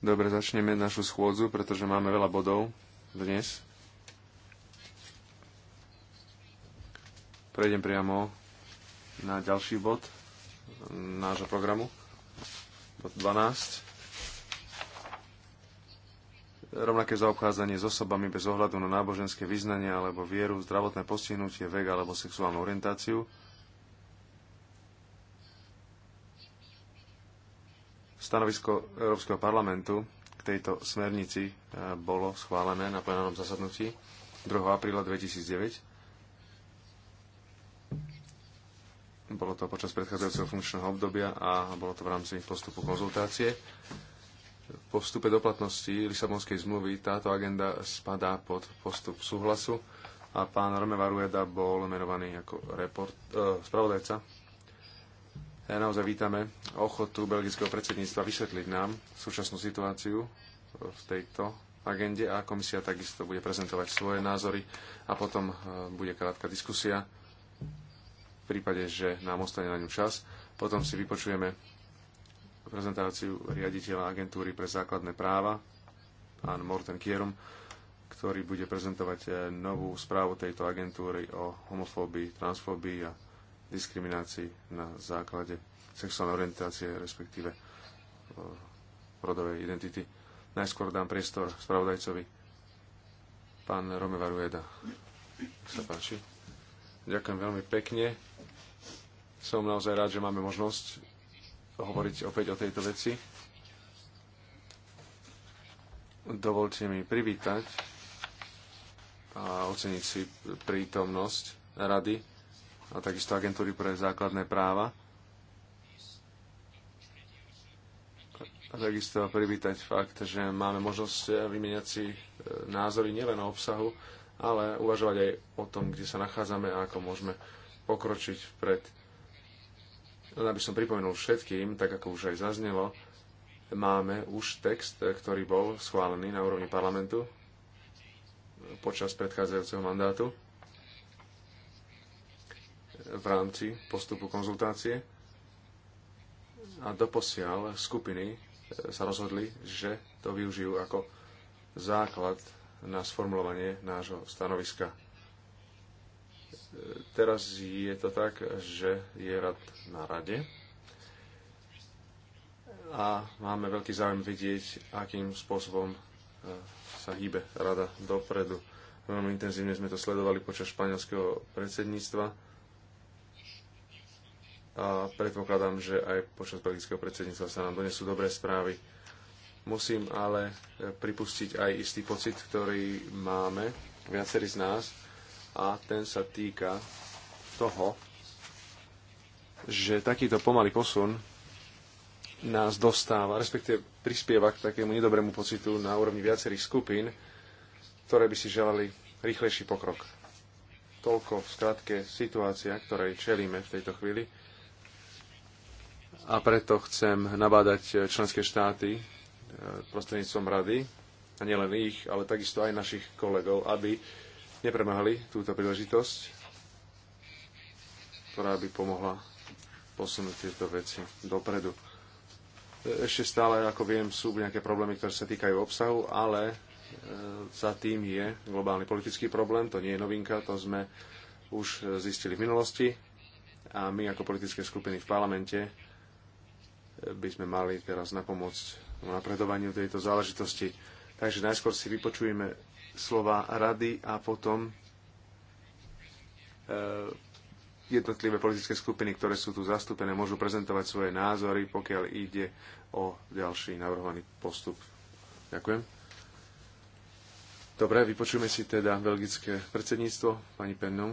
Dobre, začneme našu schôdzu, pretože máme veľa bodov dnes. Prejdem priamo na ďalší bod nášho programu, bod 12. Rovnaké zaobchádzanie s osobami bez ohľadu na náboženské vyznanie alebo vieru, zdravotné postihnutie, vek alebo sexuálnu orientáciu Stanovisko Európskeho parlamentu k tejto smernici eh, bolo schválené na plenárnom zasadnutí 2. apríla 2009. Bolo to počas predchádzajúceho funkčného obdobia a bolo to v rámci postupu konzultácie. Po vstupe do platnosti Lisabonskej zmluvy táto agenda spadá pod postup súhlasu a pán Romeva Rueda bol menovaný ako report, eh, spravodajca Naozaj vítame ochotu belgického predsedníctva vysvetliť nám súčasnú situáciu v tejto agende a komisia takisto bude prezentovať svoje názory a potom e, bude krátka diskusia. V prípade, že nám ostane na ňu čas, potom si vypočujeme prezentáciu riaditeľa agentúry pre základné práva, pán Morten Kierum, ktorý bude prezentovať e, novú správu tejto agentúry o homofóbii, transfóbii a diskriminácii na základe sexuálnej orientácie, respektíve e, rodovej identity. Najskôr dám priestor spravodajcovi. Pán Rome Varueda. sa páči. Ďakujem veľmi pekne. Som naozaj rád, že máme možnosť hovoriť opäť o tejto veci. Dovolte mi privítať a oceniť si prítomnosť rady a takisto agentúry pre základné práva. A takisto privítať fakt, že máme možnosť eh, vymeniať si eh, názory nielen o obsahu, ale uvažovať aj o tom, kde sa nachádzame a ako môžeme pokročiť vpred. Len aby som pripomenul všetkým, tak ako už aj zaznelo, máme už text, eh, ktorý bol schválený na úrovni parlamentu počas predchádzajúceho mandátu v rámci postupu konzultácie a doposiaľ skupiny e, sa rozhodli, že to využijú ako základ na sformulovanie nášho stanoviska. E, teraz je to tak, že je rad na rade a máme veľký záujem vidieť, akým spôsobom e, sa hýbe rada dopredu. Veľmi intenzívne sme to sledovali počas španielského predsedníctva a predpokladám, že aj počas belgického predsedníctva sa nám donesú dobré správy. Musím ale e, pripustiť aj istý pocit, ktorý máme viacerí z nás a ten sa týka toho, že takýto pomalý posun nás dostáva, respektíve prispieva k takému nedobrému pocitu na úrovni viacerých skupín, ktoré by si želali rýchlejší pokrok. Toľko v skratke situácia, ktorej čelíme v tejto chvíli a preto chcem nabádať členské štáty eh, prostredníctvom rady, a nielen ich, ale takisto aj našich kolegov, aby nepremahli túto príležitosť, ktorá by pomohla posunúť tieto veci dopredu. E, ešte stále, ako viem, sú nejaké problémy, ktoré sa týkajú obsahu, ale e, za tým je globálny politický problém, to nie je novinka, to sme už e, zistili v minulosti a my ako politické skupiny v parlamente by sme mali teraz napomôcť napredovaniu tejto záležitosti. Takže najskôr si vypočujeme slova rady a potom e, jednotlivé politické skupiny, ktoré sú tu zastúpené, môžu prezentovať svoje názory, pokiaľ ide o ďalší navrhovaný postup. Ďakujem. Dobre, vypočujeme si teda belgické predsedníctvo, pani Pennou.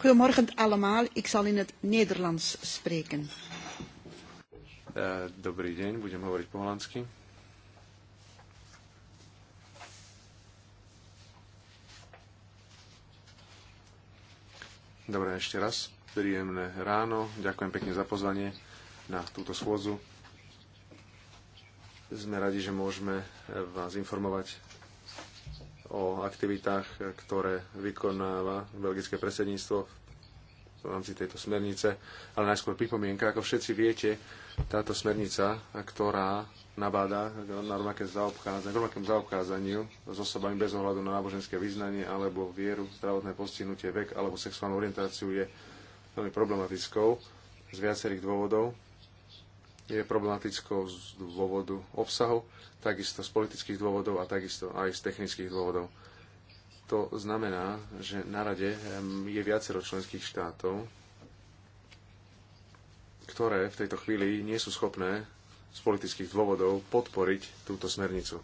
Goedemorgen allemaal, ik zal in het Nederlands spreken. Eh, dobrý deň, budem hovoriť po holandsky. Dobre, ešte raz. Príjemné ráno. Ďakujem pekne za pozvanie na túto schôdzu. Sme radi, že môžeme vás informovať o aktivitách, ktoré vykonáva belgické predsedníctvo v rámci tejto smernice. Ale najskôr pripomienka, ako všetci viete, táto smernica, ktorá nabáda na rovnaké zaobchádzanie, k rovnakému zaobchádzaniu s osobami bez ohľadu na náboženské vyznanie alebo vieru, zdravotné postihnutie, vek alebo sexuálnu orientáciu je veľmi problematickou z viacerých dôvodov je problematickou z dôvodu obsahu, takisto z politických dôvodov a takisto aj z technických dôvodov. To znamená, že na rade je viacero členských štátov, ktoré v tejto chvíli nie sú schopné z politických dôvodov podporiť túto smernicu.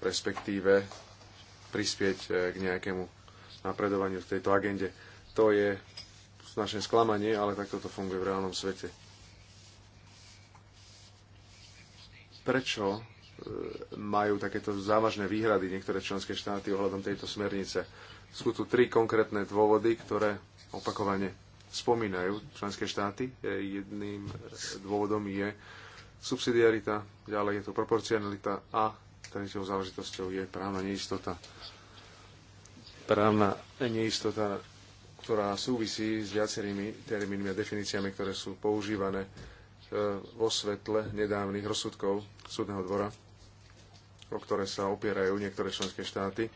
respektíve prispieť eh, k nejakému napredovaniu v tejto agende. To je značné sklamanie, ale takto to funguje v reálnom svete. Prečo e, majú takéto závažné výhrady niektoré členské štáty ohľadom tejto smernice? Sú tu tri konkrétne dôvody, ktoré opakovane spomínajú členské štáty. E, jedným dôvodom je subsidiarita, ďalej je to proporcionalita a tretou záležitosťou je právna neistota. Právna neistota ktorá súvisí s viacerými termínmi a definíciami, ktoré sú používané e, vo svetle nedávnych rozsudkov súdneho dvora, o ktoré sa opierajú niektoré členské štáty.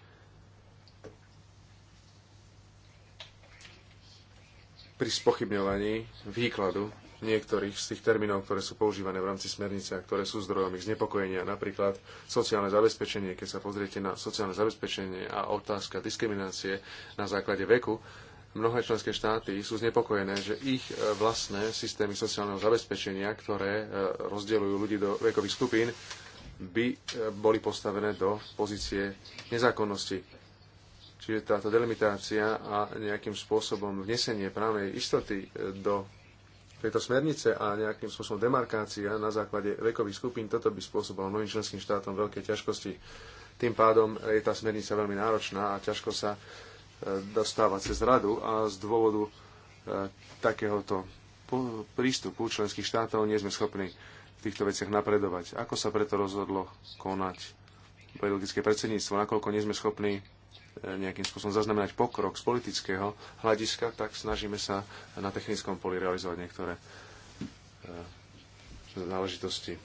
pri spochybňovaní výkladu niektorých z tých termínov, ktoré sú používané v rámci smernice a ktoré sú zdrojom ich znepokojenia, napríklad sociálne zabezpečenie, keď sa pozriete na sociálne zabezpečenie a otázka diskriminácie na základe veku, Mnohé členské štáty sú znepokojené, že ich e, vlastné systémy sociálneho zabezpečenia, ktoré e, rozdeľujú ľudí do vekových skupín, by e, boli postavené do pozície nezákonnosti. Čiže táto delimitácia a nejakým spôsobom vnesenie právnej istoty do tejto smernice a nejakým spôsobom demarkácia na základe vekových skupín, toto by spôsobilo mnohým členským štátom veľké ťažkosti. Tým pádom je tá smernica veľmi náročná a ťažko sa dostáva cez radu a z dôvodu e, takéhoto prístupu členských štátov nie sme schopní v týchto veciach napredovať. Ako sa preto rozhodlo konať belgické predsedníctvo, nakoľko nie sme schopní e, nejakým spôsobom zaznamenať pokrok z politického hľadiska, tak snažíme sa na technickom poli realizovať niektoré e, záležitosti.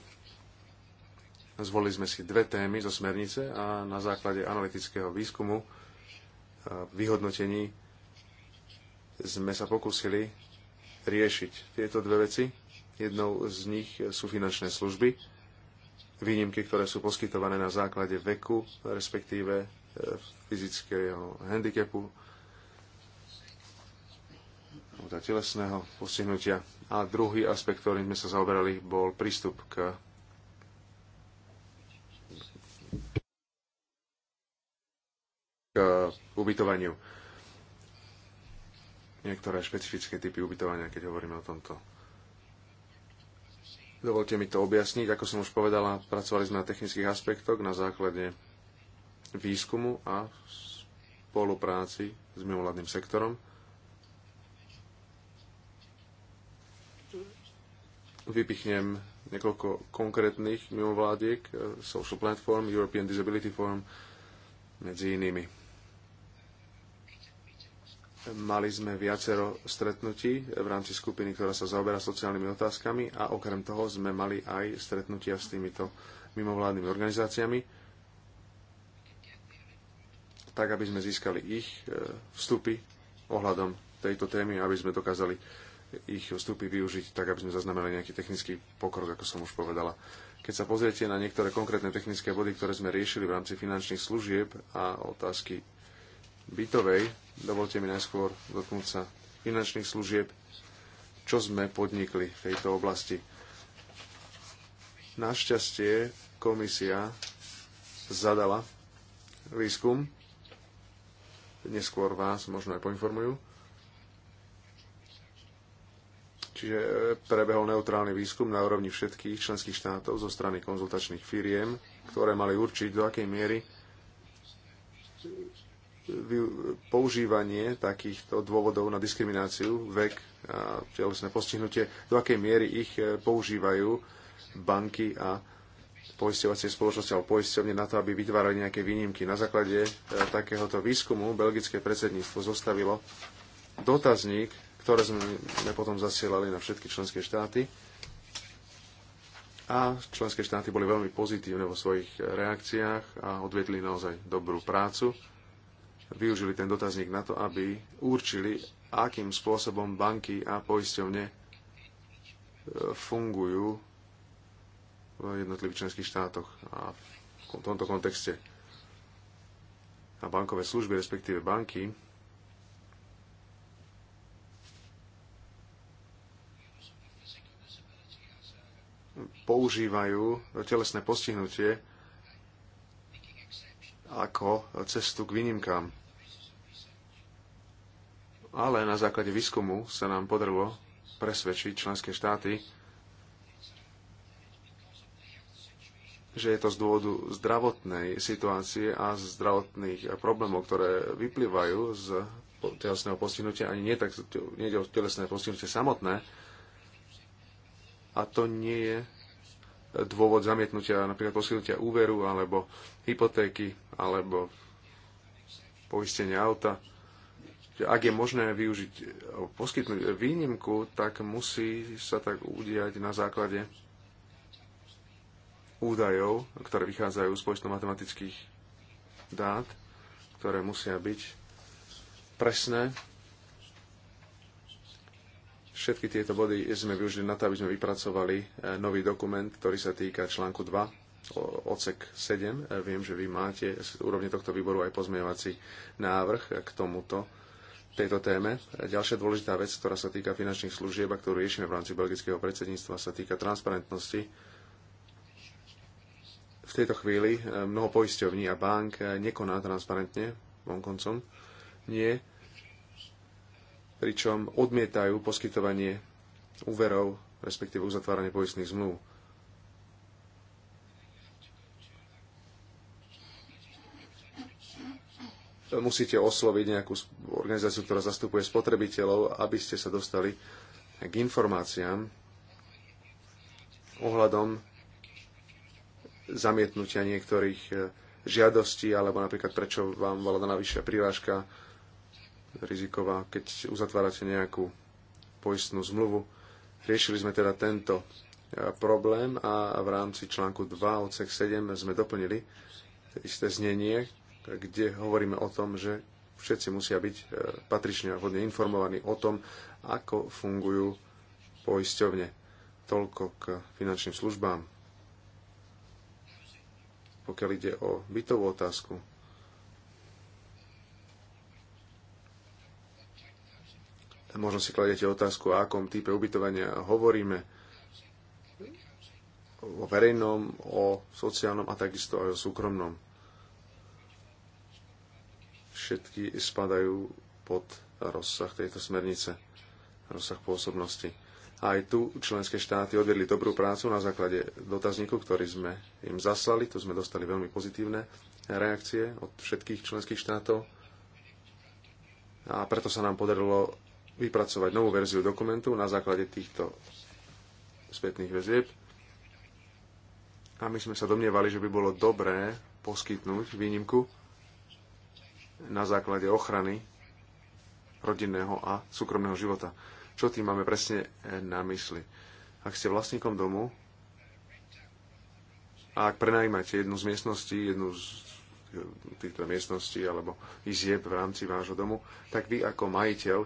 Zvolili sme si dve témy zo smernice a na základe analytického výskumu vyhodnotení sme sa pokúsili riešiť tieto dve veci. Jednou z nich sú finančné služby, výnimky, ktoré sú poskytované na základe veku, respektíve e, fyzického handicapu, teda telesného postihnutia. A druhý aspekt, ktorým sme sa zaoberali, bol prístup k ubytovaniu. Niektoré špecifické typy ubytovania, keď hovoríme o tomto. Dovolte mi to objasniť. Ako som už povedala, pracovali sme na technických aspektoch na základe výskumu a spolupráci s mimovládnym sektorom. Vypichnem niekoľko konkrétnych mimovládiek, Social Platform, European Disability Forum, medzi inými. Mali sme viacero stretnutí v rámci skupiny, ktorá sa zaoberá sociálnymi otázkami a okrem toho sme mali aj stretnutia s týmito mimovládnymi organizáciami, tak aby sme získali ich e, vstupy ohľadom tejto témy, aby sme dokázali ich vstupy využiť tak, aby sme zaznamenali nejaký technický pokrok, ako som už povedala. Keď sa pozriete na niektoré konkrétne technické body, ktoré sme riešili v rámci finančných služieb a otázky bytovej, Dovolte mi najskôr dotknúť sa finančných služieb, čo sme podnikli v tejto oblasti. Našťastie komisia zadala výskum, neskôr vás možno aj poinformujú, Čiže e, prebehol neutrálny výskum na úrovni všetkých členských štátov zo strany konzultačných firiem, ktoré mali určiť, do akej miery používanie takýchto dôvodov na diskrimináciu, vek a telesné postihnutie, do akej miery ich e, používajú banky a poisťovacie spoločnosti alebo poisťovne na to, aby vytvárali nejaké výnimky. Na základe e, takéhoto výskumu belgické predsedníctvo zostavilo dotazník, ktoré sme potom zasielali na všetky členské štáty. A členské štáty boli veľmi pozitívne vo svojich e, reakciách a odvedli naozaj dobrú prácu využili ten dotazník na to, aby určili, akým spôsobom banky a poisťovne e, fungujú v jednotlivých členských štátoch a v tomto kontexte a bankové služby, respektíve banky, používajú telesné postihnutie ako cestu k výnimkám ale na základe výskumu sa nám podarilo presvedčiť členské štáty, že je to z dôvodu zdravotnej situácie a zdravotných problémov, ktoré vyplývajú z telesného postihnutia, ani nie, tak, nie o telesné postihnutie samotné. A to nie je dôvod zamietnutia napríklad poskytnutia úveru alebo hypotéky alebo poistenia auta ak je možné využiť, poskytnúť výnimku, tak musí sa tak udiať na základe údajov, ktoré vychádzajú z počtu matematických dát, ktoré musia byť presné. Všetky tieto body sme využili na to, aby sme vypracovali e, nový dokument, ktorý sa týka článku 2, odsek 7. E, viem, že vy máte z úrovne tohto výboru aj pozmievací návrh k tomuto tejto téme. Ďalšia dôležitá vec, ktorá sa týka finančných služieb a ktorú riešime v rámci belgického predsedníctva, sa týka transparentnosti. V tejto chvíli e, mnoho poisťovní a bank e, nekoná transparentne, vonkoncom, nie, pričom odmietajú poskytovanie úverov, respektíve uzatváranie poistných zmluv. musíte osloviť nejakú organizáciu, ktorá zastupuje spotrebiteľov, aby ste sa dostali k informáciám ohľadom zamietnutia niektorých e, žiadostí, alebo napríklad prečo vám bola daná vyššia prírážka riziková, keď uzatvárate nejakú poistnú zmluvu. Riešili sme teda tento e, problém a v rámci článku 2 odsek 7 sme doplnili isté znenie, kde hovoríme o tom, že všetci musia byť e, patrične a hodne informovaní o tom, ako fungujú poisťovne. Toľko k finančným službám. Pokiaľ ide o bytovú otázku, možno si kladete otázku, o akom type ubytovania hovoríme, o verejnom, o sociálnom a takisto aj o súkromnom všetky spadajú pod rozsah tejto smernice, rozsah pôsobnosti. aj tu členské štáty odvedli dobrú prácu na základe dotazníku, ktorý sme im zaslali. Tu sme dostali veľmi pozitívne reakcie od všetkých členských štátov. A preto sa nám podarilo vypracovať novú verziu dokumentu na základe týchto spätných väzieb. A my sme sa domnievali, že by bolo dobré poskytnúť výnimku na základe ochrany rodinného a súkromného života. Čo tým máme presne e, na mysli? Ak ste vlastníkom domu a ak prenajímate jednu z miestností, jednu z e, týchto miestností alebo izieb v rámci vášho domu, tak vy ako majiteľ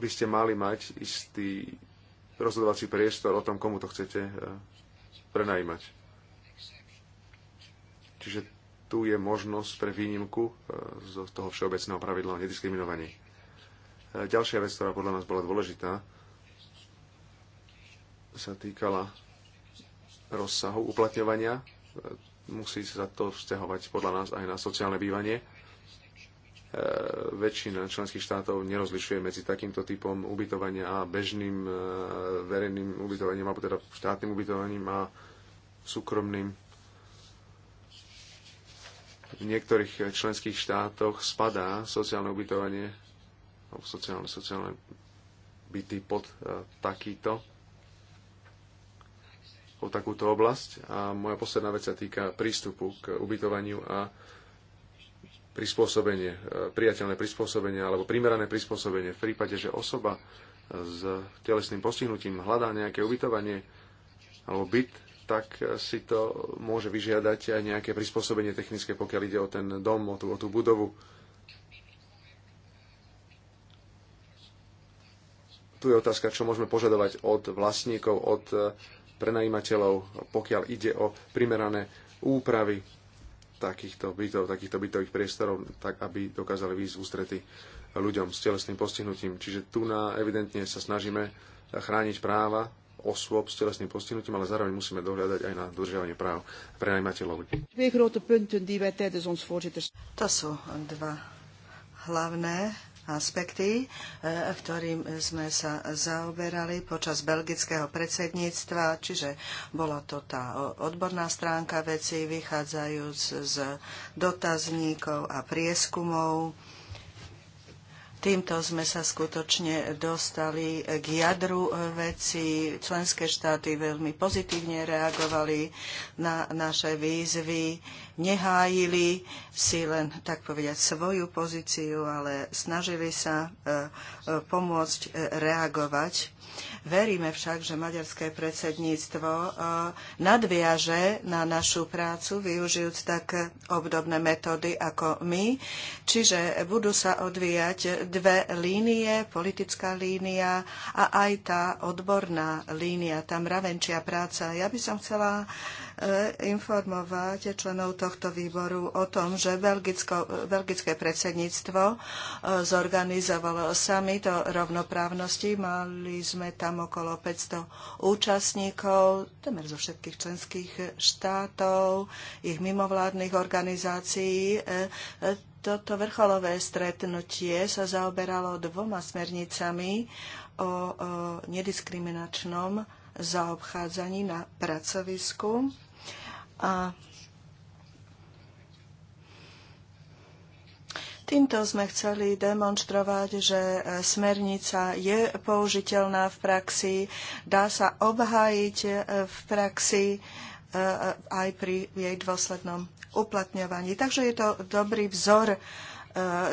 by ste mali mať istý rozhodovací priestor o tom, komu to chcete e, prenajímať. Čiže tu je možnosť pre výnimku e, z toho všeobecného pravidla o nediskriminovaní. E, ďalšia vec, ktorá podľa nás bola dôležitá, sa týkala rozsahu uplatňovania. E, musí sa to vzťahovať podľa nás aj na sociálne bývanie. Väčšina členských štátov nerozlišuje medzi takýmto typom ubytovania a bežným verejným ubytovaním, alebo teda štátnym ubytovaním a súkromným v niektorých členských štátoch spadá sociálne ubytovanie alebo sociálne, sociálne byty pod e, takýto o takúto oblasť. A moja posledná vec sa týka prístupu k ubytovaniu a prispôsobenie, e, priateľné prispôsobenie alebo primerané prispôsobenie. V prípade, že osoba s telesným postihnutím hľadá nejaké ubytovanie alebo byt, tak si to môže vyžiadať aj nejaké prispôsobenie technické, pokiaľ ide o ten dom, o tú, o tú budovu. Tu je otázka, čo môžeme požadovať od vlastníkov, od prenajímateľov, pokiaľ ide o primerané úpravy takýchto bytov, takýchto bytových priestorov, tak aby dokázali výjsť ústrety ľuďom s telesným postihnutím. Čiže tu na, evidentne sa snažíme chrániť práva osôb s telesným postihnutím, ale zároveň musíme dohľadať aj na dodržiavanie práv prenajímateľov. To sú dva hlavné aspekty, eh, ktorým sme sa zaoberali počas belgického predsedníctva, čiže bola to tá odborná stránka veci vychádzajúc z dotazníkov a prieskumov Týmto sme sa skutočne dostali k jadru e, veci. Členské štáty veľmi pozitívne reagovali na naše výzvy nehájili si len, tak povedať, svoju pozíciu, ale snažili sa e, e, pomôcť e, reagovať. Veríme však, že maďarské predsedníctvo nadviaže na našu prácu, využijúc tak obdobné metódy ako my. Čiže budú sa odvíjať dve línie, politická línia a aj tá odborná línia, tá mravenčia práca. Ja by som chcela uh, informovať členov tohto výboru o tom, že Belgicko, belgické predsedníctvo e, zorganizovalo sami o rovnoprávnosti. Mali sme tam okolo 500 účastníkov, temer zo všetkých členských štátov, ich mimovládnych organizácií. E, e, toto vrcholové stretnutie sa zaoberalo dvoma smernicami o, o nediskriminačnom zaobchádzaní na pracovisku a Týmto sme chceli demonstrovať, že e, smernica je použiteľná v praxi, dá sa obhájiť e, v praxi e, aj pri jej dôslednom uplatňovaní. Takže je to dobrý vzor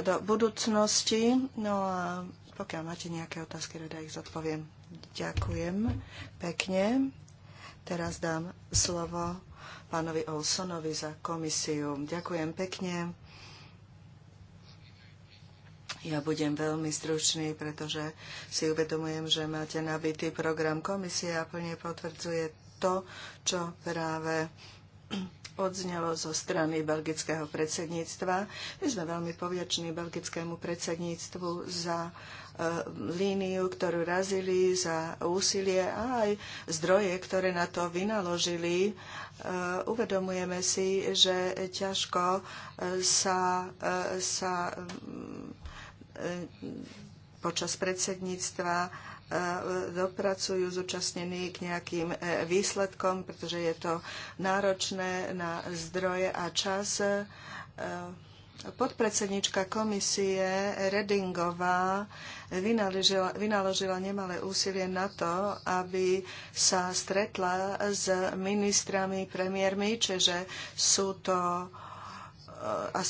do budúcnosti. No a pokiaľ máte nejaké otázky, rada ich zodpoviem. Ďakujem pekne. Teraz dám slovo pánovi Olsonovi za komisiu. Ďakujem pekne. Ja budem veľmi stručný, pretože si uvedomujem, že máte nabitý program komisie a plne potvrdzuje to, čo práve odznelo zo strany belgického predsedníctva. My sme veľmi povďační belgickému predsedníctvu za líniu, ktorú razili za úsilie a aj zdroje, ktoré na to vynaložili. E, uvedomujeme si, že ťažko e, sa, e, sa počas predsedníctva dopracujú zúčastnení k nejakým výsledkom, pretože je to náročné na zdroje a čas podpredsednička komisie Redingová vynaložila nemalé úsilie na to, aby sa stretla s ministrami, premiérmi, čiže sú to eh, eh,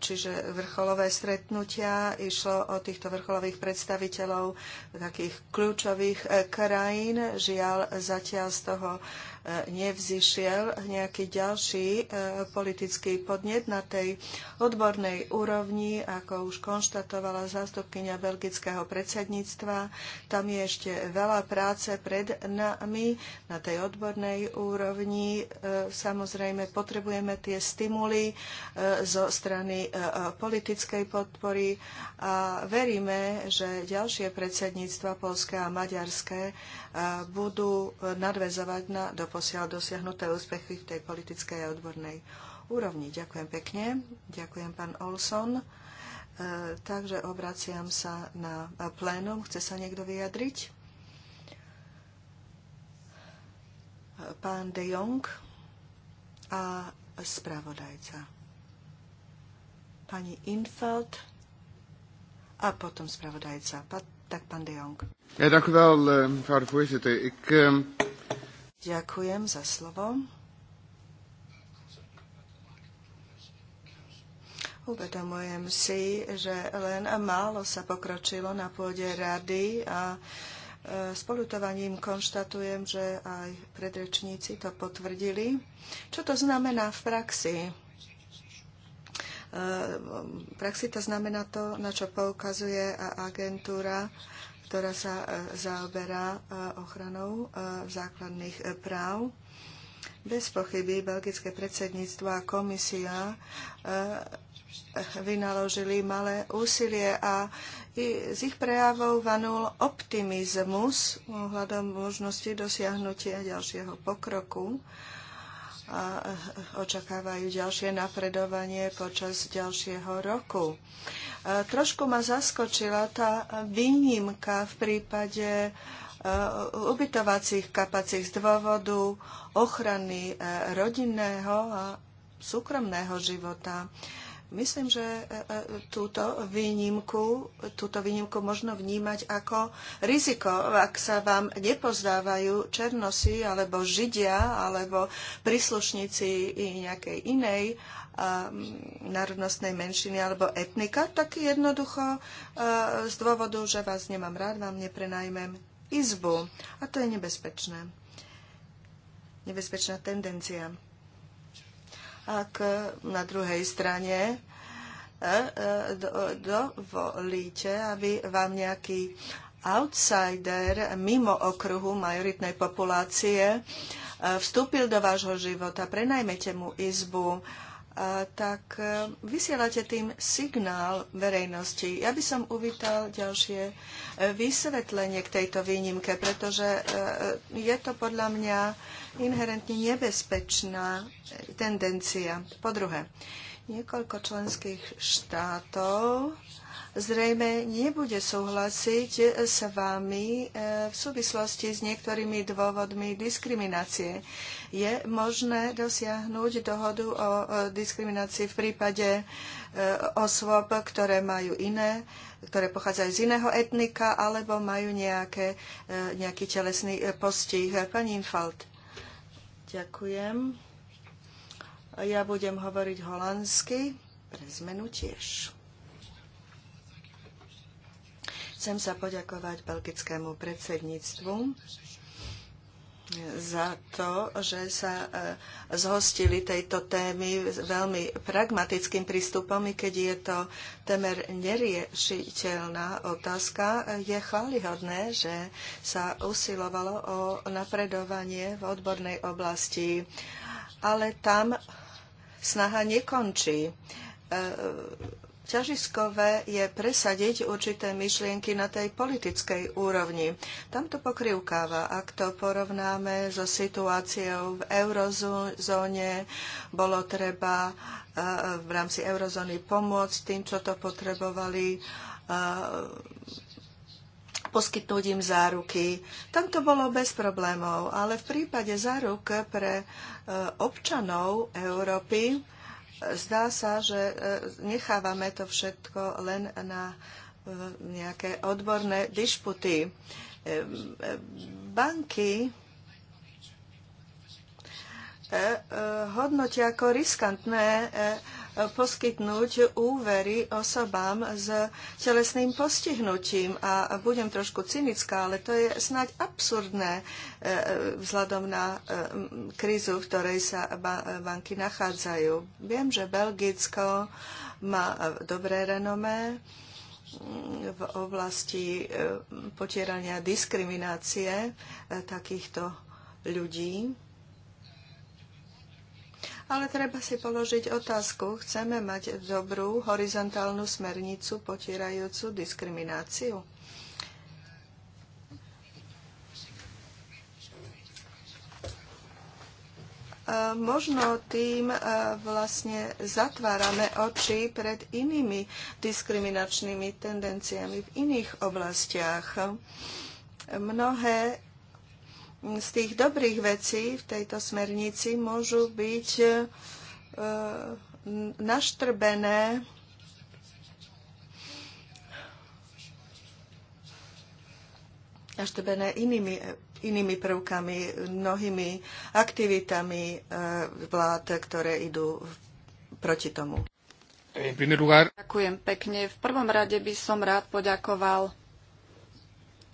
čiže vrcholové stretnutia. Išlo o týchto vrcholových predstaviteľov takých kľúčových eh, krajín. Žiaľ, zatiaľ z toho nevzýšiel nejaký ďalší e, politický podnet na tej odbornej úrovni, ako už konštatovala zástupkynia belgického predsedníctva. Tam je ešte veľa práce pred nami na tej odbornej úrovni. E, samozrejme, potrebujeme tie stimuly e, zo strany politickej podpory a veríme, že ďalšie predsedníctva, polské a maďarské, budú nadväzovať na doposiaľ dosiahnuté úspechy v tej politickej a odbornej úrovni. Ďakujem pekne. Ďakujem pán Olson. E, takže obraciam sa na plénum. Chce sa niekto vyjadriť? Pán De Jong a spravodajca. Pani Infeld a potom spravodajca tak pán De Jong. Ja, dank u wel, eh, mevrouw de voorzitter. Ik, um... Ďakujem za slovo. Uvedomujem si, že len málo sa pokročilo na pôde rady a e, s polutovaním konštatujem, že aj predrečníci to potvrdili. Čo to znamená v praxi? E, praxi to znamená to, na čo poukazuje agentúra, ktorá sa e, zaoberá e, ochranou základných práv. Bez pochyby belgické predsedníctvo a komisia vynaložili malé úsilie a z ich prejavov vanul optimizmus ohľadom možnosti dosiahnutia ďalšieho pokroku a očakávajú ďalšie napredovanie počas ďalšieho roku. Trošku ma zaskočila tá výnimka v prípade e, ubytovacích kapacít z dôvodu ochrany e, rodinného a súkromného života. Myslím, že e, e, túto výnimku, túto výnimku možno vnímať ako riziko. Ak sa vám nepozdávajú Černosi alebo Židia alebo príslušníci nejakej inej národnostnej menšiny alebo etnika, tak jednoducho e, z dôvodu, že vás nemám rád, vám neprenajmem izbu. A to je nebezpečné. Nebezpečná tendencia ak na druhej strane e, e, dovolíte, aby vám nejaký outsider mimo okruhu majoritnej populácie e, vstúpil do vášho života, prenajmete mu izbu, tak e, vysielate tým signál verejnosti. Ja by som uvítal ďalšie e, vysvetlenie k tejto výnimke, pretože e, je to podľa mňa inherentne nebezpečná tendencia. Po druhé, niekoľko členských štátov zrejme nebude súhlasiť s vami e, v súvislosti s niektorými dôvodmi diskriminácie. Je možné dosiahnuť dohodu o e, diskriminácii v prípade e, osôb, ktoré majú iné ktoré pochádzajú z iného etnika alebo majú nejaké, nejaký telesný postih. Pani Infalt. Ďakujem. Ja budem hovoriť holandsky, pre zmenu tiež. Chcem sa poďakovať belgickému predsedníctvu za to, že sa e, zhostili tejto témy veľmi pragmatickým prístupom, i keď je to temer neriešiteľná otázka. Je chválihodné, že sa usilovalo o napredovanie v odbornej oblasti, ale tam snaha nekončí e, Ťažiskové je presadiť určité myšlienky na tej politickej úrovni. Tam to pokrivkáva. Ak to porovnáme so situáciou v eurozóne, bolo treba eh, v rámci eurozóny pomôcť tým, čo to potrebovali eh, poskytnúť im záruky. Tam to bolo bez problémov, ale v prípade záruk pre eh, občanov Európy Zdá sa, že e, nechávame to všetko len na e, nejaké odborné dišputy. E, banky hodnotia ako riskantné poskytnúť úvery osobám s telesným postihnutím. A budem trošku cynická, ale to je snáď absurdné e, vzhľadom na e, krízu, v ktorej sa banky nachádzajú. Viem, že Belgicko má e, dobré renomé v oblasti potierania diskriminácie takýchto ľudí ale treba si položiť otázku, chceme mať dobrú horizontálnu smernicu potierajúcu diskrimináciu? E, možno tým e, vlastne zatvárame oči pred inými diskriminačnými tendenciami v iných oblastiach. Mnohé Mm, z tých dobrých vecí v tejto smernici môžu byť e, naštrbené naštrbené inými, inými prvkami, mnohými aktivitami e, vlád, ktoré idú proti tomu. Ďakujem pekne. V prvom rade by som rád poďakoval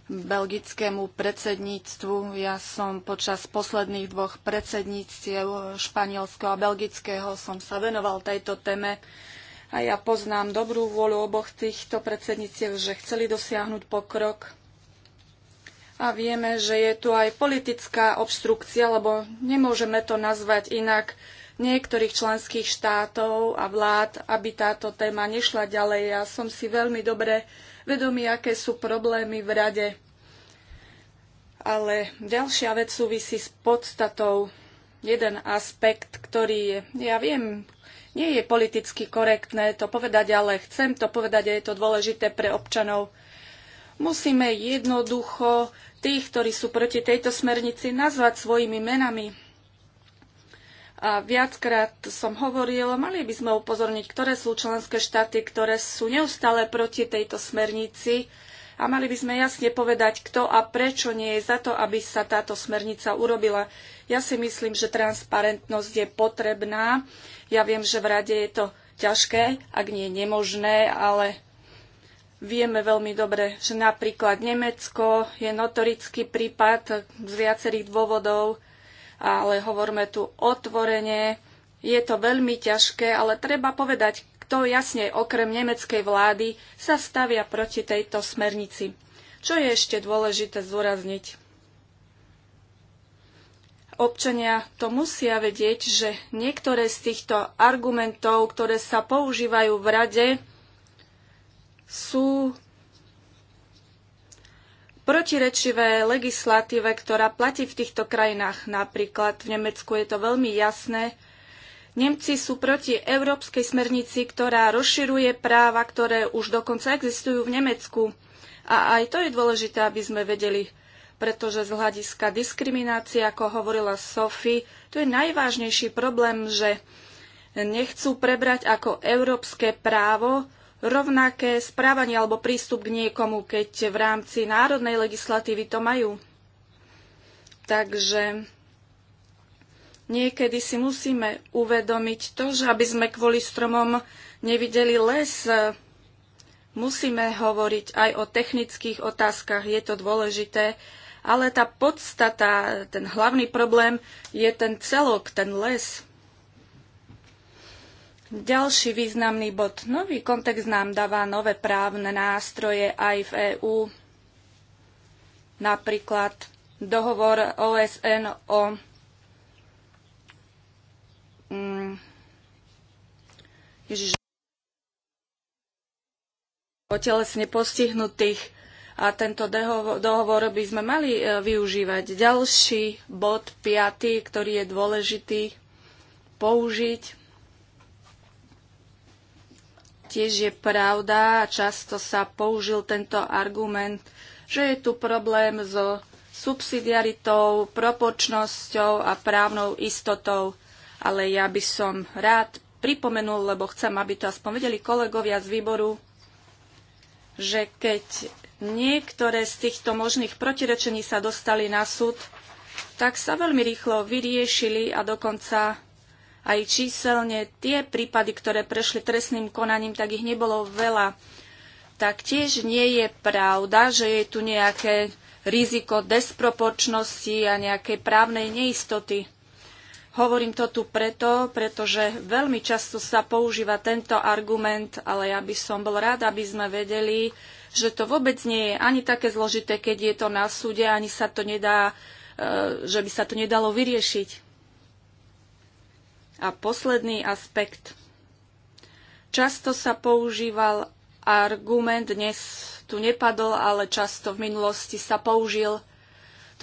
belgickému predsedníctvu. Ja som počas posledných dvoch predsedníctiev španielského a belgického som sa venoval tejto téme a ja poznám dobrú vôľu oboch týchto predsedníctiev, že chceli dosiahnuť pokrok. A vieme, že je tu aj politická obstrukcia, lebo nemôžeme to nazvať inak niektorých členských štátov a vlád, aby táto téma nešla ďalej. Ja som si veľmi dobre vedomí, aké sú problémy v rade. Ale ďalšia vec súvisí s podstatou. Jeden aspekt, ktorý je, ja viem, nie je politicky korektné to povedať, ale chcem to povedať a je to dôležité pre občanov. Musíme jednoducho tých, ktorí sú proti tejto smernici, nazvať svojimi menami a viackrát som hovoril, mali by sme upozorniť, ktoré sú členské štáty, ktoré sú neustále proti tejto smernici a mali by sme jasne povedať, kto a prečo nie je za to, aby sa táto smernica urobila. Ja si myslím, že transparentnosť je potrebná. Ja viem, že v rade je to ťažké, ak nie je nemožné, ale vieme veľmi dobre, že napríklad Nemecko je notorický prípad z viacerých dôvodov, ale hovorme tu otvorene. Je to veľmi ťažké, ale treba povedať, kto jasne okrem nemeckej vlády sa stavia proti tejto smernici. Čo je ešte dôležité zdôrazniť? Občania to musia vedieť, že niektoré z týchto argumentov, ktoré sa používajú v rade, sú protirečivé legislatíve, ktorá platí v týchto krajinách. Napríklad v Nemecku je to veľmi jasné. Nemci sú proti európskej smernici, ktorá rozširuje práva, ktoré už dokonca existujú v Nemecku. A aj to je dôležité, aby sme vedeli, pretože z hľadiska diskriminácie, ako hovorila Sophie, to je najvážnejší problém, že nechcú prebrať ako európske právo rovnaké správanie alebo prístup k niekomu, keď v rámci národnej legislatívy to majú. Takže niekedy si musíme uvedomiť to, že aby sme kvôli stromom nevideli les, musíme hovoriť aj o technických otázkach, je to dôležité, ale tá podstata, ten hlavný problém je ten celok, ten les. Ďalší významný bod. Nový kontext nám dáva nové právne nástroje aj v EÚ, napríklad dohovor OSN o mm, o telesne postihnutých a tento dohovor by sme mali e, využívať. Ďalší bod, piatý, ktorý je dôležitý použiť Tiež je pravda, a často sa použil tento argument, že je tu problém so subsidiaritou, propočnosťou a právnou istotou. Ale ja by som rád pripomenul, lebo chcem, aby to aspoň vedeli kolegovia z výboru, že keď niektoré z týchto možných protirečení sa dostali na súd, tak sa veľmi rýchlo vyriešili a dokonca aj číselne tie prípady, ktoré prešli trestným konaním, tak ich nebolo veľa. tak tiež nie je pravda, že je tu nejaké riziko desproporčnosti a nejakej právnej neistoty. Hovorím to tu preto, pretože veľmi často sa používa tento argument, ale ja by som bol rád, aby sme vedeli, že to vôbec nie je ani také zložité, keď je to na súde, ani sa to nedá, e, že by sa to nedalo vyriešiť. A posledný aspekt. Často sa používal argument, dnes tu nepadol, ale často v minulosti sa použil.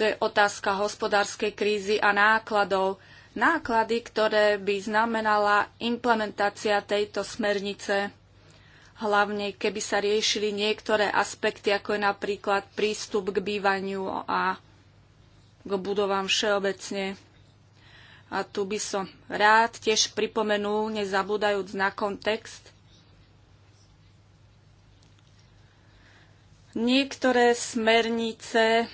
To je otázka hospodárskej krízy a nákladov. Náklady, ktoré by znamenala implementácia tejto smernice, hlavne keby sa riešili niektoré aspekty, ako je napríklad prístup k bývaniu a k budovám všeobecne. A tu by som rád tiež pripomenul, nezabúdajúc na kontext, Niektoré smernice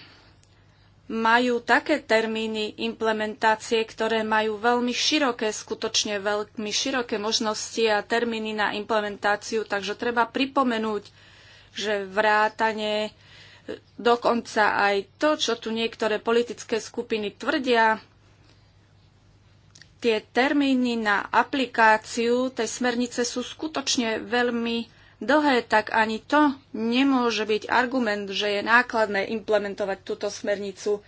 majú také termíny implementácie, ktoré majú veľmi široké, skutočne veľmi široké možnosti a termíny na implementáciu, takže treba pripomenúť, že vrátanie dokonca aj to, čo tu niektoré politické skupiny tvrdia, tie termíny na aplikáciu tej smernice sú skutočne veľmi dlhé, tak ani to nemôže byť argument, že je nákladné implementovať túto smernicu.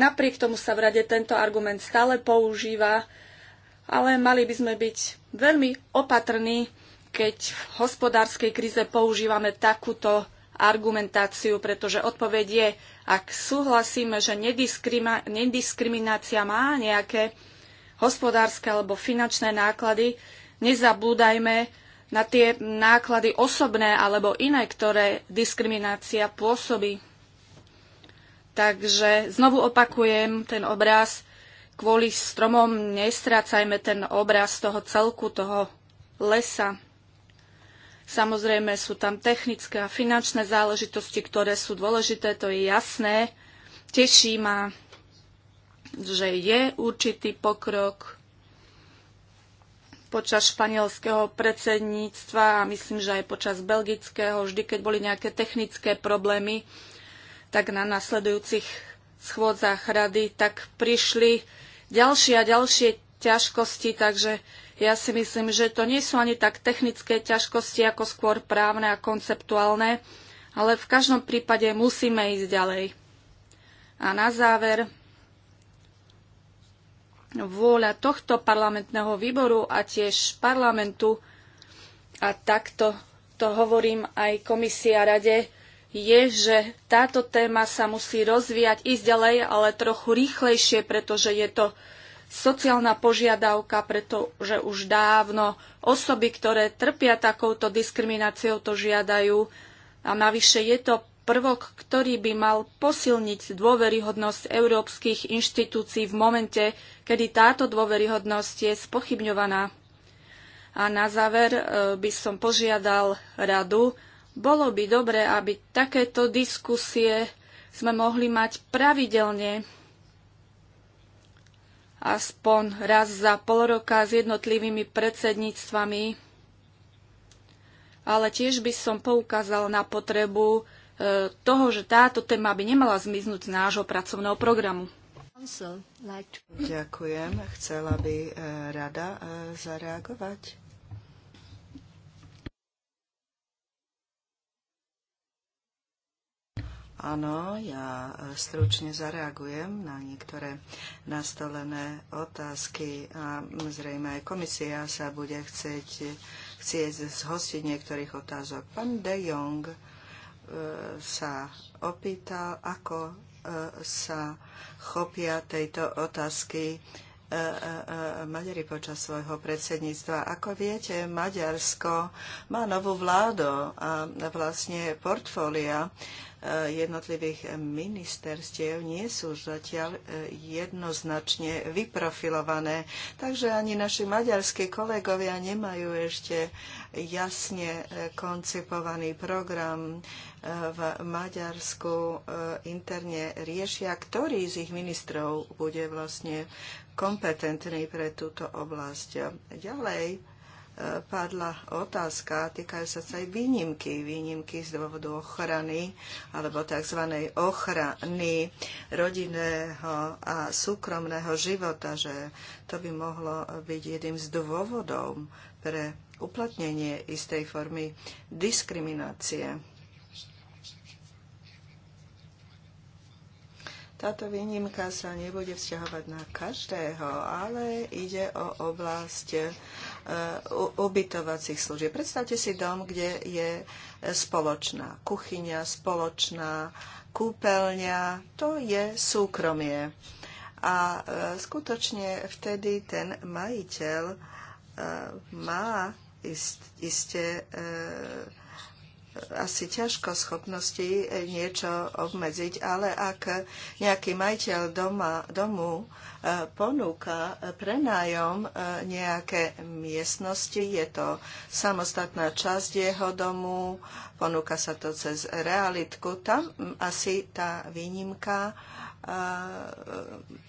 Napriek tomu sa v rade tento argument stále používa, ale mali by sme byť veľmi opatrní, keď v hospodárskej kríze používame takúto argumentáciu, pretože odpoveď je, ak súhlasíme, že nediskriminácia má nejaké hospodárske alebo finančné náklady, nezabúdajme na tie náklady osobné alebo iné, ktoré diskriminácia pôsobí. Takže znovu opakujem ten obraz. Kvôli stromom nestrácajme ten obraz toho celku, toho lesa. Samozrejme sú tam technické a finančné záležitosti, ktoré sú dôležité, to je jasné. Teší ma že je určitý pokrok počas španielského predsedníctva a myslím, že aj počas belgického, vždy keď boli nejaké technické problémy, tak na nasledujúcich schôdzach rady, tak prišli ďalšie a ďalšie ťažkosti, takže ja si myslím, že to nie sú ani tak technické ťažkosti, ako skôr právne a konceptuálne, ale v každom prípade musíme ísť ďalej. A na záver, vôľa tohto parlamentného výboru a tiež parlamentu, a takto to hovorím aj komisii a rade, je, že táto téma sa musí rozvíjať, ísť ďalej, ale trochu rýchlejšie, pretože je to sociálna požiadavka, pretože už dávno osoby, ktoré trpia takouto diskrimináciou, to žiadajú. A navyše je to prvok, ktorý by mal posilniť dôveryhodnosť európskych inštitúcií v momente, kedy táto dôveryhodnosť je spochybňovaná. A na záver e, by som požiadal radu, bolo by dobré, aby takéto diskusie sme mohli mať pravidelne, aspoň raz za pol roka s jednotlivými predsedníctvami. Ale tiež by som poukázal na potrebu toho, že táto téma by nemala zmiznúť z nášho pracovného programu. Ďakujem. Chcela by eh, rada eh, zareagovať. Áno, ja eh, stručne zareagujem na niektoré nastolené otázky a zrejme aj komisia sa bude chcieť, chcieť zhostiť niektorých otázok. Pán De Jong sa opýtal, ako e, sa chopia tejto otázky E, e, e, Maďari počas svojho predsedníctva. Ako viete, Maďarsko má novú vládu a vlastne portfólia jednotlivých ministerstiev nie sú zatiaľ jednoznačne vyprofilované. Takže ani naši maďarskí kolegovia nemajú ešte jasne koncipovaný program v Maďarsku interne riešia, ktorý z ich ministrov bude vlastne kompetentní pre túto oblasť. Ďalej e, padla otázka, týkajú sa aj výnimky, výnimky z dôvodu ochrany alebo tzv. ochrany rodinného a súkromného života, že to by mohlo byť jedným z dôvodov pre uplatnenie istej formy diskriminácie. Táto výnimka sa nebude vzťahovať na každého, ale ide o oblasť e, ubytovacích služieb. Predstavte si dom, kde je spoločná kuchyňa, spoločná kúpeľňa. To je súkromie. A e, skutočne vtedy ten majiteľ e, má ist, isté asi ťažko schopnosti e, niečo obmedziť, ale ak nejaký majiteľ doma, domu e, ponúka prenájom e, nejaké miestnosti, je to samostatná časť jeho domu, ponúka sa to cez realitku, tam asi tá výnimka E,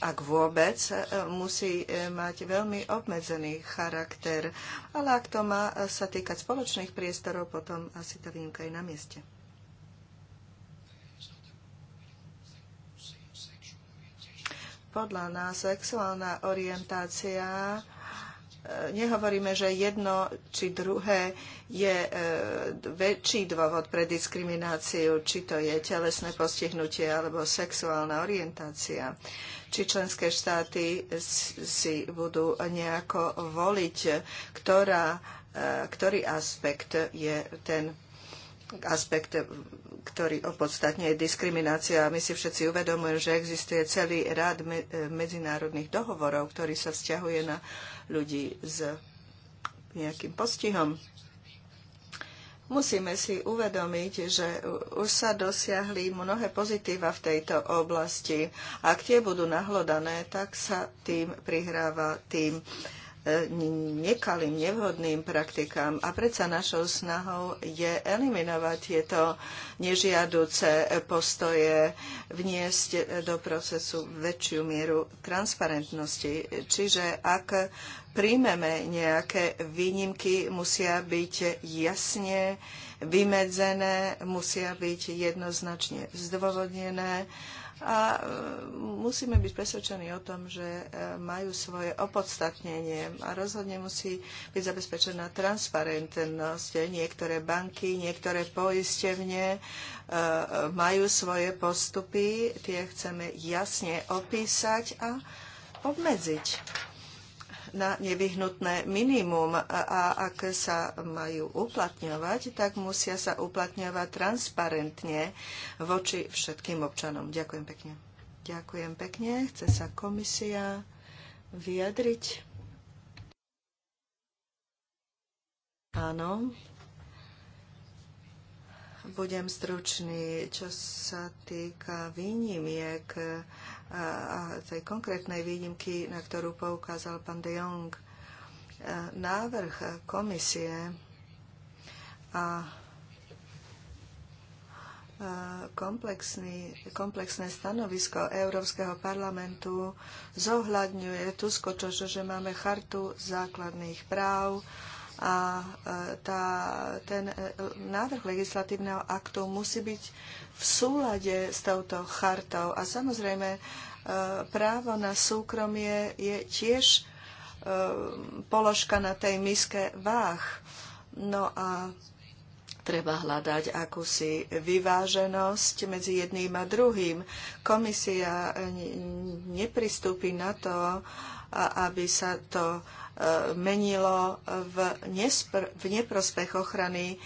ak vôbec, e, musí e, mať veľmi obmedzený charakter. Ale ak to má sa týkať spoločných priestorov, potom asi tá výnimka je na mieste. Podľa nás sexuálna orientácia E, nehovoríme, že jedno či druhé je e, väčší dôvod pre diskrimináciu, či to je telesné postihnutie alebo sexuálna orientácia. Či členské štáty si budú nejako voliť, ktorá, e, ktorý aspekt je ten aspekt ktorý opodstatňuje diskriminácia. My si všetci uvedomujeme, že existuje celý rád e, medzinárodných dohovorov, ktorý sa vzťahuje na ľudí s nejakým postihom. Musíme si uvedomiť, že už sa dosiahli mnohé pozitíva v tejto oblasti. Ak tie budú nahlodané, tak sa tým prihráva tým E, nekalým, nevhodným praktikám. A predsa našou snahou je eliminovať tieto nežiaduce postoje, vniesť do procesu väčšiu mieru transparentnosti. Čiže ak príjmeme nejaké výnimky, musia byť jasne vymedzené, musia byť jednoznačne zdôvodnené a e, musíme byť presvedčení o tom, že e, majú svoje opodstatnenie a rozhodne musí byť zabezpečená transparentnosť. Niektoré banky, niektoré poistevne e, majú svoje postupy, tie chceme jasne opísať a obmedziť na nevyhnutné minimum a ak sa majú uplatňovať, tak musia sa uplatňovať transparentne voči všetkým občanom. Ďakujem pekne. Ďakujem pekne. Chce sa komisia vyjadriť? Áno. Budem stručný, čo sa týka výnimiek a tej konkrétnej výnimky, na ktorú poukázal pán De Jong. E, návrh komisie a e, komplexný, komplexné stanovisko Európskeho parlamentu zohľadňuje tu skočo, že máme chartu základných práv, a e, tá, ten e, návrh legislatívneho aktu musí byť v súlade s touto chartou. A samozrejme, e, právo na súkromie je tiež položka na tej miske váh. No a treba hľadať akúsi vyváženosť medzi jedným a druhým. Komisia nepristúpi na to, aby sa to menilo v, nespr- v neprospech ochrany e,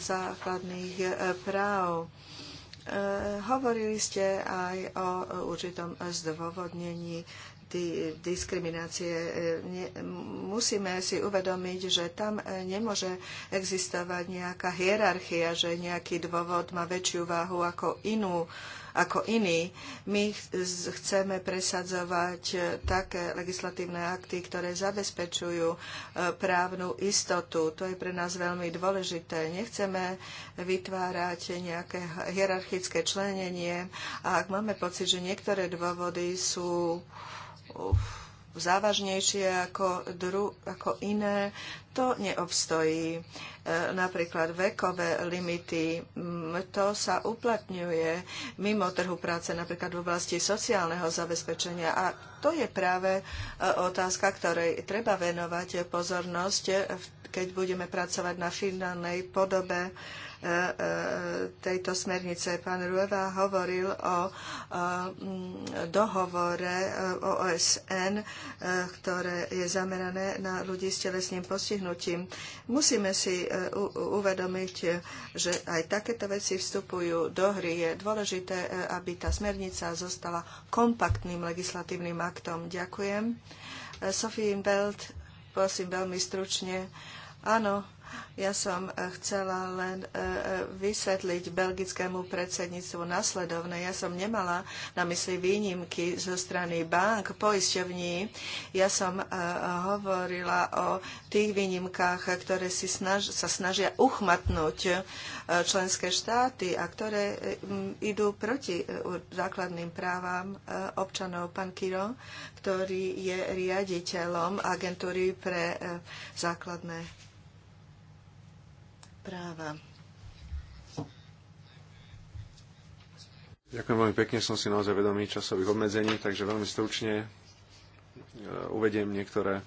základných e, práv. E, hovorili ste aj o určitom zdôvodnení diskriminácie. Musíme si uvedomiť, že tam nemôže existovať nejaká hierarchia, že nejaký dôvod má väčšiu váhu ako inú ako iní. My chceme presadzovať eh, také legislatívne akty, ktoré zabezpečujú eh, právnu istotu. To je pre nás veľmi dôležité. Nechceme vytvárať nejaké hierarchické členenie a ak máme pocit, že niektoré dôvody sú závažnejšie ako, dru, ako iné, to neobstojí. E, napríklad vekové limity, to sa uplatňuje mimo trhu práce, napríklad v oblasti sociálneho zabezpečenia. A to je práve e, otázka, ktorej treba venovať pozornosť, e, keď budeme pracovať na finálnej podobe E, e, tejto smernice. Pán Rueva hovoril o e, mm, dohovore o OSN, ktoré je zamerané na ľudí s telesným postihnutím. Musíme si uvedomiť, že aj takéto veci vstupujú do hry. Je dôležité, aby tá smernica zostala kompaktným legislatívnym aktom. Ďakujem. Sofie Inbelt, prosím veľmi stručne. Áno, ja som e, chcela len e, e, vysvetliť belgickému predsedníctvu nasledovne. Ja som nemala na mysli výnimky zo strany bank, poisťovní. Ja som hovorila o tých výnimkách, ktoré si snaž, sa snažia uchmatnúť členské štáty a ktoré idú proti základným právam občanov. Pán Kiro, ktorý je riaditeľom agentúry pre základné práva. Ďakujem veľmi pekne, som si naozaj vedomý časových obmedzení, takže veľmi stručne e, uvediem niektoré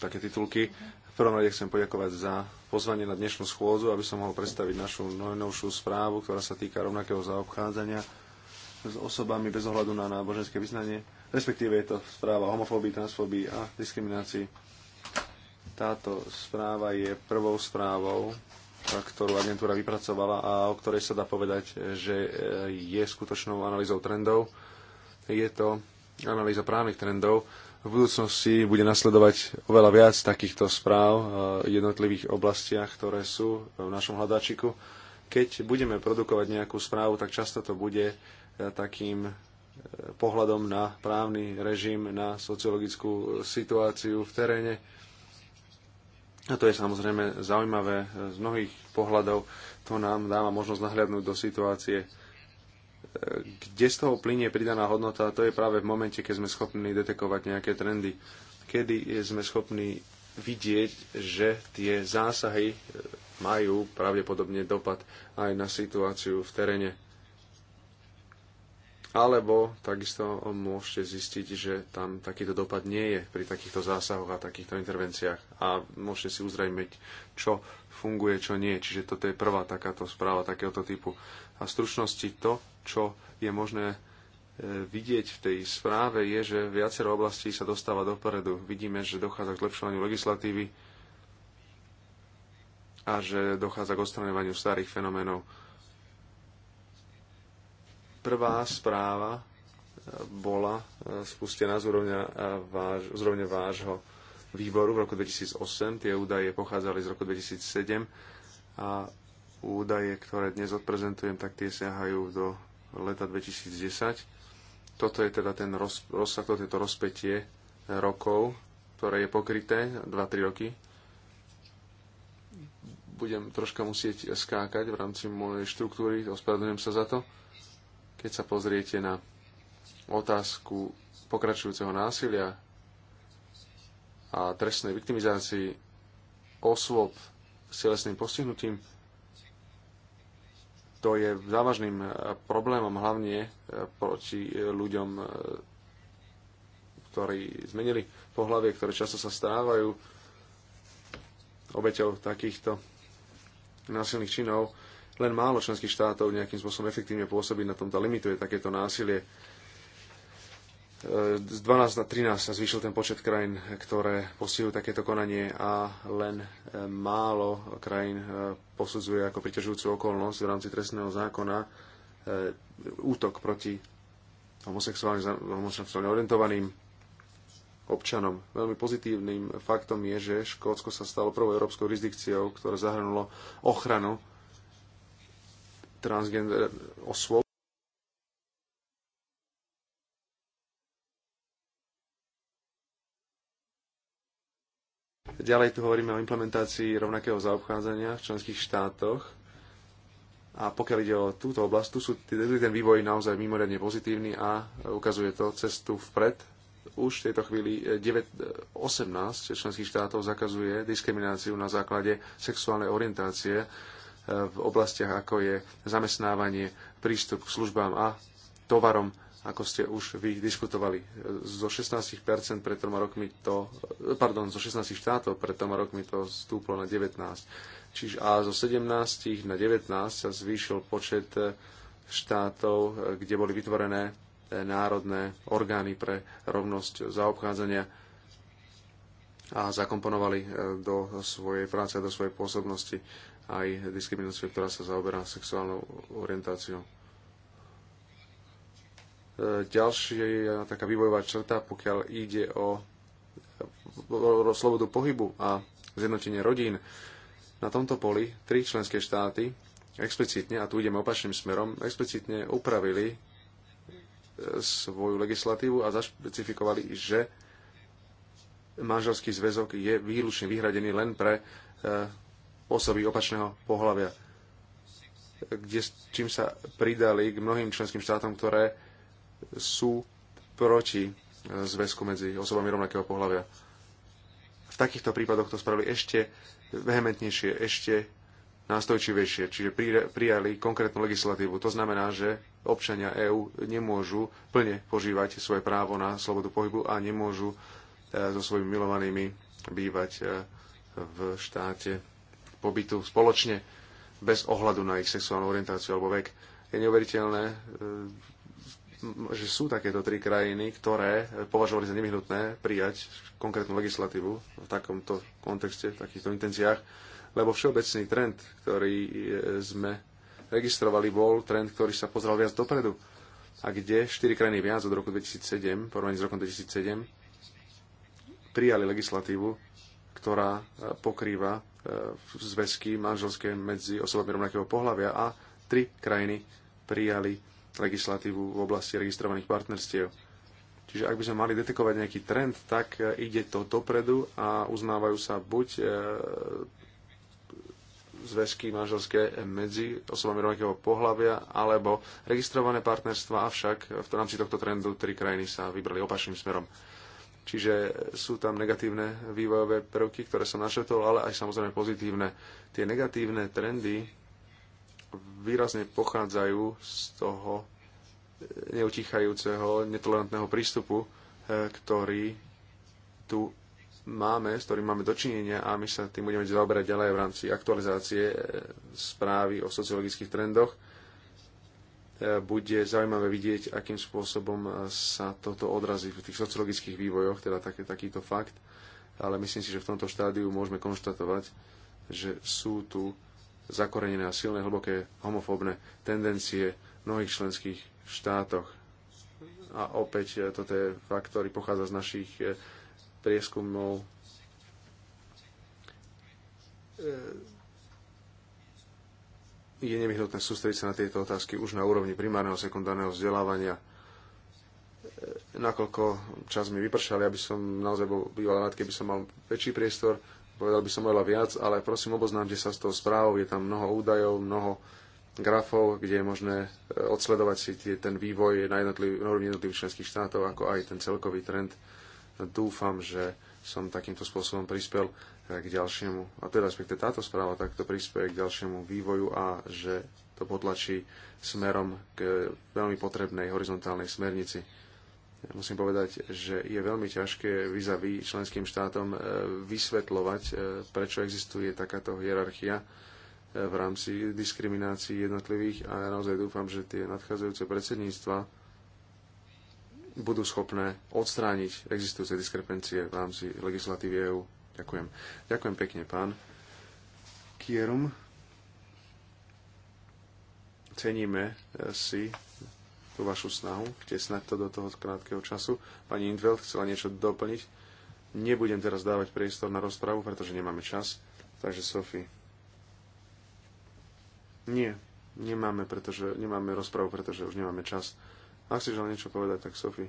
také titulky. V prvom rade chcem poďakovať za pozvanie na dnešnú schôdzu, aby som mohol predstaviť našu najnovšiu správu, ktorá sa týka rovnakého zaobchádzania s osobami bez ohľadu na náboženské vyznanie, respektíve je to správa o homofóbii, transfóbii a diskriminácii. Táto správa je prvou správou ktorú agentúra vypracovala a o ktorej sa dá povedať, že e, je skutočnou analýzou trendov. Je to analýza právnych trendov. V budúcnosti bude nasledovať oveľa viac takýchto správ v e, jednotlivých oblastiach, ktoré sú v našom hľadáčiku. Keď budeme produkovať nejakú správu, tak často to bude e, takým pohľadom na právny režim, na sociologickú situáciu v teréne a to je samozrejme zaujímavé e, z mnohých pohľadov. To nám dáva možnosť nahliadnúť do situácie, e, kde z toho plinie pridaná hodnota, to je práve v momente, keď sme schopní detekovať nejaké trendy. Kedy sme schopní vidieť, že tie zásahy e, majú pravdepodobne dopad aj na situáciu v teréne alebo takisto môžete zistiť, že tam takýto dopad nie je pri takýchto zásahoch a takýchto intervenciách a môžete si uzrejmeť, čo funguje, čo nie. Čiže toto je prvá takáto správa takéhoto typu. A v stručnosti to, čo je možné e, vidieť v tej správe, je, že viacero oblastí sa dostáva dopredu. Vidíme, že dochádza k zlepšovaniu legislatívy a že dochádza k odstraňovaniu starých fenoménov Prvá správa e, bola e, spustená z úrovne, váž, z úrovne vášho výboru v roku 2008. Tie údaje pochádzali z roku 2007 a údaje, ktoré dnes odprezentujem, tak tie siahajú do leta 2010. Toto je teda ten roz, rozsah, toto je to rozpetie e, rokov, ktoré je pokryté, 2-3 roky. Budem troška musieť skákať v rámci mojej štruktúry, ospravedlňujem sa za to. Keď sa pozriete na otázku pokračujúceho násilia a trestnej viktimizácii osôb s telesným postihnutím, to je závažným eh, problémom hlavne eh, proti eh, ľuďom, ktorí zmenili pohlavie, ktoré často sa stávajú obeťou takýchto násilných činov. Len málo členských štátov nejakým spôsobom efektívne pôsobí na tomto limituje takéto násilie. E, z 12 na 13 sa zvýšil ten počet krajín, ktoré postihujú takéto konanie a len e, málo krajín e, posudzuje ako priťažujúcu okolnosť v rámci trestného zákona útok proti homosexuálne, homosexuálne orientovaným občanom. Veľmi pozitívnym faktom je, že Škótsko sa stalo prvou európskou jurisdikciou, ktoré zahrnulo ochranu transgender osôb. Ďalej tu hovoríme o implementácii rovnakého zaobchádzania v členských štátoch. A pokiaľ ide o túto oblasť, tu sú ten vývoj naozaj mimoriadne pozitívny a ukazuje to cestu vpred. Už v tejto chvíli 9, eh, 18 eh, členských štátov zakazuje diskrimináciu na základe sexuálnej orientácie v oblastiach, ako je zamestnávanie, prístup k službám a tovarom, ako ste už vy diskutovali. Zo 16% pred troma rokmi to, pardon, zo 16 štátov pred troma rokmi to stúplo na 19. Čiže a zo 17 na 19 sa zvýšil počet e, štátov, e, kde boli vytvorené e, národné orgány pre rovnosť zaobchádzania a zakomponovali do svojej práce a do svojej pôsobnosti aj diskrimináciu, ktorá sa zaoberá sexuálnou orientáciou. E, ďalšia taká vývojová črta, pokiaľ ide o slobodu pohybu a zjednotenie rodín. Na tomto poli tri členské štáty explicitne, a tu ideme opačným smerom, explicitne upravili e, svoju legislatívu a zašpecifikovali, že manželský zväzok je výlučne vyhradený len pre e, osoby opačného pohľavia, kde, čím sa pridali k mnohým členským štátom, ktoré sú proti eh, zväzku medzi osobami rovnakého pohľavia. V takýchto prípadoch to spravili ešte vehementnejšie, ešte nástojčivejšie, čiže prijali konkrétnu legislatívu. To znamená, že občania EÚ nemôžu plne požívať svoje právo na slobodu pohybu a nemôžu eh, so svojimi milovanými bývať eh, v štáte pobytu spoločne bez ohľadu na ich sexuálnu orientáciu alebo vek. Je neuveriteľné, e, že sú takéto tri krajiny, ktoré považovali za nevyhnutné prijať konkrétnu legislatívu v takomto kontexte, v takýchto intenciách, lebo všeobecný trend, ktorý e, sme registrovali, bol trend, ktorý sa pozrel viac dopredu a kde štyri krajiny viac od roku 2007, porovnaní s rokom 2007, prijali legislatívu, ktorá e, pokrýva E, zväzky manželské medzi osobami rovnakého pohľavia a tri krajiny prijali legislatívu v oblasti registrovaných partnerstiev. Čiže ak by sme mali detekovať nejaký trend, tak e, ide to dopredu a uznávajú sa buď e, zväzky manželské medzi osobami rovnakého pohľavia alebo registrované partnerstva, avšak v rámci tohto trendu tri krajiny sa vybrali opačným smerom. Čiže sú tam negatívne vývojové prvky, ktoré som našetol, ale aj samozrejme pozitívne. Tie negatívne trendy výrazne pochádzajú z toho neutichajúceho, netolerantného prístupu, eh, ktorý tu máme, s ktorým máme dočinenia a my sa tým budeme zaoberať ďalej v rámci aktualizácie eh, správy o sociologických trendoch bude zaujímavé vidieť, akým spôsobom sa toto odrazí v tých sociologických vývojoch, teda taký, takýto fakt. Ale myslím si, že v tomto štádiu môžeme konštatovať, že sú tu zakorenené a silné, hlboké homofóbne tendencie v mnohých členských štátoch. A opäť e, toto je fakt, ktorý pochádza z našich e, prieskumov e, je nevyhnutné sústrediť sa na tieto otázky už na úrovni primárneho sekundárneho vzdelávania. E, nakoľko čas mi vypršal, ja som naozaj bol býval rád, keby som mal väčší priestor, povedal by som oveľa viac, ale prosím oboznámte sa s tou správou, je tam mnoho údajov, mnoho grafov, kde je možné e, odsledovať si tie, ten vývoj na, jednotliv, na úrovni jednotlivých členských štátov, ako aj ten celkový trend. Dúfam, že som takýmto spôsobom prispel k ďalšiemu, a teda respektive táto správa takto prispieje k ďalšiemu vývoju a že to potlačí smerom k veľmi potrebnej horizontálnej smernici. Ja musím povedať, že je veľmi ťažké vyzaví členským štátom e, vysvetľovať, e, prečo existuje takáto hierarchia e, v rámci diskriminácií jednotlivých a ja naozaj dúfam, že tie nadchádzajúce predsedníctva budú schopné odstrániť existujúce diskrepencie v rámci legislatívy EÚ. Ďakujem. Ďakujem pekne, pán Kierum. Ceníme eh, si tú vašu snahu vtesnať to do toho krátkeho času. Pani Indveld chcela niečo doplniť. Nebudem teraz dávať priestor na rozpravu, pretože nemáme čas. Takže Sofie. Nie, nemáme, pretože, nemáme rozpravu, pretože už nemáme čas. Ak si ale niečo povedať, tak Sofie.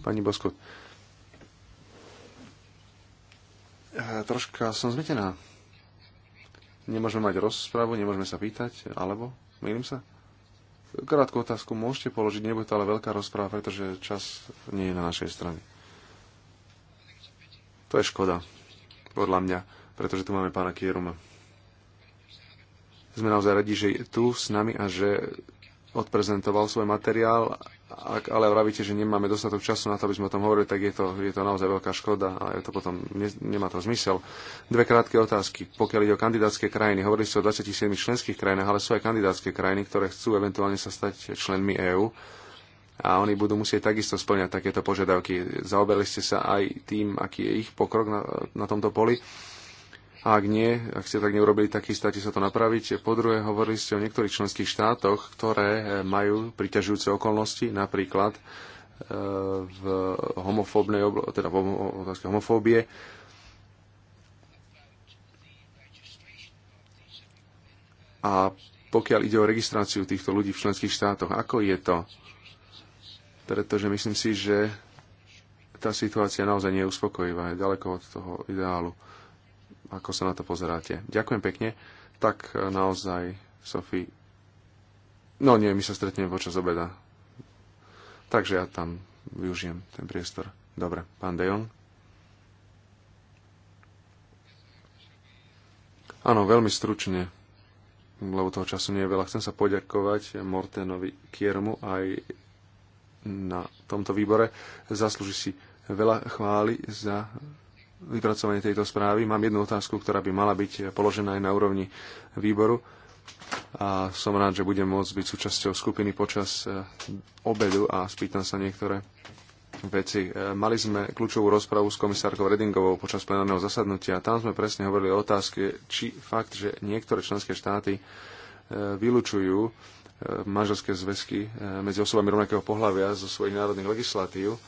pani Bosko. E, troška som zmetená. Nemôžeme mať rozprávu, nemôžeme sa pýtať, alebo? Mýlim sa? Krátku otázku môžete položiť, nebude to ale veľká rozpráva, pretože čas nie je na našej strane. To je škoda, podľa mňa, pretože tu máme pána Kieruma. Sme naozaj radi, že je tu s nami a že odprezentoval svoj materiál. Ak ale vravíte, že nemáme dostatok času na to, aby sme o tom hovorili, tak je to, je to naozaj veľká škoda a je to potom, ne, nemá to zmysel. Dve krátke otázky. Pokiaľ ide o kandidátske krajiny, hovorili ste o 27 členských krajinách, ale sú aj kandidátske krajiny, ktoré chcú eventuálne sa stať členmi EÚ a oni budú musieť takisto splňať takéto požiadavky. Zaoberali ste sa aj tým, aký je ich pokrok na, na tomto poli a ak nie, ak ste tak neurobili, tak chystáte sa to napraviť. Po druhé, hovorili ste o niektorých členských štátoch, ktoré eh, majú priťažujúce okolnosti, napríklad eh, v homofóbnej, teda v otázke homofóbie. A pokiaľ ide o registráciu týchto ľudí v členských štátoch, ako je to? Pretože myslím si, že tá situácia naozaj nie je uspokojivá, je ďaleko od toho ideálu ako sa na to pozeráte. Ďakujem pekne. Tak e, naozaj, Sofi. No nie, my sa stretneme počas obeda. Takže ja tam využijem ten priestor. Dobre, pán De Jong. Áno, veľmi stručne, lebo toho času nie je veľa. Chcem sa poďakovať Mortenovi Kiermu aj na tomto výbore. Zaslúži si veľa chvály za vypracovanie tejto správy. Mám jednu otázku, ktorá by mala byť položená aj na úrovni výboru. A som rád, že budem môcť byť súčasťou skupiny počas e, obedu a spýtam sa niektoré veci. E, mali sme kľúčovú rozpravu s komisárkou Redingovou počas plenárneho zasadnutia. Tam sme presne hovorili o otázke, či fakt, že niektoré členské štáty e, vylúčujú manželské zväzky medzi osobami rovnakého pohľavia zo svojich národných legislatív,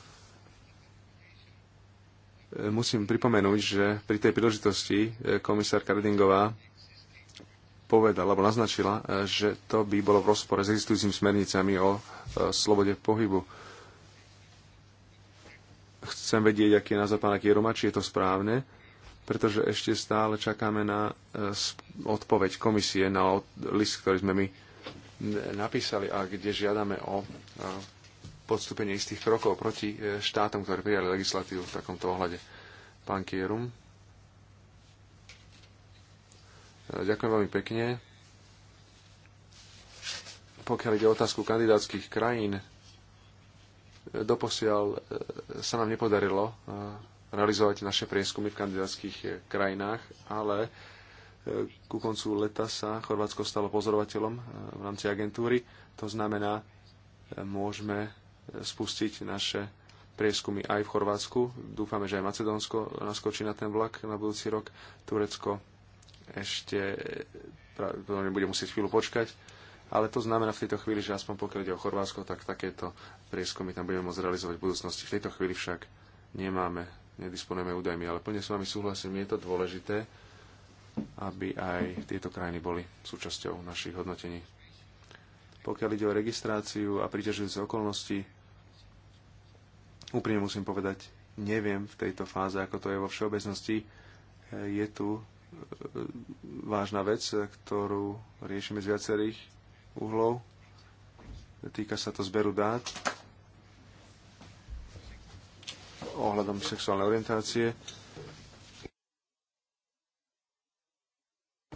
musím pripomenúť, že pri tej príležitosti e, komisárka Redingová povedala alebo naznačila, e, že to by bolo v rozpore s existujúcimi smernicami o e, slobode pohybu. Chcem vedieť, aký je názor pána Kieroma, či je to správne, pretože ešte stále čakáme na odpoveď komisie na list, ktorý sme my napísali a kde žiadame o podstúpenie istých krokov proti e, štátom, ktoré prijali legislatívu v takomto ohľade. Pán Kierum. E, ďakujem veľmi pekne. Pokiaľ ide o otázku kandidátskych krajín, e, doposiaľ sa nám nepodarilo realizovať naše prieskumy v kandidátskych krajinách, ale ku koncu leta sa Chorvátsko stalo pozorovateľom v rámci agentúry. To znamená, môžeme spustiť naše prieskumy aj v Chorvátsku. Dúfame, že aj Macedónsko naskočí na ten vlak na budúci rok. Turecko ešte bude musieť chvíľu počkať. Ale to znamená v tejto chvíli, že aspoň pokiaľ ide o Chorvátsko, tak takéto prieskumy tam budeme môcť realizovať v budúcnosti. V tejto chvíli však nemáme, nedisponujeme údajmi, ale plne s vami súhlasím, je to dôležité, aby aj tieto krajiny boli súčasťou našich hodnotení. Pokiaľ ide o registráciu a príťažujúce okolnosti, úprimne musím povedať, neviem v tejto fáze, ako to je vo všeobecnosti. Je tu e, vážna vec, ktorú riešime z viacerých uhlov. Týka sa to zberu dát ohľadom sexuálnej orientácie.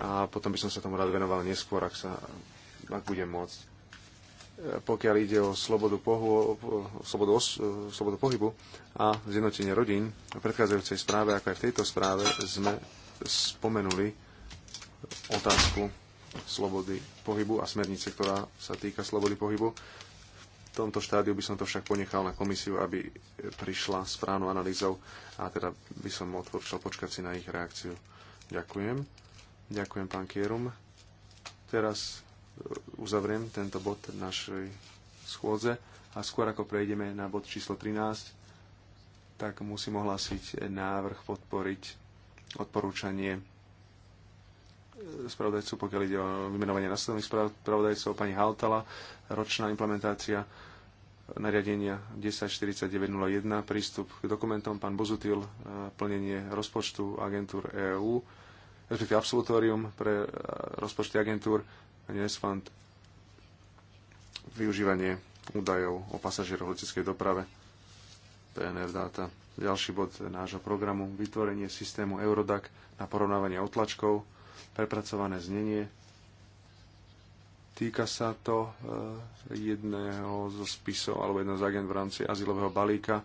A potom by som sa tomu rád venoval neskôr, ak, sa, ak budem môcť pokiaľ ide o slobodu, pohu, slobodu, os, slobodu pohybu a zjednotenie rodín. V predchádzajúcej správe, ako aj v tejto správe, sme spomenuli otázku slobody pohybu a smernice, ktorá sa týka slobody pohybu. V tomto štádiu by som to však ponechal na komisiu, aby prišla s právnou analýzou a teda by som odporúčal počkať si na ich reakciu. Ďakujem. Ďakujem, pán Kierum. Teraz uzavriem tento bod našej schôdze a skôr ako prejdeme na bod číslo 13, tak musím ohlásiť návrh podporiť odporúčanie spravodajcu, pokiaľ ide o vymenovanie nasledných spravodajcov, pani Haltala, ročná implementácia nariadenia 104901, prístup k dokumentom, pán Bozutil, e, plnenie rozpočtu agentúr EÚ, respektíve absolutórium pre e, rozpočty agentúr, pani Westland, využívanie údajov o pasažieroch leteckej doprave, PNR dáta. Ďalší bod nášho programu, vytvorenie systému Eurodac na porovnávanie otlačkov, prepracované znenie. Týka sa to eh, jedného zo spisov alebo jedného z agent v rámci azylového balíka.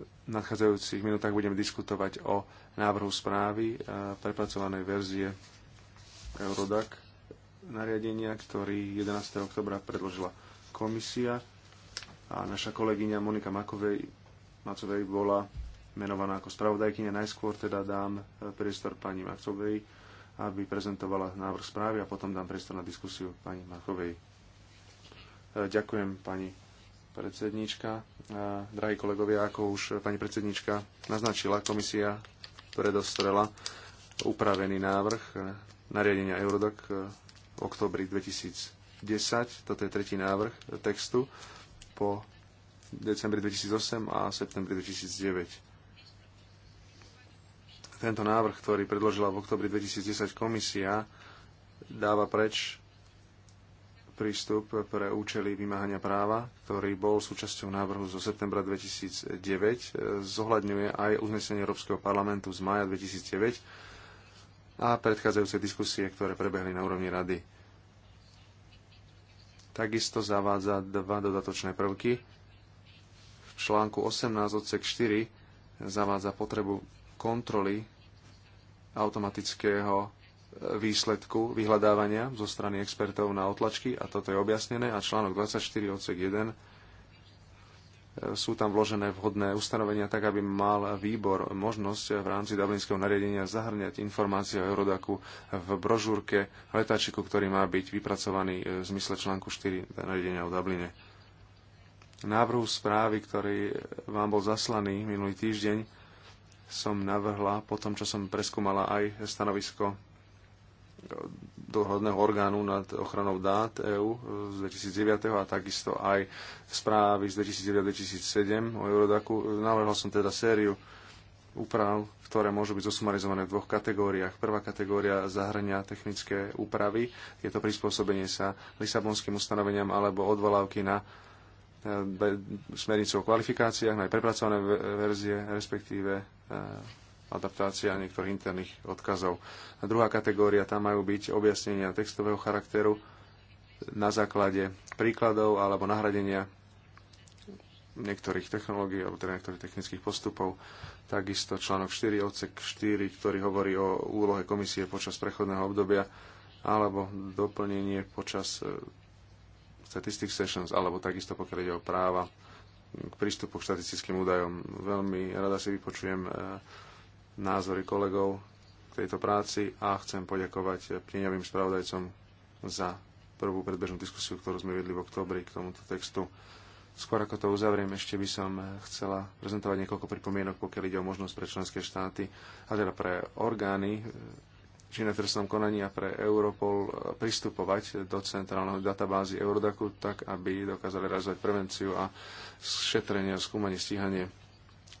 V nadchádzajúcich minútach budeme diskutovať o návrhu správy eh, prepracovanej verzie Eurodac nariadenia, ktorý 11. oktobra predložila komisia a naša kolegyňa Monika Makovej, Macovej bola menovaná ako spravodajkyňa. Najskôr teda dám e, priestor pani Macovej, aby prezentovala návrh správy a potom dám priestor na diskusiu pani Makovej. E, ďakujem pani predsedníčka. E, drahí kolegovia, ako už pani predsedníčka naznačila, komisia predostrela upravený návrh nariadenia Eurodoc oktobri 2010. Toto je tretí návrh textu po decembri 2008 a septembri 2009. Tento návrh, ktorý predložila v oktobri 2010 komisia, dáva preč prístup pre účely vymáhania práva, ktorý bol súčasťou návrhu zo septembra 2009, zohľadňuje aj uznesenie Európskeho parlamentu z maja 2009 a predchádzajúce diskusie, ktoré prebehli na úrovni rady. Takisto zavádza dva dodatočné prvky. V článku 18 odsek 4 zavádza potrebu kontroly automatického e, výsledku vyhľadávania zo strany expertov na otlačky a toto je objasnené a článok 24 odsek 1 E, sú tam vložené vhodné ustanovenia tak, aby mal výbor možnosť v rámci Dublinského nariadenia zahrňať informácie o Eurodaku v brožúrke letáčiku, ktorý má byť vypracovaný e, v zmysle článku 4 nariadenia o Dubline. Návrhu správy, ktorý e, vám bol zaslaný minulý týždeň, som navrhla po tom, čo som preskúmala aj stanovisko dohodného orgánu nad ochranou dát EÚ z 2009 a takisto aj správy z 2009-2007 o Eurodaku. Navrhol som teda sériu úprav, ktoré môžu byť zosumarizované v dvoch kategóriách. Prvá kategória zahrania technické úpravy. Je to prispôsobenie sa lisabonským ustanoveniam alebo odvolávky na e, smernicu o kvalifikáciách, na aj prepracované verzie, respektíve e, adaptácia niektorých interných odkazov. A druhá kategória, tam majú byť objasnenia textového charakteru na základe príkladov alebo nahradenia niektorých technológií alebo teda niektorých technických postupov. Takisto článok 4, odsek 4, ktorý hovorí o úlohe komisie počas prechodného obdobia alebo doplnenie počas e, statistic sessions, alebo takisto pokiaľ ide o práva k prístupu k štatistickým údajom. Veľmi rada si vypočujem e, názory kolegov k tejto práci a chcem poďakovať pieňavým spravodajcom za prvú predbežnú diskusiu, ktorú sme vedli v oktobri k tomuto textu. Skôr ako to uzavriem, ešte by som chcela prezentovať niekoľko pripomienok, pokiaľ ide o možnosť pre členské štáty, a teda pre orgány e, či na trestnom konaní a pre Europol e, pristupovať do centrálnej databázy Eurodacu tak, aby dokázali realizovať prevenciu a šetrenie a skúmanie, stíhanie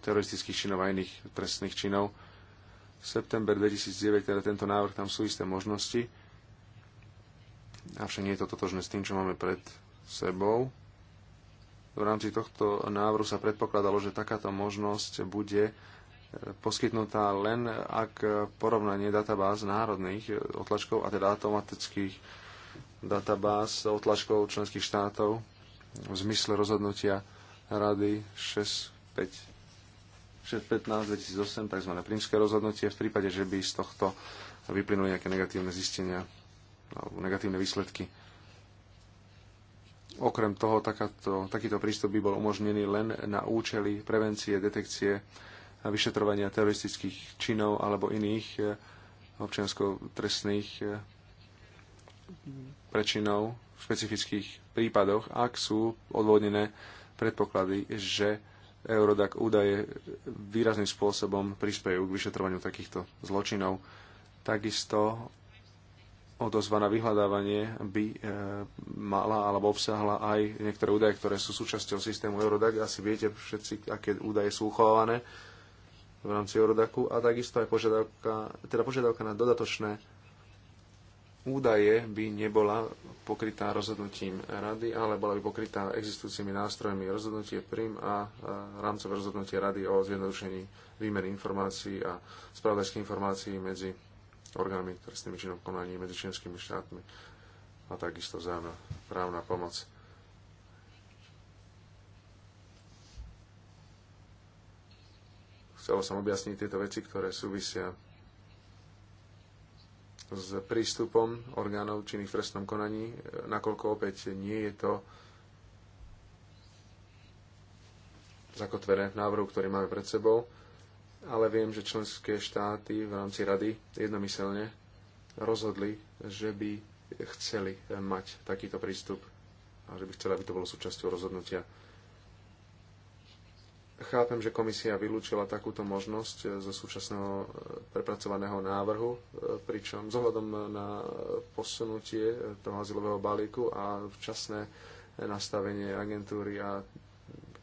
teroristických činov a iných trestných činov. V september 2009, teda tento návrh, tam sú isté možnosti. Avšak nie je to totožné s tým, čo máme pred sebou. V rámci tohto návrhu sa predpokladalo, že takáto možnosť bude e, poskytnutá len ak porovnanie databáz národných e, otlačkov a teda automatických databáz otlačkov členských štátov v zmysle rozhodnutia Rady 653 615-2008, tzv. prímske rozhodnutie, v prípade, že by z tohto vyplynuli nejaké negatívne zistenia alebo negatívne výsledky. Okrem toho, takáto, takýto prístup by bol umožnený len na účely prevencie, detekcie a vyšetrovania teroristických činov alebo iných eh, občiansko-trestných eh, prečinov v špecifických prípadoch, ak sú odvodnené predpoklady, že Eurodac údaje výrazným spôsobom prispejú k vyšetrovaniu takýchto zločinov. Takisto odozva na vyhľadávanie by e, mala alebo obsahla aj niektoré údaje, ktoré sú súčasťou systému Eurodac. Asi viete všetci, aké údaje sú uchovávané v rámci Eurodacu a takisto aj požiadavka, teda požiadavka na dodatočné údaje by nebola pokrytá rozhodnutím rady, ale bola by pokrytá existujúcimi nástrojmi rozhodnutie PRIM a rámcové rozhodnutie rady o zjednodušení výmeny informácií a spravodajských informácií medzi orgánmi trestnými činom konaní medzi členskými štátmi a takisto vzájomná právna pomoc. Chcelo som objasniť tieto veci, ktoré súvisia s prístupom orgánov činných v trestnom konaní, e, nakoľko opäť nie je to zakotvené v návrhu, ktorý máme pred sebou, ale viem, že členské štáty v rámci rady jednomyselne rozhodli, že by chceli mať takýto prístup a že by chceli, aby to bolo súčasťou rozhodnutia Chápem, že komisia vylúčila takúto možnosť eh, zo súčasného eh, prepracovaného návrhu, eh, pričom zohľadom na posunutie toho azylového balíku a včasné nastavenie agentúry a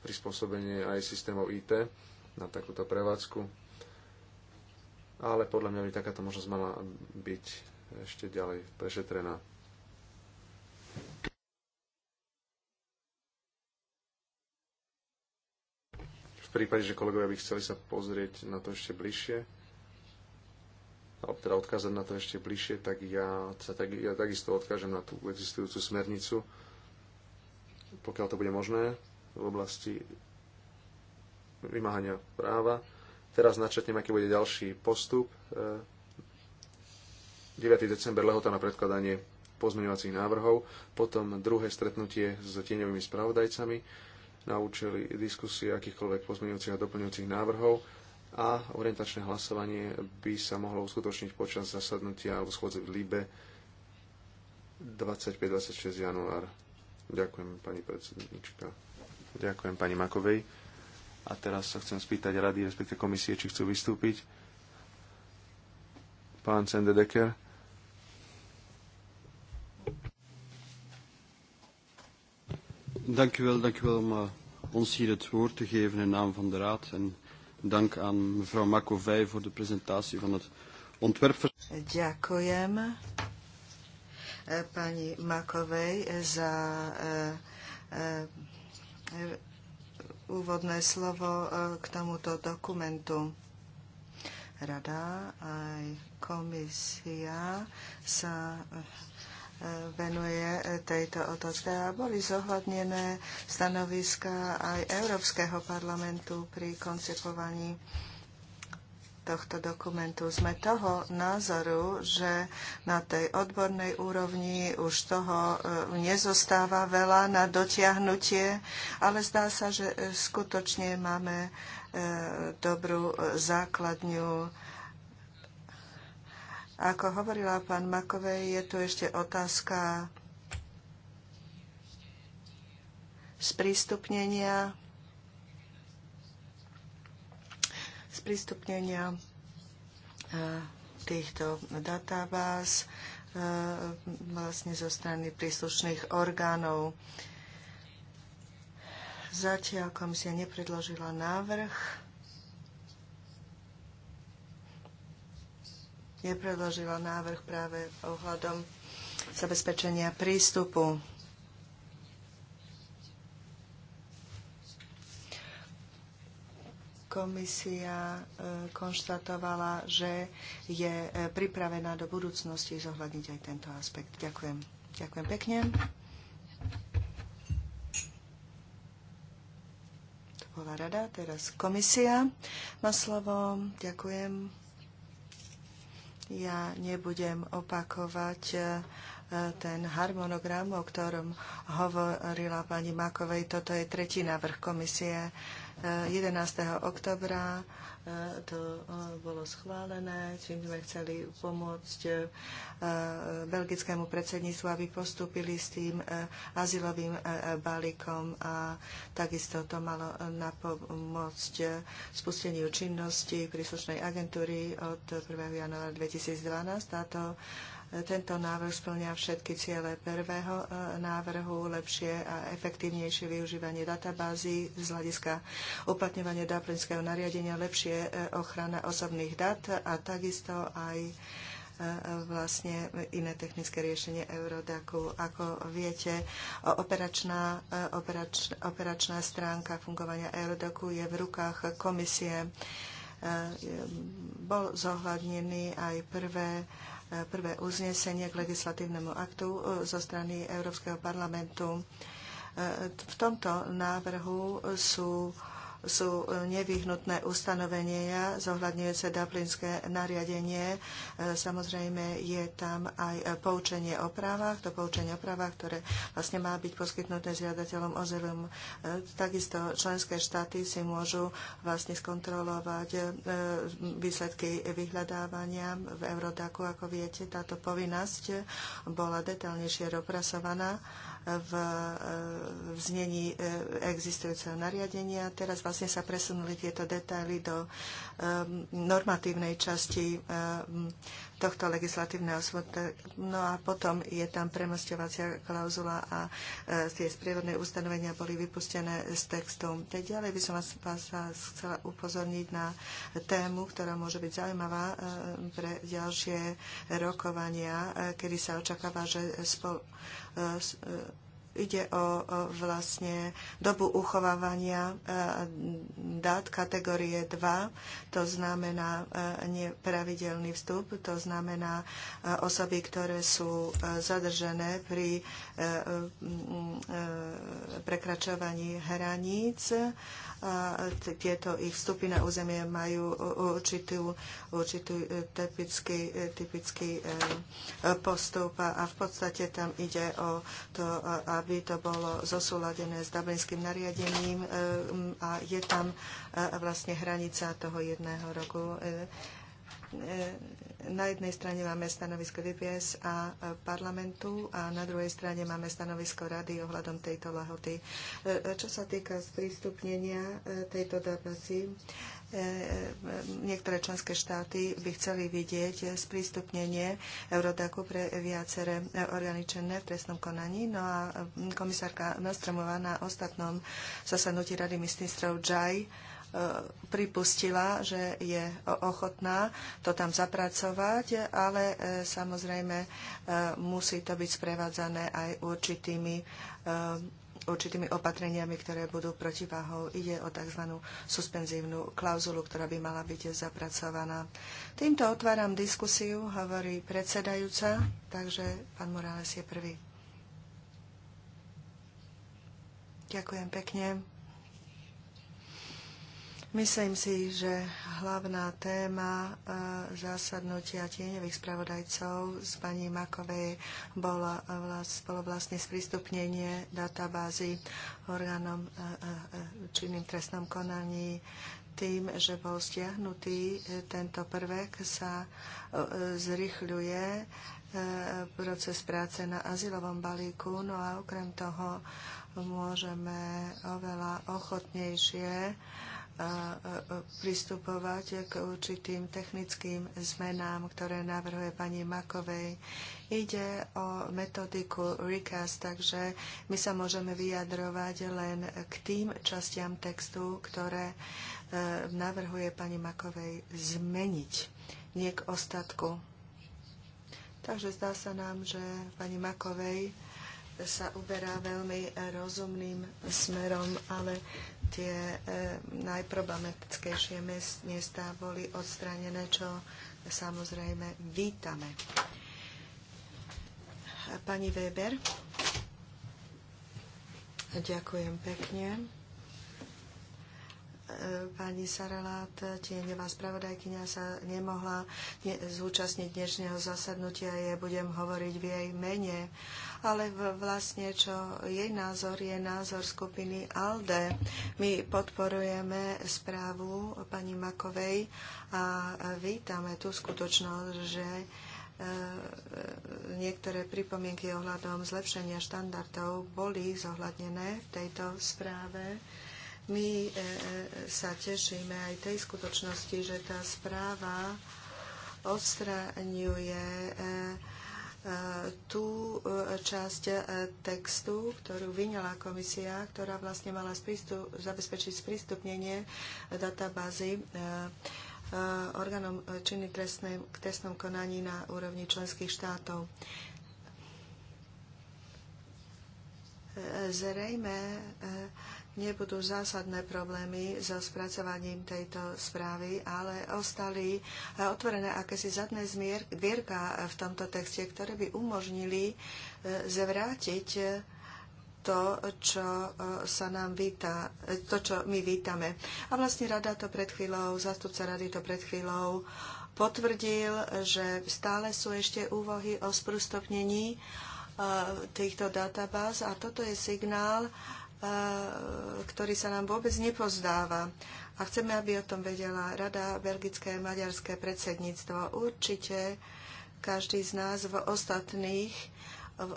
prispôsobenie aj systémov IT na takúto prevádzku. Ale podľa mňa by takáto možnosť mala byť ešte ďalej prešetrená. v prípade, že kolegovia by chceli sa pozrieť na to ešte bližšie, alebo teda odkázať na to ešte bližšie, tak ja, sa tak, ja takisto odkážem na tú existujúcu smernicu, pokiaľ to bude možné, v oblasti vymáhania práva. Teraz načetnem, aký bude ďalší postup. 9. E, december lehota na predkladanie pozmeňovacích návrhov, potom druhé stretnutie s tieňovými spravodajcami, na účely diskusie akýchkoľvek pozmeňujúcich a doplňujúcich návrhov a orientačné hlasovanie by sa mohlo uskutočniť počas zasadnutia alebo schôdze v Líbe 25-26 január. Ďakujem, pani predsednička. Ďakujem, pani Makovej. A teraz sa chcem spýtať rady, respektive komisie, či chcú vystúpiť. Pán Sendedeker. Dank u wel, dank u wel, maar ons hier het woord te geven in naam van de Raad. En dank aan mevrouw Makovij voor de presentatie van het ontwerp. Ďakujem eh, pani Makovej za eh, eh, úvodné slovo k tomuto dokumentu. Rada aj komisia sa venuje e, tejto otázke. A boli zohľadnené stanoviska aj Európskeho parlamentu pri koncipovaní tohto dokumentu. Sme toho názoru, že na tej odbornej úrovni už toho e, nezostáva veľa na dotiahnutie, ale zdá sa, že e, skutočne máme dobrú základňu ako hovorila pán Makovej, je tu ešte otázka sprístupnenia sprístupnenia e, týchto databáz e, vlastne zo strany príslušných orgánov. Zatiaľ komisia nepredložila návrh nepredložilo návrh práve ohľadom zabezpečenia prístupu komisia e, konštatovala, že je e, pripravená do budúcnosti zohľadniť aj tento aspekt. Ďakujem. Ďakujem pekne. To bola rada. Teraz komisia má slovo. Ďakujem. Ja nebudem opakovať e, ten harmonogram, o ktorom hovorila pani Makovej. Toto je tretí návrh komisie. 11. E, oktobra to bolo schválené, čím sme chceli pomôcť belgickému predsedníctvu, aby postúpili s tým azylovým balíkom a takisto to malo napomôcť spusteniu činnosti príslušnej agentúry od 1. januára 2012. Táto tento návrh splňa všetky ciele prvého e, návrhu, lepšie a efektívnejšie využívanie databázy z hľadiska uplatňovania Dublinského nariadenia, lepšie e, ochrana osobných dát a takisto aj e, vlastne iné technické riešenie Eurodaku. Ako viete, operačná, operač, operačná stránka fungovania Eurodaku je v rukách komisie. Bol zohľadnený aj prvé prvé uznesenie k legislatívnemu aktu e, zo strany Európskeho parlamentu. E, v tomto návrhu sú sú e, nevyhnutné ustanovenia, zohľadňujúce Dublinské nariadenie. E, samozrejme je tam aj e, poučenie o právach, to poučenie o právach, ktoré vlastne má byť poskytnuté žiadateľom o zelom. Takisto členské štáty si môžu vlastne skontrolovať výsledky vyhľadávania v Eurodaku. Ako viete, táto povinnosť bola detaľnejšie dopracovaná v, eh, v znení eh, existujúceho nariadenia. Teraz vlastne sa presunuli tieto detaily do eh, normatívnej časti tohto legislatívneho svota. No a potom je tam premostovacia klauzula a e, tie sprievodné ustanovenia boli vypustené z textu. Teď ďalej by som vás, vás chcela upozorniť na tému, ktorá môže byť zaujímavá e, pre ďalšie rokovania, e, kedy sa očakáva, že spol, Ide o vlastne dobu uchovávania e, dát kategórie 2, to znamená e, nepravidelný vstup, to znamená e, osoby, ktoré sú zadržené pri prekračovaní hraníc tieto ich vstupy na územie majú určitú, určitú e, typický, e, typický e, postup a v podstate tam ide o to, aby to bolo zosúladené s dublinským nariadením a je tam vlastne hranica toho jedného roku na jednej strane máme stanovisko VPS a parlamentu a na druhej strane máme stanovisko rady ohľadom tejto lehoty. E, čo sa týka sprístupnenia e, tejto databázy, e, niektoré členské štáty by chceli vidieť sprístupnenie Eurodaku pre viaceré orgány činné v trestnom konaní. No a komisárka Nostromová na ostatnom zasadnutí Rady ministrov Jai. E, pripustila, že je ochotná to tam zapracovať, ale e, samozrejme e, musí to byť sprevádzané aj určitými určitými opatreniami, ktoré budú protiváhou. Ide o tzv. suspenzívnu klauzulu, ktorá by mala byť zapracovaná. Týmto otváram diskusiu, hovorí predsedajúca, takže pán Morales je prvý. Ďakujem pekne. Myslím si, že hlavná téma e, zásadnutia tieňových spravodajcov s pani Makovej bola, e, bolo vlastne sprístupnenie databázy orgánom e, činným trestnom konaní tým, že bol stiahnutý tento prvek, sa zrychľuje proces práce na azylovom balíku. No a okrem toho môžeme oveľa ochotnejšie pristupovať k určitým technickým zmenám, ktoré navrhuje pani Makovej. Ide o metodiku recast, takže my sa môžeme vyjadrovať len k tým častiam textu, ktoré e, navrhuje pani Makovej zmeniť, nie k ostatku. Takže zdá sa nám, že pani Makovej sa uberá veľmi rozumným smerom, ale tie e, najproblematickejšie miesta boli odstranené, čo samozrejme vítame. Pani Weber, ďakujem pekne pani Sarelát, tieňová spravodajkynia sa nemohla zúčastniť dnešného zasadnutia. Ja budem hovoriť v jej mene, ale vlastne čo jej názor je názor skupiny ALDE. My podporujeme správu pani Makovej a vítame tú skutočnosť, že e, niektoré pripomienky ohľadom zlepšenia štandardov boli zohľadnené v tejto správe my e, e, sa tešíme aj tej skutočnosti, že tá správa odstraňuje e, tú časť textu, ktorú vyňala komisia, ktorá vlastne mala sprístup, zabezpečiť sprístupnenie databázy orgánom činy trestném, k trestnom konaní na úrovni členských štátov. Zrejme nebudú zásadné problémy so spracovaním tejto správy, ale ostali eh, otvorené akési zadné zmierka v tomto texte, ktoré by umožnili eh, zvrátiť eh, to, čo sa nám víta, to, čo my vítame. A vlastne rada to pred chvíľou, zastupca rady to pred chvíľou potvrdil, že stále sú ešte úvohy o sprústopnení týchto databáz a toto je signál, E, ktorý sa nám vôbec nepozdáva. A chceme, aby o tom vedela Rada Belgické a Maďarské predsedníctvo. Určite každý z nás v ostatných, v,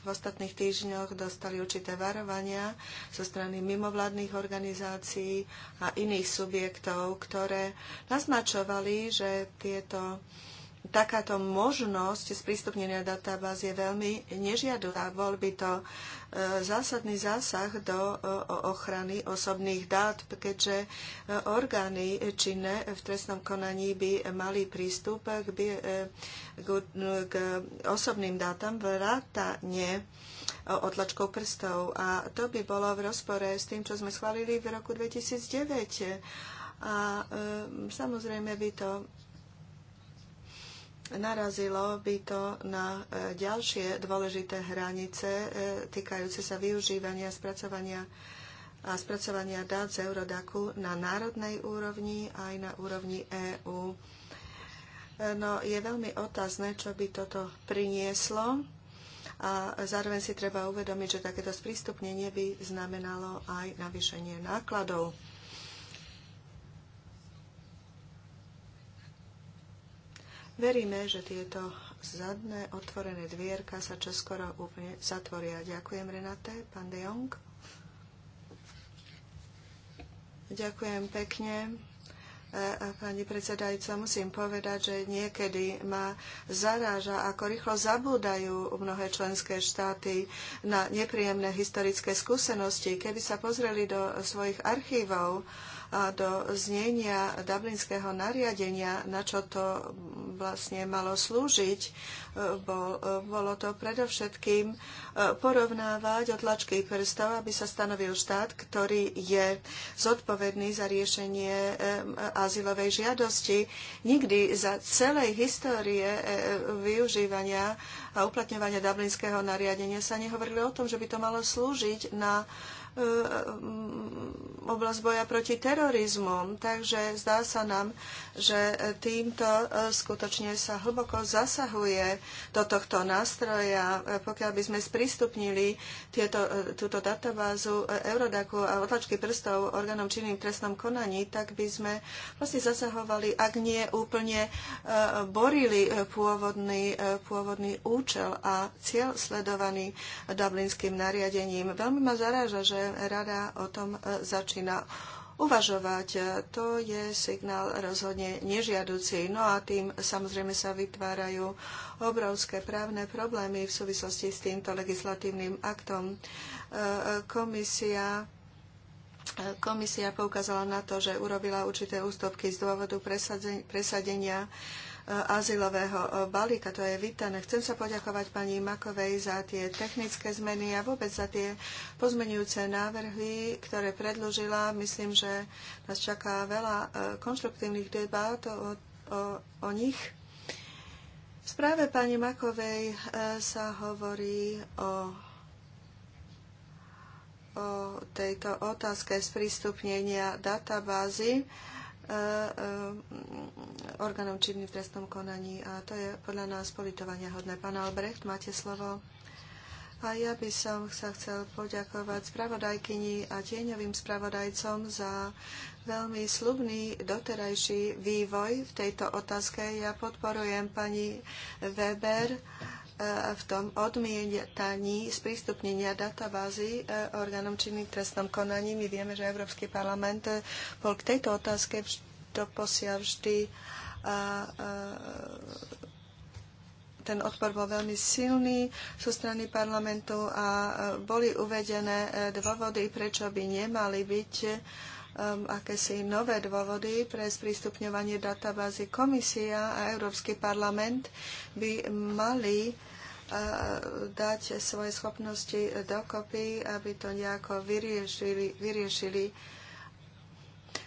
v ostatných týždňoch dostali určité varovania zo strany mimovládnych organizácií a iných subjektov, ktoré naznačovali, že tieto takáto možnosť sprístupnenia databáz je veľmi nežiadutá. Bol by to e, zásadný zásah do e, ochrany osobných dát, keďže e, orgány činné v trestnom konaní by mali prístup k, k osobným dátam vrátane otlačkov prstov. A to by bolo v rozpore s tým, čo sme schválili v roku 2009. A samozrejme by to narazilo by to na e, ďalšie dôležité hranice e, týkajúce sa využívania spracovania a spracovania dát z Eurodaku na národnej úrovni aj na úrovni EÚ. E, no, je veľmi otázne, čo by toto prinieslo a zároveň si treba uvedomiť, že takéto sprístupnenie by znamenalo aj navýšenie nákladov. Veríme, že tieto zadné otvorené dvierka sa čoskoro úplne zatvoria. Ďakujem Renate, pán De Jong. Ďakujem pekne. E, pani predsedajca, musím povedať, že niekedy ma zaráža, ako rýchlo zabúdajú mnohé členské štáty na nepríjemné historické skúsenosti. Keby sa pozreli do svojich archívov, do znenia Dublinského nariadenia, na čo to vlastne malo slúžiť. E, bol, e, bolo to predovšetkým e, porovnávať otlačky prstov, aby sa stanovil štát, ktorý je zodpovedný za riešenie azylovej žiadosti. Nikdy za celej histórie využívania a uplatňovania Dublinského nariadenia sa nehovorilo o tom, že by to malo slúžiť na oblasť boja proti terorizmu. Takže zdá sa nám, že e, týmto e, skutočne sa hlboko zasahuje do tohto nástroja. E, pokiaľ by sme sprístupnili tieto, túto databázu Eurodaku a otlačky prstov orgánom činným trestnom konaní, tak by sme vlastne zasahovali, ak nie úplne borili pôvodný, pôvodný účel a cieľ sledovaný dublinským nariadením. Veľmi ma zaráža, že rada o tom začína uvažovať. To je signál rozhodne nežiaducí. No a tým samozrejme sa vytvárajú obrovské právne problémy v súvislosti s týmto legislatívnym aktom. Komisia Komisia poukázala na to, že urobila určité ústupky z dôvodu presadenia azylového e, balíka. To je vítané. Chcem sa poďakovať pani Makovej za tie technické zmeny a vôbec za tie pozmenujúce návrhy, ktoré predložila. Myslím, že nás čaká veľa e, konštruktívnych debát o, o, o nich. V správe pani Makovej e, sa hovorí o o tejto otázke sprístupnenia databázy E, e, orgánom činným v trestnom konaní. A to je podľa nás politovania hodné. Pán Albrecht, máte slovo. A ja by som sa chcel poďakovať spravodajkyni a tieňovým spravodajcom za veľmi slubný doterajší vývoj v tejto otázke. Ja podporujem pani Weber E, v tom odmietaní sprístupnenia databázy e, orgánom činným trestnom konaní. My vieme, že Európsky parlament e, bol k tejto otázke posiaľ vždy a, a, ten odpor bol veľmi silný zo strany parlamentu a boli uvedené dôvody, prečo by nemali byť um, akési nové dôvody pre sprístupňovanie databázy. Komisia a Európsky parlament by mali dať svoje schopnosti dokopy, aby to nejako vyriešili. vyriešili.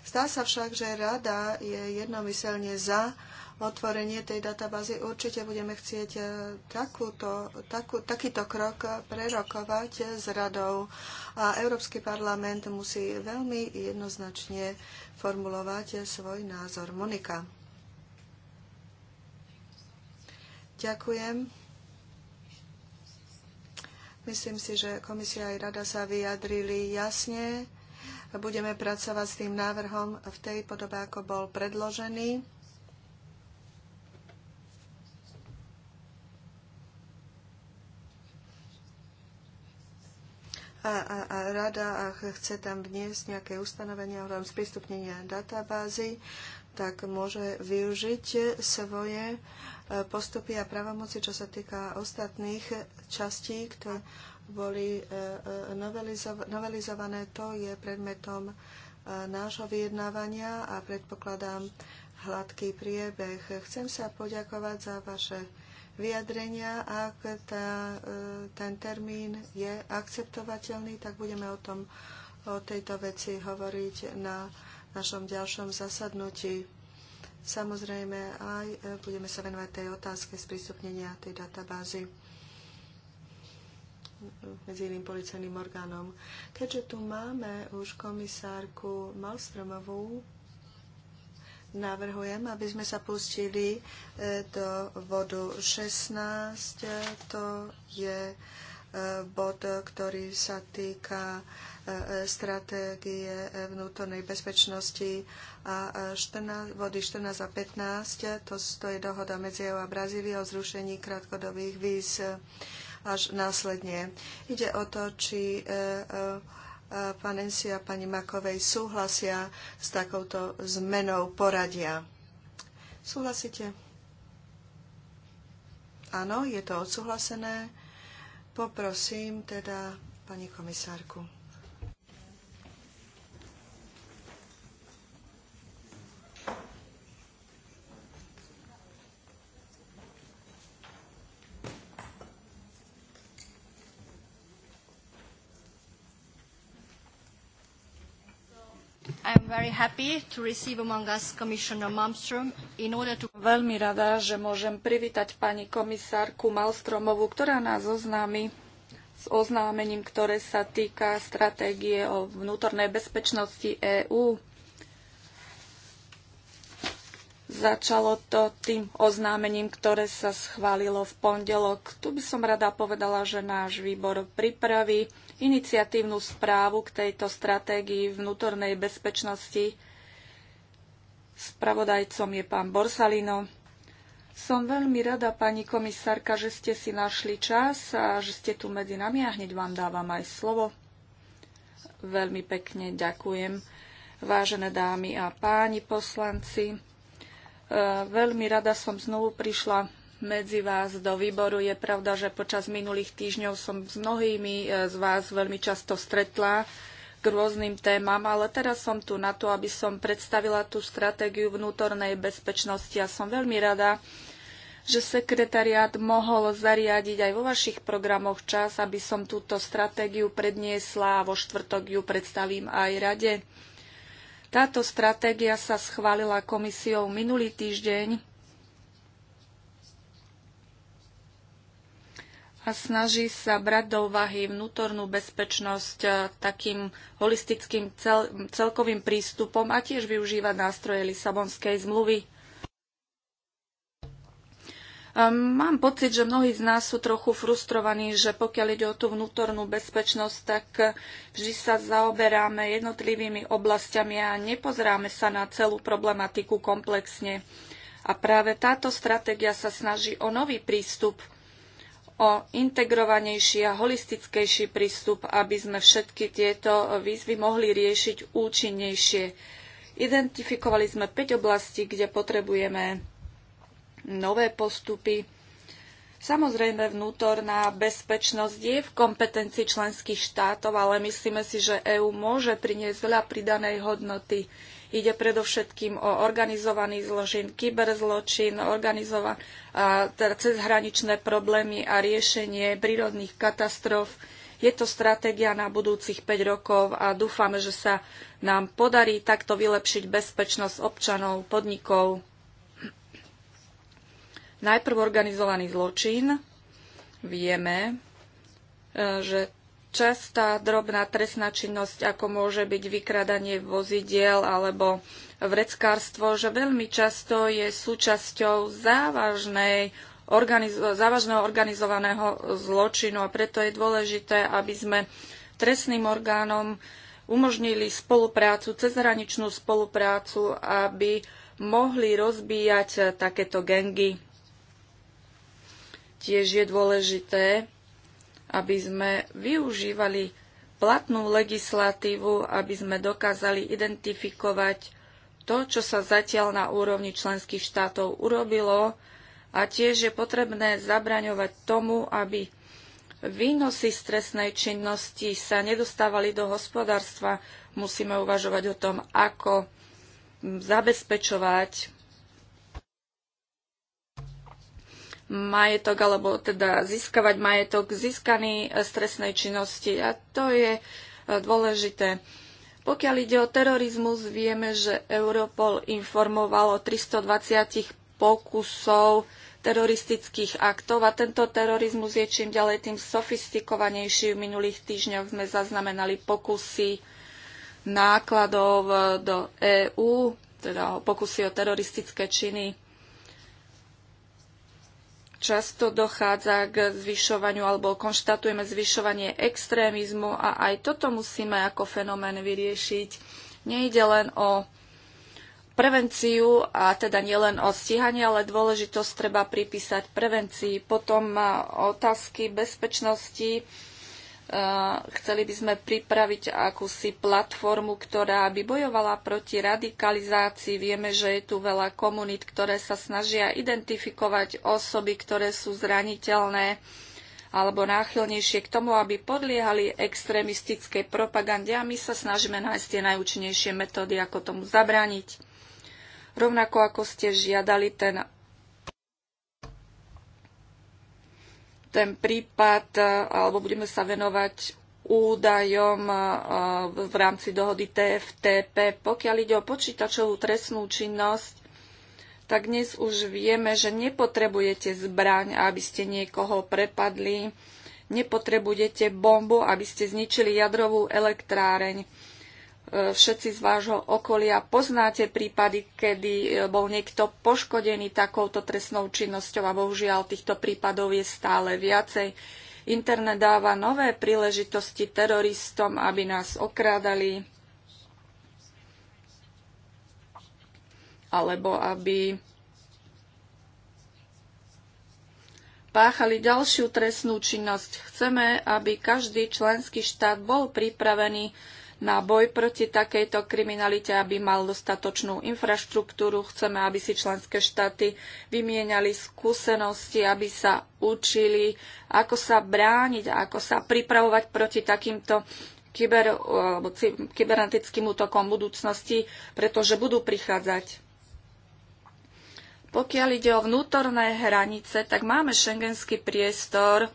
Zdá sa však, že rada je jednomyselne za otvorenie tej databázy. Určite budeme chcieť e, takúto, takú, takýto krok prerokovať s radou. A Európsky parlament musí veľmi jednoznačne formulovať svoj názor. Monika. Ďakujem. Myslím si, že komisia aj rada sa vyjadrili jasne. Budeme pracovať s tým návrhom v tej podobe, ako bol predložený. a, a, a rada a chce tam vniesť nejaké ustanovenia o sprístupnenia databázy, tak môže využiť svoje uh, E, postupy a pravomoci, čo sa týka ostatných častí, ktoré boli e, e, novelizo novelizované. To je predmetom nášho vyjednávania a predpokladám hladký priebeh. Chcem sa poďakovať za vaše vyjadrenia. Ak tá, ten termín je akceptovateľný, tak budeme o, tom, o tejto veci hovoriť na našom ďalšom zasadnutí. Samozrejme, aj e, budeme sa venovať tej otázke sprístupnenia tej databázy medzi iným policajným orgánom. Keďže tu máme už komisárku Malstromovú, navrhujem, aby sme sa pustili e, do bodu 16. To je e, bod, ktorý sa týka stratégie vnútornej bezpečnosti a 14, vody 14 a 15, to, to je dohoda medzi EU a Brazíliou o zrušení krátkodobých víz až následne. Ide o to, či e, e, pán Ensi a pani Makovej súhlasia s takouto zmenou poradia. Súhlasíte? Áno, je to odsúhlasené. Poprosím teda pani komisárku. Veľmi rada, že môžem privítať pani komisárku Malstromovú, ktorá nás oznámi s oznámením, ktoré sa týka stratégie o vnútornej bezpečnosti EÚ. Začalo to tým oznámením, ktoré sa schválilo v pondelok. Tu by som rada povedala, že náš výbor pripraví iniciatívnu správu k tejto stratégii vnútornej bezpečnosti. Spravodajcom je pán Borsalino. Som veľmi rada, pani komisárka, že ste si našli čas a že ste tu medzi nami a hneď vám dávam aj slovo. Veľmi pekne ďakujem, vážené dámy a páni poslanci. E, veľmi rada som znovu prišla medzi vás do výboru. Je pravda, že počas minulých týždňov som s mnohými e, z vás veľmi často stretla k rôznym témam, ale teraz som tu na to, aby som predstavila tú stratégiu vnútornej bezpečnosti a som veľmi rada, že sekretariát mohol zariadiť aj vo vašich programoch čas, aby som túto stratégiu predniesla a vo štvrtok ju predstavím aj rade. Táto stratégia sa schválila komisiou minulý týždeň a snaží sa brať do úvahy vnútornú bezpečnosť e, takým holistickým cel, celkovým prístupom a tiež využíva nástroje Lisabonskej zmluvy. E, mám pocit, že mnohí z nás sú trochu frustrovaní, že pokiaľ ide o tú vnútornú bezpečnosť, tak e, vždy sa zaoberáme jednotlivými oblastiami a nepozeráme sa na celú problematiku komplexne. A práve táto stratégia sa snaží o nový prístup – o integrovanejší a holistickejší prístup, aby sme všetky tieto výzvy mohli riešiť účinnejšie. Identifikovali sme 5 oblastí, kde potrebujeme nové postupy. Samozrejme, vnútorná bezpečnosť je v kompetencii členských štátov, ale myslíme si, že EÚ môže priniesť veľa pridanej hodnoty Ide predovšetkým o organizovaný zložin, kyberzločin, organizova- teda cezhraničné problémy a riešenie prírodných katastrof. Je to stratégia na budúcich 5 rokov a dúfame, že sa nám podarí takto vylepšiť bezpečnosť občanov, podnikov. Najprv organizovaný zločin. Vieme, e, že častá drobná trestná činnosť, ako môže byť vykradanie vozidiel alebo vreckárstvo, že veľmi často je súčasťou závažnej organizo- závažného organizovaného zločinu a preto je dôležité, aby sme trestným orgánom umožnili spoluprácu, cezhraničnú spoluprácu, aby mohli rozbíjať takéto gengy. Tiež je dôležité, aby sme využívali platnú legislatívu, aby sme dokázali identifikovať to, čo sa zatiaľ na úrovni členských štátov urobilo a tiež je potrebné zabraňovať tomu, aby výnosy stresnej činnosti sa nedostávali do hospodárstva. Musíme uvažovať o tom, ako zabezpečovať majetok, alebo teda získavať majetok získaný e, z trestnej činnosti. A to je e, dôležité. Pokiaľ ide o terorizmus, vieme, že Europol informoval o 320 pokusov teroristických aktov a tento terorizmus je čím ďalej tým sofistikovanejší. V minulých týždňoch sme zaznamenali pokusy nákladov e, do EÚ, teda pokusy o teroristické činy často dochádza k zvyšovaniu alebo konštatujeme zvyšovanie extrémizmu a aj toto musíme ako fenomén vyriešiť. Nejde len o prevenciu a teda nielen o stíhanie, ale dôležitosť treba pripísať prevencii. Potom otázky bezpečnosti Eh, chceli by sme pripraviť akúsi platformu, ktorá by bojovala proti radikalizácii. Vieme, že je tu veľa komunít, ktoré sa snažia identifikovať osoby, ktoré sú zraniteľné alebo náchylnejšie k tomu, aby podliehali extrémistickej propagande a my sa snažíme nájsť tie najúčinnejšie metódy, ako tomu zabrániť. Rovnako ako ste žiadali ten ten prípad, e, alebo budeme sa venovať údajom e, v rámci dohody TFTP. Pokiaľ ide o počítačovú trestnú činnosť, tak dnes už vieme, že nepotrebujete zbraň, aby ste niekoho prepadli, nepotrebujete bombu, aby ste zničili jadrovú elektráreň E, všetci z vášho okolia poznáte prípady, kedy e, bol niekto poškodený takouto trestnou činnosťou a bohužiaľ týchto prípadov je stále viacej. Internet dáva nové príležitosti teroristom, aby nás okrádali alebo aby páchali ďalšiu trestnú činnosť. Chceme, aby každý členský štát bol pripravený na boj proti takejto kriminalite, aby mal dostatočnú infraštruktúru. Chceme, aby si členské štáty vymieniali skúsenosti, aby sa učili, ako sa brániť, ako sa pripravovať proti takýmto kyber, alebo kybernetickým útokom budúcnosti, pretože budú prichádzať. Pokiaľ ide o vnútorné hranice, tak máme šengenský priestor,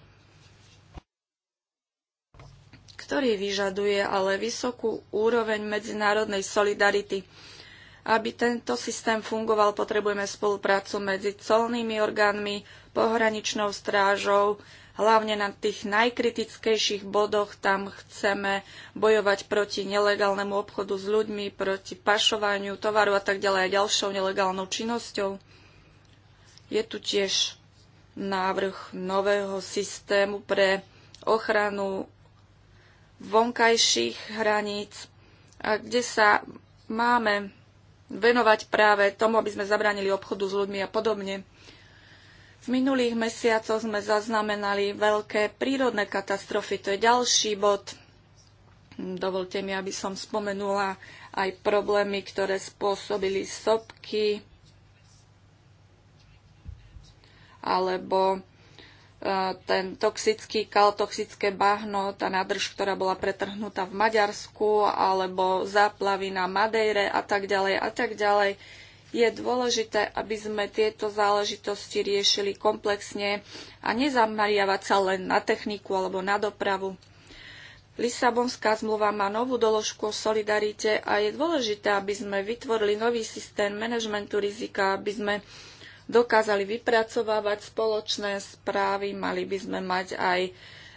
ktorý vyžaduje ale vysokú úroveň medzinárodnej solidarity. Aby tento systém fungoval, potrebujeme spoluprácu medzi colnými orgánmi, pohraničnou strážou, hlavne na tých najkritickejších bodoch. Tam chceme bojovať proti nelegálnemu obchodu s ľuďmi, proti pašovaniu tovaru a tak ďalej a ďalšou nelegálnou činnosťou. Je tu tiež návrh nového systému pre ochranu vonkajších hraníc, kde sa máme venovať práve tomu, aby sme zabránili obchodu s ľuďmi a podobne. V minulých mesiacoch sme zaznamenali veľké prírodné katastrofy. To je ďalší bod. Dovolte mi, aby som spomenula aj problémy, ktoré spôsobili sopky alebo E, ten toxický kal, toxické bahno, tá nádrž, ktorá bola pretrhnutá v Maďarsku, alebo záplavy na Madejre a tak ďalej a tak ďalej. Je dôležité, aby sme tieto záležitosti riešili komplexne a nezamariavať sa len na techniku alebo na dopravu. Lisabonská zmluva má novú doložku o solidarite a je dôležité, aby sme vytvorili nový systém manažmentu rizika, aby sme dokázali vypracovávať spoločné správy, mali by sme mať aj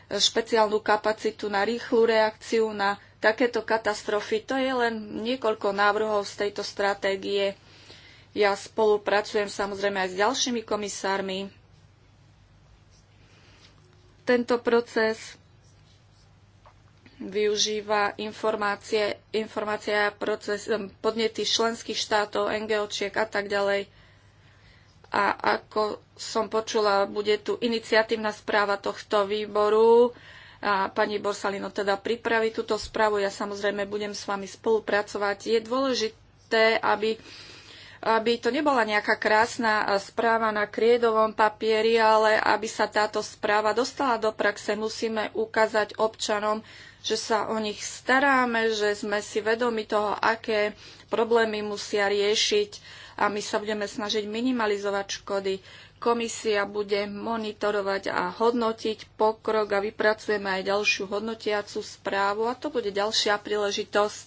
špeciálnu kapacitu na rýchlu reakciu na takéto katastrofy. To je len niekoľko návrhov z tejto stratégie. Ja spolupracujem samozrejme aj s ďalšími komisármi. Tento proces využíva informácie, a proces, podnety členských štátov, NGOčiek a tak ďalej a ako som počula, bude tu iniciatívna správa tohto výboru a pani Borsalino teda pripraví túto správu. Ja samozrejme budem s vami spolupracovať. Je dôležité, aby, aby to nebola nejaká krásna správa na kriedovom papieri, ale aby sa táto správa dostala do praxe, musíme ukázať občanom, že sa o nich staráme, že sme si vedomi toho, aké problémy musia riešiť a my sa budeme snažiť minimalizovať škody. Komisia bude monitorovať a hodnotiť pokrok a vypracujeme aj ďalšiu hodnotiacu správu a to bude ďalšia príležitosť,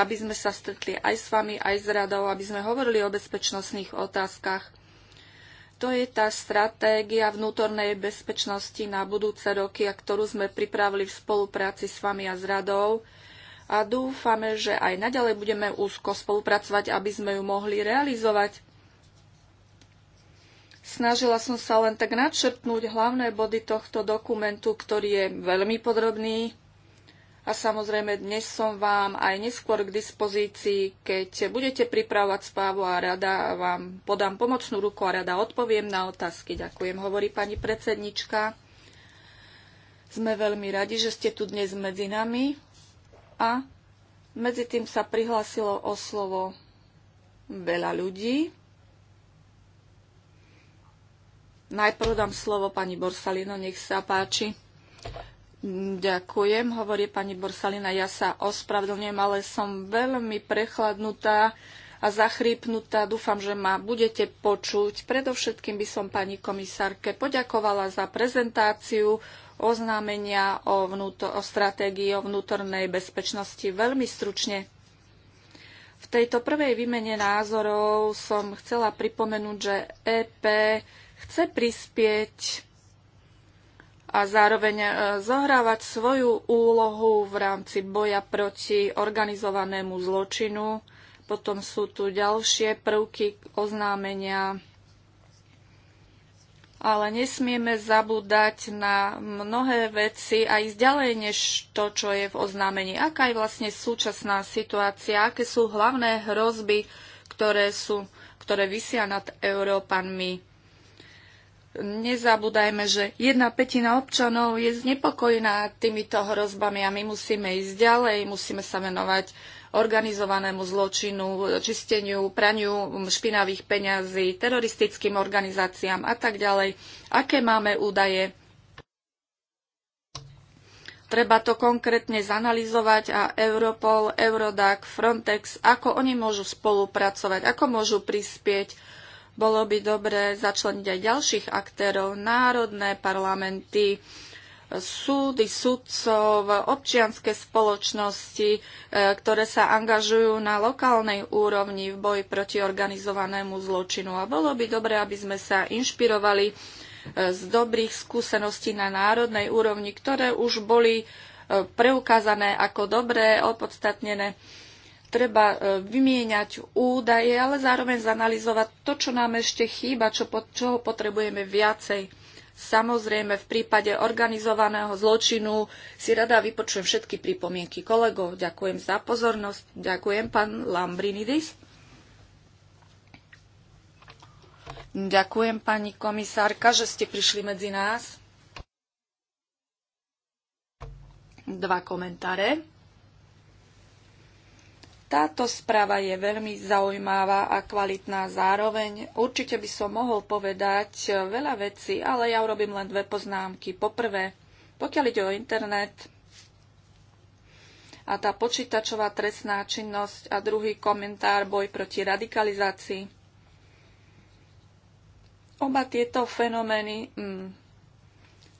aby sme sa stretli aj s vami, aj s radou, aby sme hovorili o bezpečnostných otázkach. To je tá stratégia vnútornej bezpečnosti na budúce roky, a ktorú sme pripravili v spolupráci s vami a s radou a dúfame, že aj naďalej budeme úzko spolupracovať, aby sme ju mohli realizovať. Snažila som sa len tak nadšrtnúť hlavné body tohto dokumentu, ktorý je veľmi podrobný. A samozrejme, dnes som vám aj neskôr k dispozícii, keď budete pripravovať správu a rada vám podám pomocnú ruku a rada odpoviem na otázky. Ďakujem, hovorí pani predsednička. Sme veľmi radi, že ste tu dnes medzi nami a medzi tým sa prihlásilo o slovo veľa ľudí. Najprv dám slovo pani Borsalino, nech sa páči. Ďakujem, hovorí pani Borsalina. Ja sa ospravedlňujem, ale som veľmi prechladnutá a zachrípnutá. Dúfam, že ma budete počuť. Predovšetkým by som pani komisárke poďakovala za prezentáciu oznámenia o, vnútor, o stratégii o vnútornej bezpečnosti veľmi stručne. V tejto prvej výmene názorov som chcela pripomenúť, že EP chce prispieť a zároveň e, zohrávať svoju úlohu v rámci boja proti organizovanému zločinu. Potom sú tu ďalšie prvky oznámenia ale nesmieme zabúdať na mnohé veci a ísť ďalej než to, čo je v oznámení. Aká je vlastne súčasná situácia, aké sú hlavné hrozby, ktoré, sú, ktoré vysia nad Európanmi. Nezabúdajme, že jedna petina občanov je znepokojená týmito hrozbami a my musíme ísť ďalej, musíme sa venovať organizovanému zločinu, čisteniu, praniu špinavých peňazí, teroristickým organizáciám a tak ďalej. Aké máme údaje? Treba to konkrétne zanalizovať a Europol, Eurodac, Frontex, ako oni môžu spolupracovať, ako môžu prispieť. Bolo by dobre začleniť aj ďalších aktérov, národné parlamenty, súdy, sudcov, občianske spoločnosti, e, ktoré sa angažujú na lokálnej úrovni v boji proti organizovanému zločinu. A bolo by dobré, aby sme sa inšpirovali e, z dobrých skúseností na národnej úrovni, ktoré už boli e, preukázané ako dobré, opodstatnené. Treba vymieňať údaje, ale zároveň zanalizovať to, čo nám ešte chýba, čo, čoho potrebujeme viacej Samozrejme, v prípade organizovaného zločinu si rada vypočujem všetky pripomienky kolegov. Ďakujem za pozornosť. Ďakujem, pán Lambrinidis. Ďakujem, pani komisárka, že ste prišli medzi nás. Dva komentáre. Táto správa je veľmi zaujímavá a kvalitná zároveň. Určite by som mohol povedať veľa vecí, ale ja urobím len dve poznámky. Poprvé, pokiaľ ide o internet a tá počítačová trestná činnosť a druhý komentár boj proti radikalizácii. Oba tieto fenomény mm,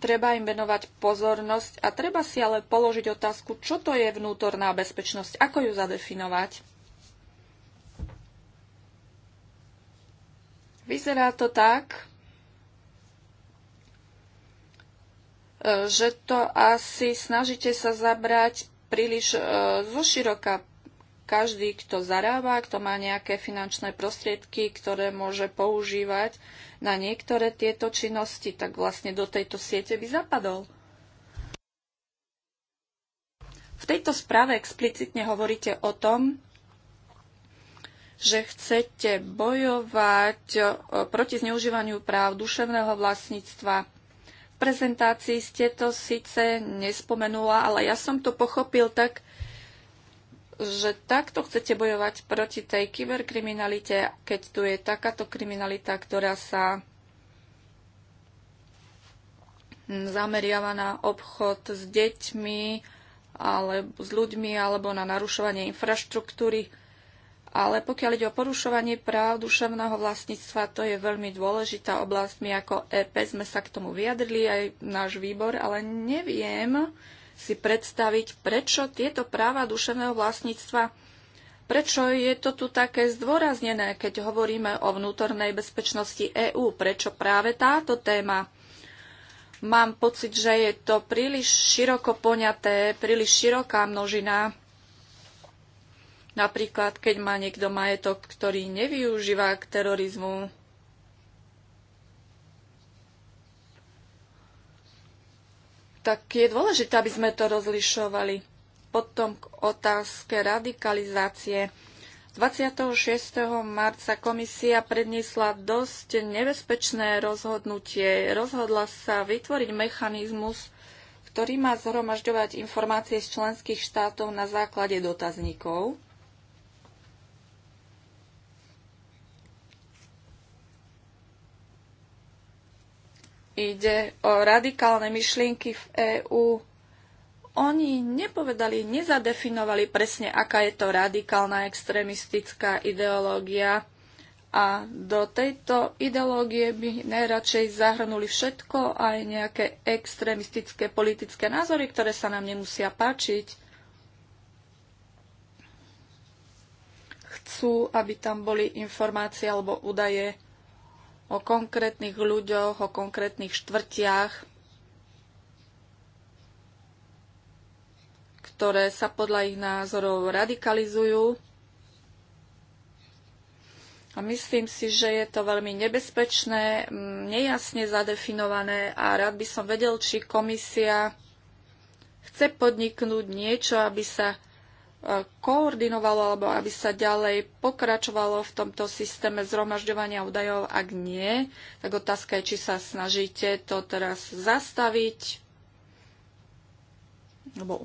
Treba im venovať pozornosť a treba si ale položiť otázku, čo to je vnútorná bezpečnosť, ako ju zadefinovať. Vyzerá to tak, e, že to asi snažíte sa zabrať príliš e, zoširoka, každý, kto zarába, kto má nejaké finančné prostriedky, ktoré môže používať na niektoré tieto činnosti, tak vlastne do tejto siete by zapadol. V tejto správe explicitne hovoríte o tom, že chcete bojovať e, proti zneužívaniu práv duševného vlastníctva. V prezentácii ste to síce nespomenula, ale ja som to pochopil tak, že takto chcete bojovať proti tej kyberkriminalite, keď tu je takáto kriminalita, ktorá sa zameriava na obchod s deťmi, alebo s ľuďmi, alebo na narušovanie infraštruktúry. Ale pokiaľ ide o porušovanie práv duševného vlastníctva, to je veľmi dôležitá oblasť. My ako EP sme sa k tomu vyjadrili, aj náš výbor, ale neviem, si predstaviť, prečo tieto práva duševného vlastníctva, prečo je to tu také zdôraznené, keď hovoríme o vnútornej bezpečnosti EÚ, prečo práve táto téma. Mám pocit, že je to príliš široko poňaté, príliš široká množina. Napríklad, keď má niekto majetok, ktorý nevyužíva k terorizmu, tak je dôležité, aby sme to rozlišovali. Potom k otázke radikalizácie. 26. marca komisia predniesla dosť nebezpečné rozhodnutie. Rozhodla sa vytvoriť mechanizmus, ktorý má zhromažďovať informácie z členských štátov na základe dotazníkov. ide o radikálne myšlienky v EÚ. Oni nepovedali, nezadefinovali presne, aká je to radikálna extrémistická ideológia. A do tejto ideológie by najradšej zahrnuli všetko, aj nejaké extrémistické politické názory, ktoré sa nám nemusia páčiť. Chcú, aby tam boli informácie alebo údaje o konkrétnych ľuďoch, o konkrétnych štvrtiach, ktoré sa podľa ich názorov radikalizujú. A myslím si, že je to veľmi nebezpečné, nejasne zadefinované a rád by som vedel, či komisia chce podniknúť niečo, aby sa koordinovalo alebo aby sa ďalej pokračovalo v tomto systéme zhromažďovania údajov. Ak nie, tak otázka je, či sa snažíte to teraz zastaviť alebo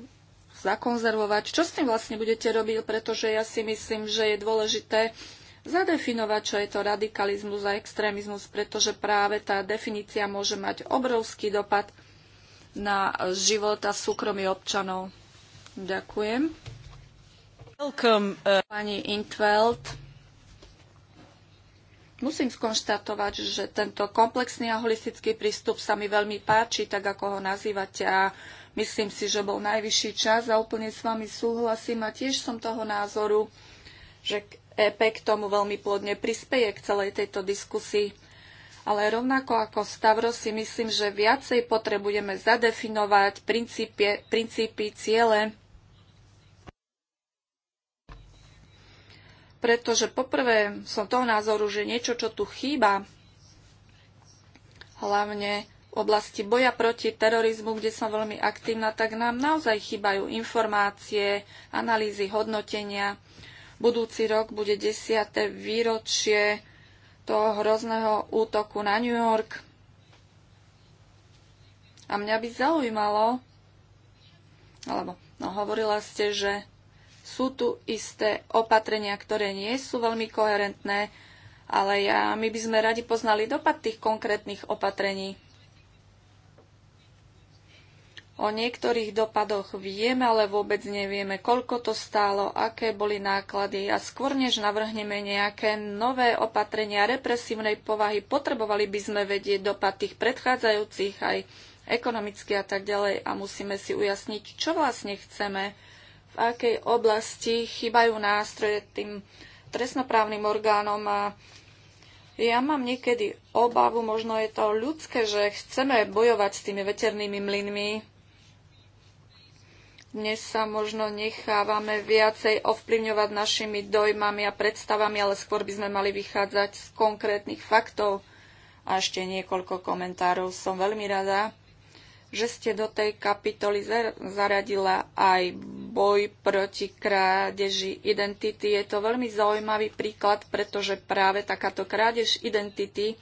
zakonzervovať. Čo s tým vlastne budete robiť? Pretože ja si myslím, že je dôležité zadefinovať, čo je to radikalizmus a extrémizmus, pretože práve tá definícia môže mať obrovský dopad na život a súkromie občanov. Ďakujem. Uh, pani Intveld, musím skonštatovať, že tento komplexný a holistický prístup sa mi veľmi páči, tak ako ho nazývate a myslím si, že bol najvyšší čas a úplne s vami súhlasím a tiež som toho názoru, že EP k tomu veľmi plodne prispeje k celej tejto diskusii. Ale rovnako ako Stavro si myslím, že viacej potrebujeme zadefinovať princípy ciele pretože poprvé som toho názoru, že niečo, čo tu chýba, hlavne v oblasti boja proti terorizmu, kde som veľmi aktívna, tak nám naozaj chýbajú informácie, analýzy, hodnotenia. Budúci rok bude desiate výročie toho hrozného útoku na New York. A mňa by zaujímalo, alebo no, hovorila ste, že sú tu isté opatrenia, ktoré nie sú veľmi koherentné, ale ja, my by sme radi poznali dopad tých konkrétnych opatrení. O niektorých dopadoch vieme, ale vôbec nevieme, koľko to stálo, aké boli náklady a skôr než navrhneme nejaké nové opatrenia represívnej povahy, potrebovali by sme vedieť dopad tých predchádzajúcich aj ekonomicky a tak ďalej a musíme si ujasniť, čo vlastne chceme akej oblasti chýbajú nástroje tým trestnoprávnym orgánom a ja mám niekedy obavu, možno je to ľudské, že chceme bojovať s tými veternými mlynmi. Dnes sa možno nechávame viacej ovplyvňovať našimi dojmami a predstavami, ale skôr by sme mali vychádzať z konkrétnych faktov. A ešte niekoľko komentárov. Som veľmi rada, že ste do tej kapitoly zaradila aj boj proti krádeži identity. Je to veľmi zaujímavý príklad, pretože práve takáto krádež identity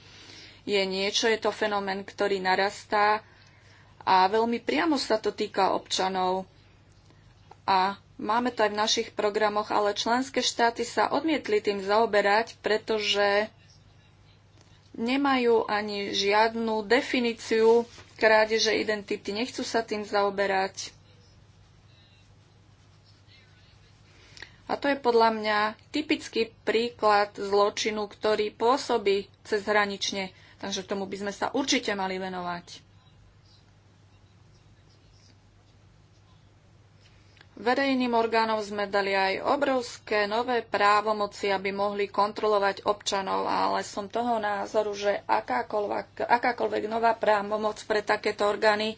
je niečo, je to fenomén, ktorý narastá a veľmi priamo sa to týka občanov. A máme to aj v našich programoch, ale členské štáty sa odmietli tým zaoberať, pretože nemajú ani žiadnu definíciu krádeže identity, nechcú sa tým zaoberať. A to je podľa mňa typický príklad zločinu, ktorý pôsobí cezhranične. Takže tomu by sme sa určite mali venovať. Verejným orgánom sme dali aj obrovské nové právomoci, aby mohli kontrolovať občanov, ale som toho názoru, že akákoľvek, akákoľvek nová právomoc pre takéto orgány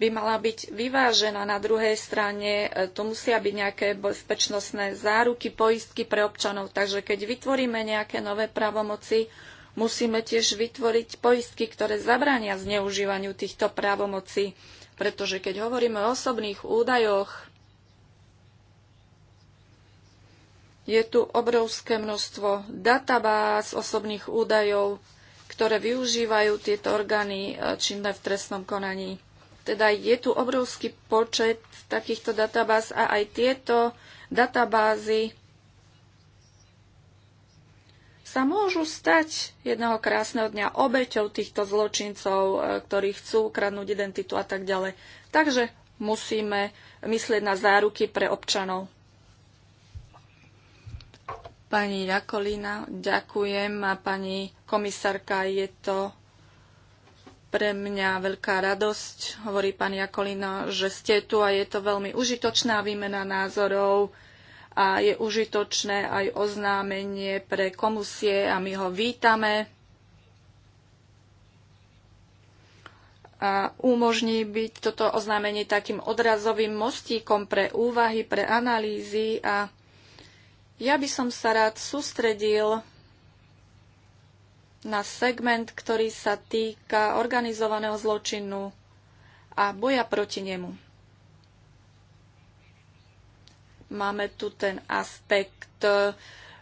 by mala byť vyvážená. Na druhej strane e, tu musia byť nejaké bezpečnostné záruky, poistky pre občanov. Takže keď vytvoríme nejaké nové právomoci, musíme tiež vytvoriť poistky, ktoré zabránia zneužívaniu týchto právomocí. Pretože keď hovoríme o osobných údajoch, Je tu obrovské množstvo databáz osobných údajov, ktoré využívajú tieto orgány e, činné v trestnom konaní. Teda je tu obrovský počet takýchto databáz a aj tieto databázy sa môžu stať jedného krásneho dňa obeťou týchto zločincov, e, ktorí chcú ukradnúť identitu a tak ďalej. Takže musíme myslieť na záruky pre občanov. Pani Jakolina, ďakujem a pani komisárka, je to pre mňa veľká radosť, hovorí pani Jakolina, že ste tu a je to veľmi užitočná výmena názorov a je užitočné aj oznámenie pre komisie a my ho vítame. a umožní byť toto oznámenie takým odrazovým mostíkom pre úvahy, pre analýzy a ja by som sa rád sústredil na segment, ktorý sa týka organizovaného zločinu a boja proti nemu. Máme tu ten aspekt eh,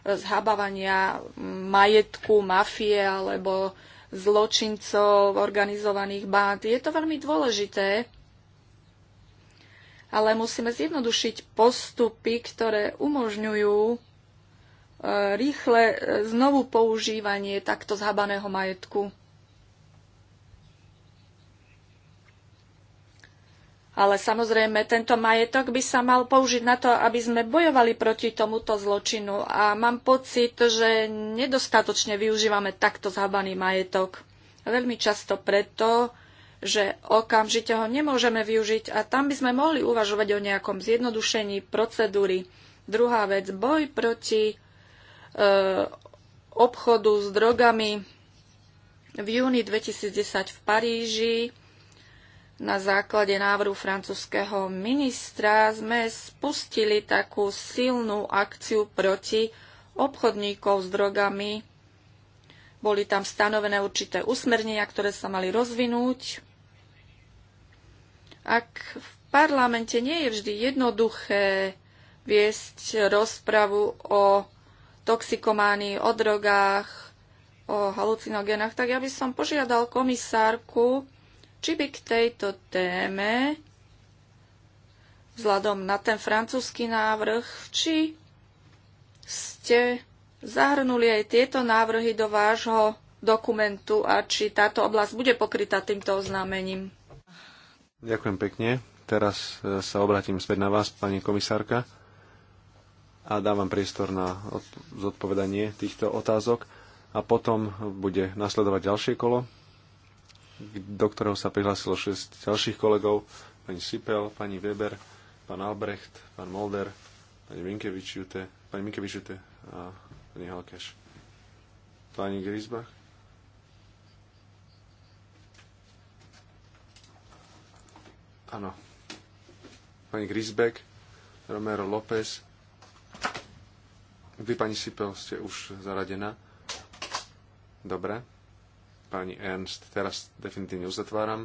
zhabávania majetku, mafie alebo zločincov, organizovaných bád. Je to veľmi dôležité, ale musíme zjednodušiť postupy, ktoré umožňujú e, rýchle e, znovu používanie takto zhabaného majetku. Ale samozrejme, tento majetok by sa mal použiť na to, aby sme bojovali proti tomuto zločinu. A mám pocit, že nedostatočne využívame takto zhabaný majetok. Veľmi často preto, že okamžite ho nemôžeme využiť a tam by sme mohli uvažovať o nejakom zjednodušení procedúry. Druhá vec, boj proti e, obchodu s drogami v júni 2010 v Paríži na základe návrhu francúzského ministra sme spustili takú silnú akciu proti obchodníkov s drogami. Boli tam stanovené určité usmernenia, ktoré sa mali rozvinúť ak v parlamente nie je vždy jednoduché viesť rozpravu o toxikománii, o drogách, o halucinogénach, tak ja by som požiadal komisárku, či by k tejto téme, vzhľadom na ten francúzsky návrh, či ste zahrnuli aj tieto návrhy do vášho dokumentu a či táto oblasť bude pokrytá týmto oznámením. Ďakujem pekne. Teraz e, sa obratím späť na vás, pani komisárka, a dávam priestor na zodpovedanie týchto otázok. A potom bude nasledovať ďalšie kolo, do ktorého sa prihlásilo 6 ďalších kolegov. Pani Sipel, pani Weber, pán Albrecht, pán Molder, pani Minkevičute, pani Minkevičute a pani Halkeš. Pani Grisbach. Áno. Pani Grisbeck, Romero López. Vy, pani Sipel, ste už zaradená. Dobre. Pani Ernst, teraz definitívne uzatváram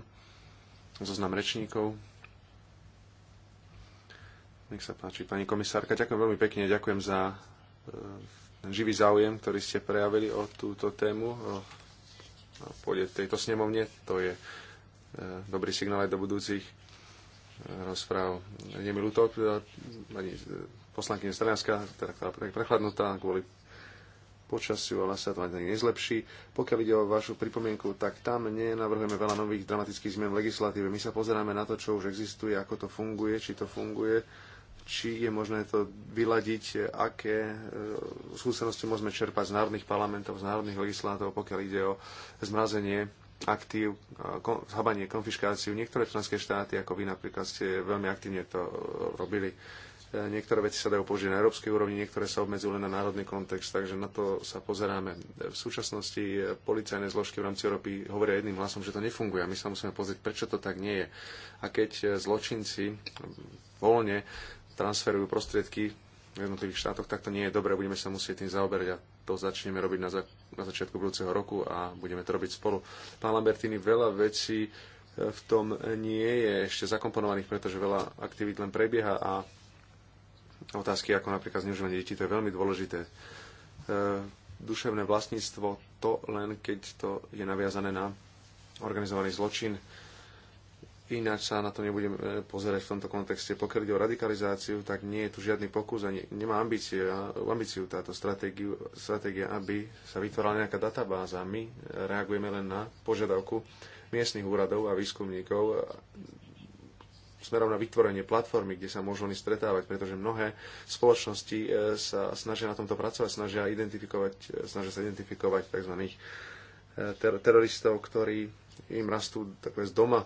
zoznam rečníkov. Nech sa páči, pani komisárka, ďakujem veľmi pekne, ďakujem za e, ten živý záujem, ktorý ste prejavili o túto tému, o pôde tejto snemovne. To je e, dobrý signál aj do budúcich rozpráv. Teda, je mi ľúto, pani poslankyňa Stránska, teda prechladnutá kvôli počasiu, ale sa to ani nezlepší. Pokiaľ ide o vašu pripomienku, tak tam nenavrhujeme veľa nových dramatických zmien v legislatíve. My sa pozeráme na to, čo už existuje, ako to funguje, či to funguje, či je možné to vyladiť, aké e, skúsenosti môžeme čerpať z národných parlamentov, z národných legislátov, pokiaľ ide o zmrazenie aktív, zhabanie, konfiškáciu. Niektoré členské štáty, ako vy napríklad, ste veľmi aktívne to robili. E, niektoré veci sa dajú použiť na európskej úrovni, niektoré sa obmedzujú len na národný kontext, takže na to sa pozeráme. V súčasnosti e, policajné zložky v rámci Európy hovoria jedným hlasom, že to nefunguje a my sa musíme pozrieť, prečo to tak nie je. A keď e, zločinci voľne transferujú prostriedky v jednotlivých štátoch, tak to nie je dobré, budeme sa musieť tým zaoberať a to začneme robiť na, za, na začiatku budúceho roku a budeme to robiť spolu. Pán Lambertini, veľa vecí e, v tom nie je ešte zakomponovaných, pretože veľa aktivít len prebieha a otázky ako napríklad zneužívanie detí, to je veľmi dôležité. E, duševné vlastníctvo, to len keď to je naviazané na organizovaný zločin, Ináč sa na to nebudem e, pozerať v tomto kontexte. Pokiaľ ide o radikalizáciu, tak nie je tu žiadny pokus ani nemá ambície, ambíciu táto stratégia, aby sa vytvorila nejaká databáza. My e, reagujeme len na požiadavku miestnych úradov a výskumníkov e, smerom na vytvorenie platformy, kde sa môžu oni stretávať, pretože mnohé spoločnosti sa snažia na tomto pracovať, snažia, identifikovať, snažia sa identifikovať tzv. teroristov, ktorí im rastú takové z doma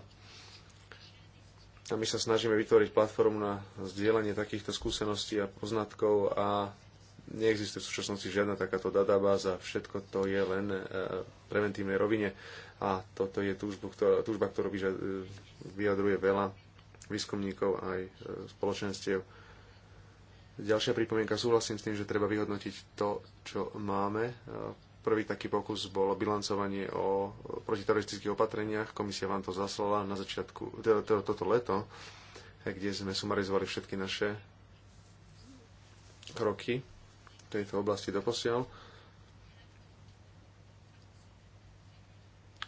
a my sa snažíme vytvoriť platformu na zdieľanie takýchto skúseností a poznatkov a neexistuje v súčasnosti žiadna takáto databáza, všetko to je len v e, preventívnej rovine a toto je ktorá, túžba, ktorú e, vyjadruje veľa výskumníkov aj e, spoločenstiev. Ďalšia pripomienka, súhlasím s tým, že treba vyhodnotiť to, čo máme. Prvý taký pokus bolo bilancovanie o protiteroristických opatreniach. Komisia vám to zaslala na začiatku to, toto leto, kde sme sumarizovali všetky naše kroky v tejto oblasti doposiaľ.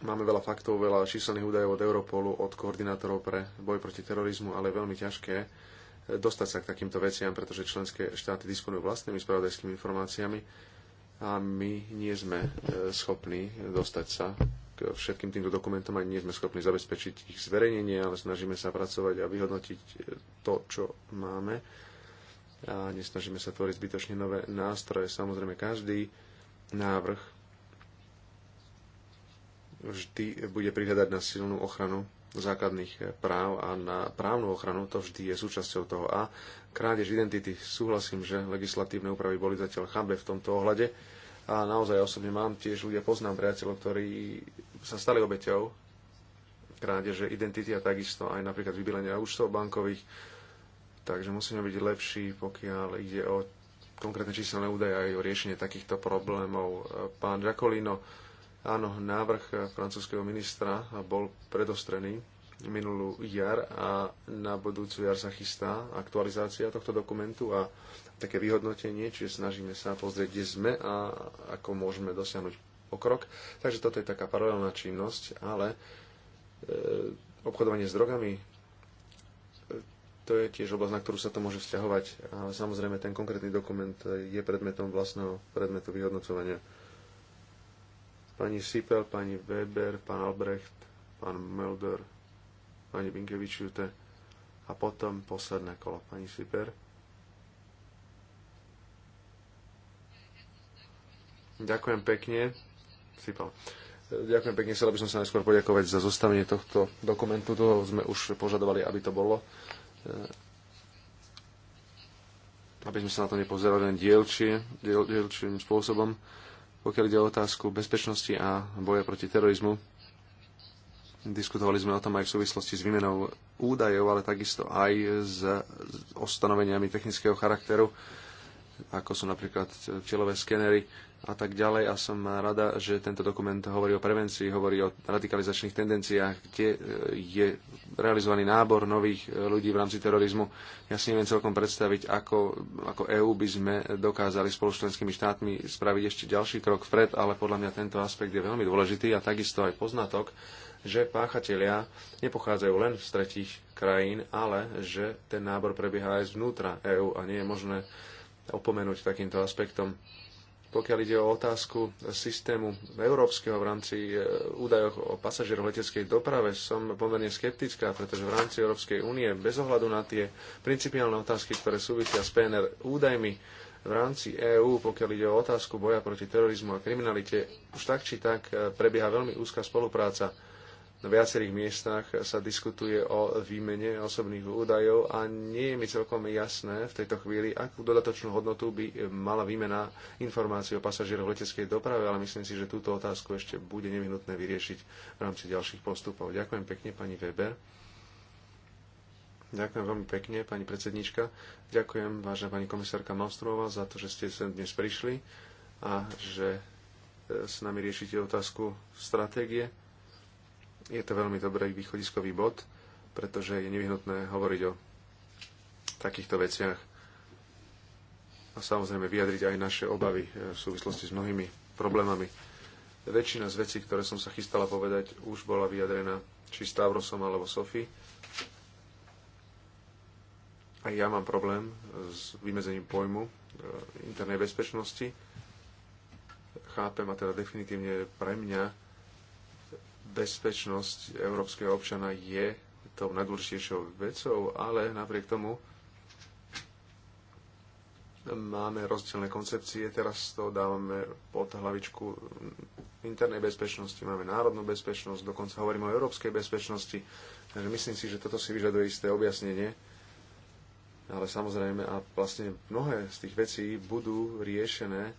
Máme veľa faktov, veľa číselných údajov od Europolu, od koordinátorov pre boj proti terorizmu, ale je veľmi ťažké eh, dostať sa k takýmto veciam, pretože členské štáty disponujú vlastnými spravodajskými informáciami a my nie sme e, schopní dostať sa k všetkým týmto dokumentom a nie sme schopní zabezpečiť ich zverejnenie, ale snažíme sa pracovať a vyhodnotiť e, to, čo máme a nesnažíme sa tvoriť zbytočne nové nástroje. Samozrejme, každý návrh vždy bude prihľadať na silnú ochranu základných eh, práv a na právnu ochranu, to vždy je súčasťou toho. A krádež identity, súhlasím, že legislatívne úpravy boli zatiaľ chambe v tomto ohľade. A naozaj osobne mám tiež ľudia, poznám priateľov, ktorí sa stali obeťou krádeže identity a takisto aj napríklad vybilenia účtov bankových. Takže musíme byť lepší, pokiaľ ide o konkrétne číselné údaje aj o riešenie takýchto problémov. Eh, pán Žakolino, Áno, návrh francúzského ministra bol predostrený minulú jar a na budúcu jar sa chystá aktualizácia tohto dokumentu a také vyhodnotenie, čiže snažíme sa pozrieť, kde sme a ako môžeme dosiahnuť pokrok. Takže toto je taká paralelná činnosť, ale e, obchodovanie s drogami, e, to je tiež oblasť, na ktorú sa to môže vzťahovať. A samozrejme, ten konkrétny dokument je predmetom vlastného predmetu vyhodnocovania. Pani Sipel, pani Weber, pán Albrecht, pán Melder, pani Binkevičiute a potom posledné kolo, pani Siper. Ďakujem pekne. Sipel. Ďakujem pekne, chcel by som sa najskôr poďakovať za zostavenie tohto dokumentu. Toho sme už požadovali, aby to bolo. E, aby sme sa na to nepozerali len dielčie, dielčím spôsobom. Pokiaľ ide o otázku bezpečnosti a boja proti terorizmu, diskutovali sme o tom aj v súvislosti s výmenou údajov, ale takisto aj s ostanoveniami technického charakteru, ako sú napríklad telové skenery a tak ďalej. A som rada, že tento dokument hovorí o prevencii, hovorí o radikalizačných tendenciách, kde e, je realizovaný nábor nových e, ľudí v rámci terorizmu. Ja si neviem celkom predstaviť, ako, ako EÚ by sme dokázali spolu s členskými štátmi spraviť ešte ďalší krok vpred, ale podľa mňa tento aspekt je veľmi dôležitý a takisto aj poznatok, že páchatelia nepochádzajú len z tretích krajín, ale že ten nábor prebieha aj zvnútra EÚ a nie je možné opomenúť takýmto aspektom. Pokiaľ ide o otázku systému európskeho v rámci e, údajov o pasažierov leteckej doprave, som pomerne skeptická, pretože v rámci Európskej únie bez ohľadu na tie principiálne otázky, ktoré súvisia s PNR údajmi, v rámci EÚ, pokiaľ ide o otázku boja proti terorizmu a kriminalite, už tak či tak e, prebieha veľmi úzka spolupráca viacerých miestach sa diskutuje o výmene osobných údajov a nie je mi celkom jasné v tejto chvíli, akú dodatočnú hodnotu by mala výmena informácií o pasažieroch v leteckej doprave, ale myslím si, že túto otázku ešte bude nevyhnutné vyriešiť v rámci ďalších postupov. Ďakujem pekne, pani Weber. Ďakujem veľmi pekne, pani predsednička. Ďakujem, vážna pani komisárka Malmstrova, za to, že ste sem dnes prišli a že e, s nami riešite otázku stratégie je to veľmi dobrý východiskový bod, pretože je nevyhnutné hovoriť o takýchto veciach a samozrejme vyjadriť aj naše obavy e, v súvislosti s mnohými problémami. Väčšina z vecí, ktoré som sa chystala povedať, už bola vyjadrená či Stavrosom alebo Sofie. Aj ja mám problém e, s vymedzením pojmu e, internej bezpečnosti. Chápem a teda definitívne pre mňa bezpečnosť európskeho občana je tou najdôležitejšou vecou, ale napriek tomu máme rozdielne koncepcie. Teraz to dávame pod hlavičku internej bezpečnosti, máme národnú bezpečnosť, dokonca hovoríme o európskej bezpečnosti. Takže myslím si, že toto si vyžaduje isté objasnenie. Ale samozrejme, a vlastne mnohé z tých vecí budú riešené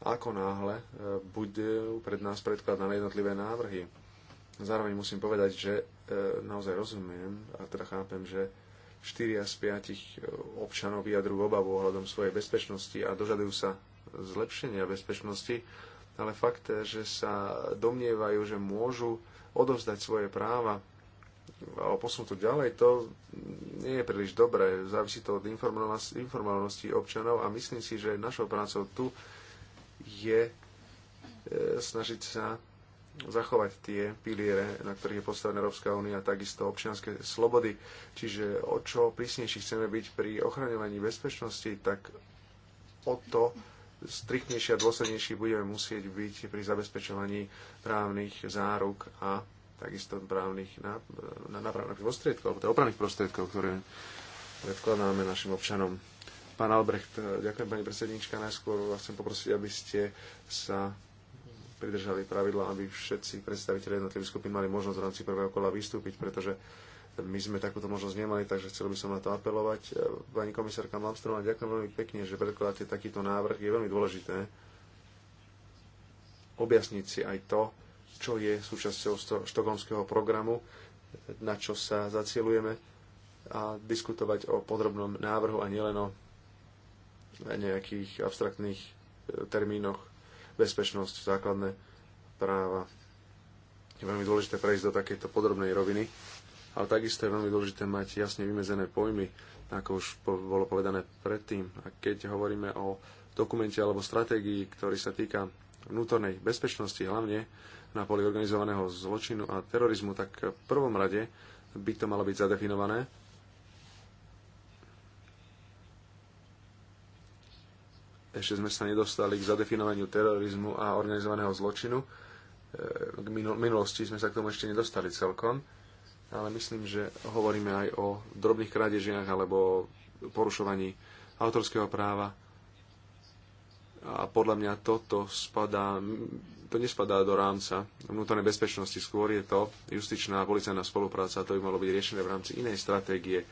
ako náhle e, budú pred nás predkladané jednotlivé návrhy. Zároveň musím povedať, že e, naozaj rozumiem a teda chápem, že 4 z 5 e, občanov vyjadrujú obavu ohľadom svojej bezpečnosti a dožadujú sa zlepšenia bezpečnosti, ale fakt, e, že sa domnievajú, že môžu odovzdať svoje práva a posunúť to ďalej, to nie je príliš dobré. Závisí to od informovanosti občanov a myslím si, že našou prácou tu je snažiť sa zachovať tie piliere, na ktorých je postavená Európska únia, takisto občianske slobody. Čiže o čo prísnejší chceme byť pri ochraňovaní bezpečnosti, tak o to striktnejší a dôslednejší budeme musieť byť pri zabezpečovaní právnych záruk a takisto právnych nápravných prostriedkov, alebo teda opravných prostriedkov, ktoré predkladáme našim občanom. Pán Albrecht, ďakujem pani predsednička. Najskôr vás chcem poprosiť, aby ste sa pridržali pravidla, aby všetci predstaviteľi jednotlivých skupín mali možnosť v rámci prvého kola vystúpiť, pretože my sme takúto možnosť nemali, takže chcel by som na to apelovať. E, pani komisárka Malmstrová, ďakujem veľmi pekne, že predkladáte takýto návrh. Je veľmi dôležité objasniť si aj to, čo je súčasťou štokholmského programu, na čo sa zacielujeme a diskutovať o podrobnom návrhu a nielen o nejakých abstraktných e, termínoch bezpečnosť, základné práva. Je veľmi dôležité prejsť do takejto podrobnej roviny, ale takisto je veľmi dôležité mať jasne vymedzené pojmy, ako už bolo povedané predtým. A keď hovoríme o dokumente alebo stratégii, ktorý sa týka vnútornej bezpečnosti, hlavne na poli organizovaného zločinu a terorizmu, tak v prvom rade by to malo byť zadefinované Ešte sme sa nedostali k zadefinovaniu terorizmu a organizovaného zločinu. E, k minulosti sme sa k tomu ešte nedostali celkom, ale myslím, že hovoríme aj o drobných krádežiach alebo porušovaní autorského práva. A podľa mňa toto spadá, to nespadá do rámca vnútornej bezpečnosti, skôr je to justičná a policajná spolupráca, to by malo byť riešené v rámci inej stratégie e,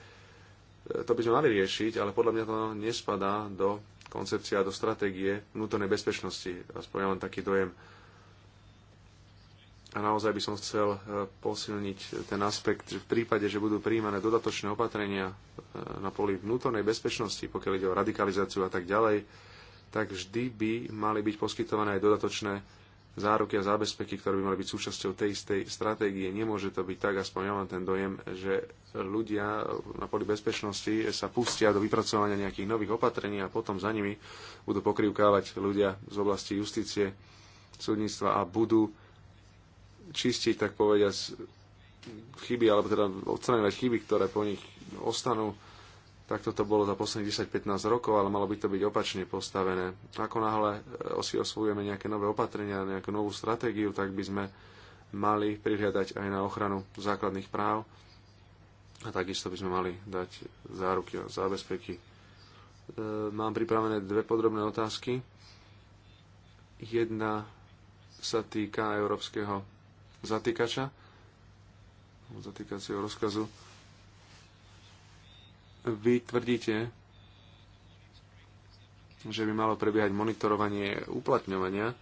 to by sme mali riešiť, ale podľa mňa to nespadá do koncepcia, do stratégie vnútornej bezpečnosti. Aspoň len taký dojem. A naozaj by som chcel e, posilniť ten aspekt, že v prípade, že budú príjmané dodatočné opatrenia e, na poli vnútornej bezpečnosti, pokiaľ ide o radikalizáciu a tak ďalej, tak vždy by mali byť poskytované aj dodatočné záruky a zábezpeky, ktoré by mali byť súčasťou tej istej stratégie. Nemôže to byť tak, aspoň ja mám ten dojem, že ľudia na poli bezpečnosti sa pustia do vypracovania nejakých nových opatrení a potom za nimi budú pokrivkávať ľudia z oblasti justície, súdnictva a budú čistiť, tak povediať, chyby, alebo teda odstraňovať chyby, ktoré po nich ostanú Takto to bolo za posledných 10-15 rokov, ale malo by to byť opačne postavené. Ako náhle e, si osvojujeme nejaké nové opatrenia, nejakú novú stratégiu, tak by sme mali prihľadať aj na ochranu základných práv a takisto by sme mali dať záruky a zábezpeky. E, mám pripravené dve podrobné otázky. Jedna sa týka európskeho zatýkača, zatýkacieho rozkazu vy tvrdíte, že by malo prebiehať monitorovanie uplatňovania.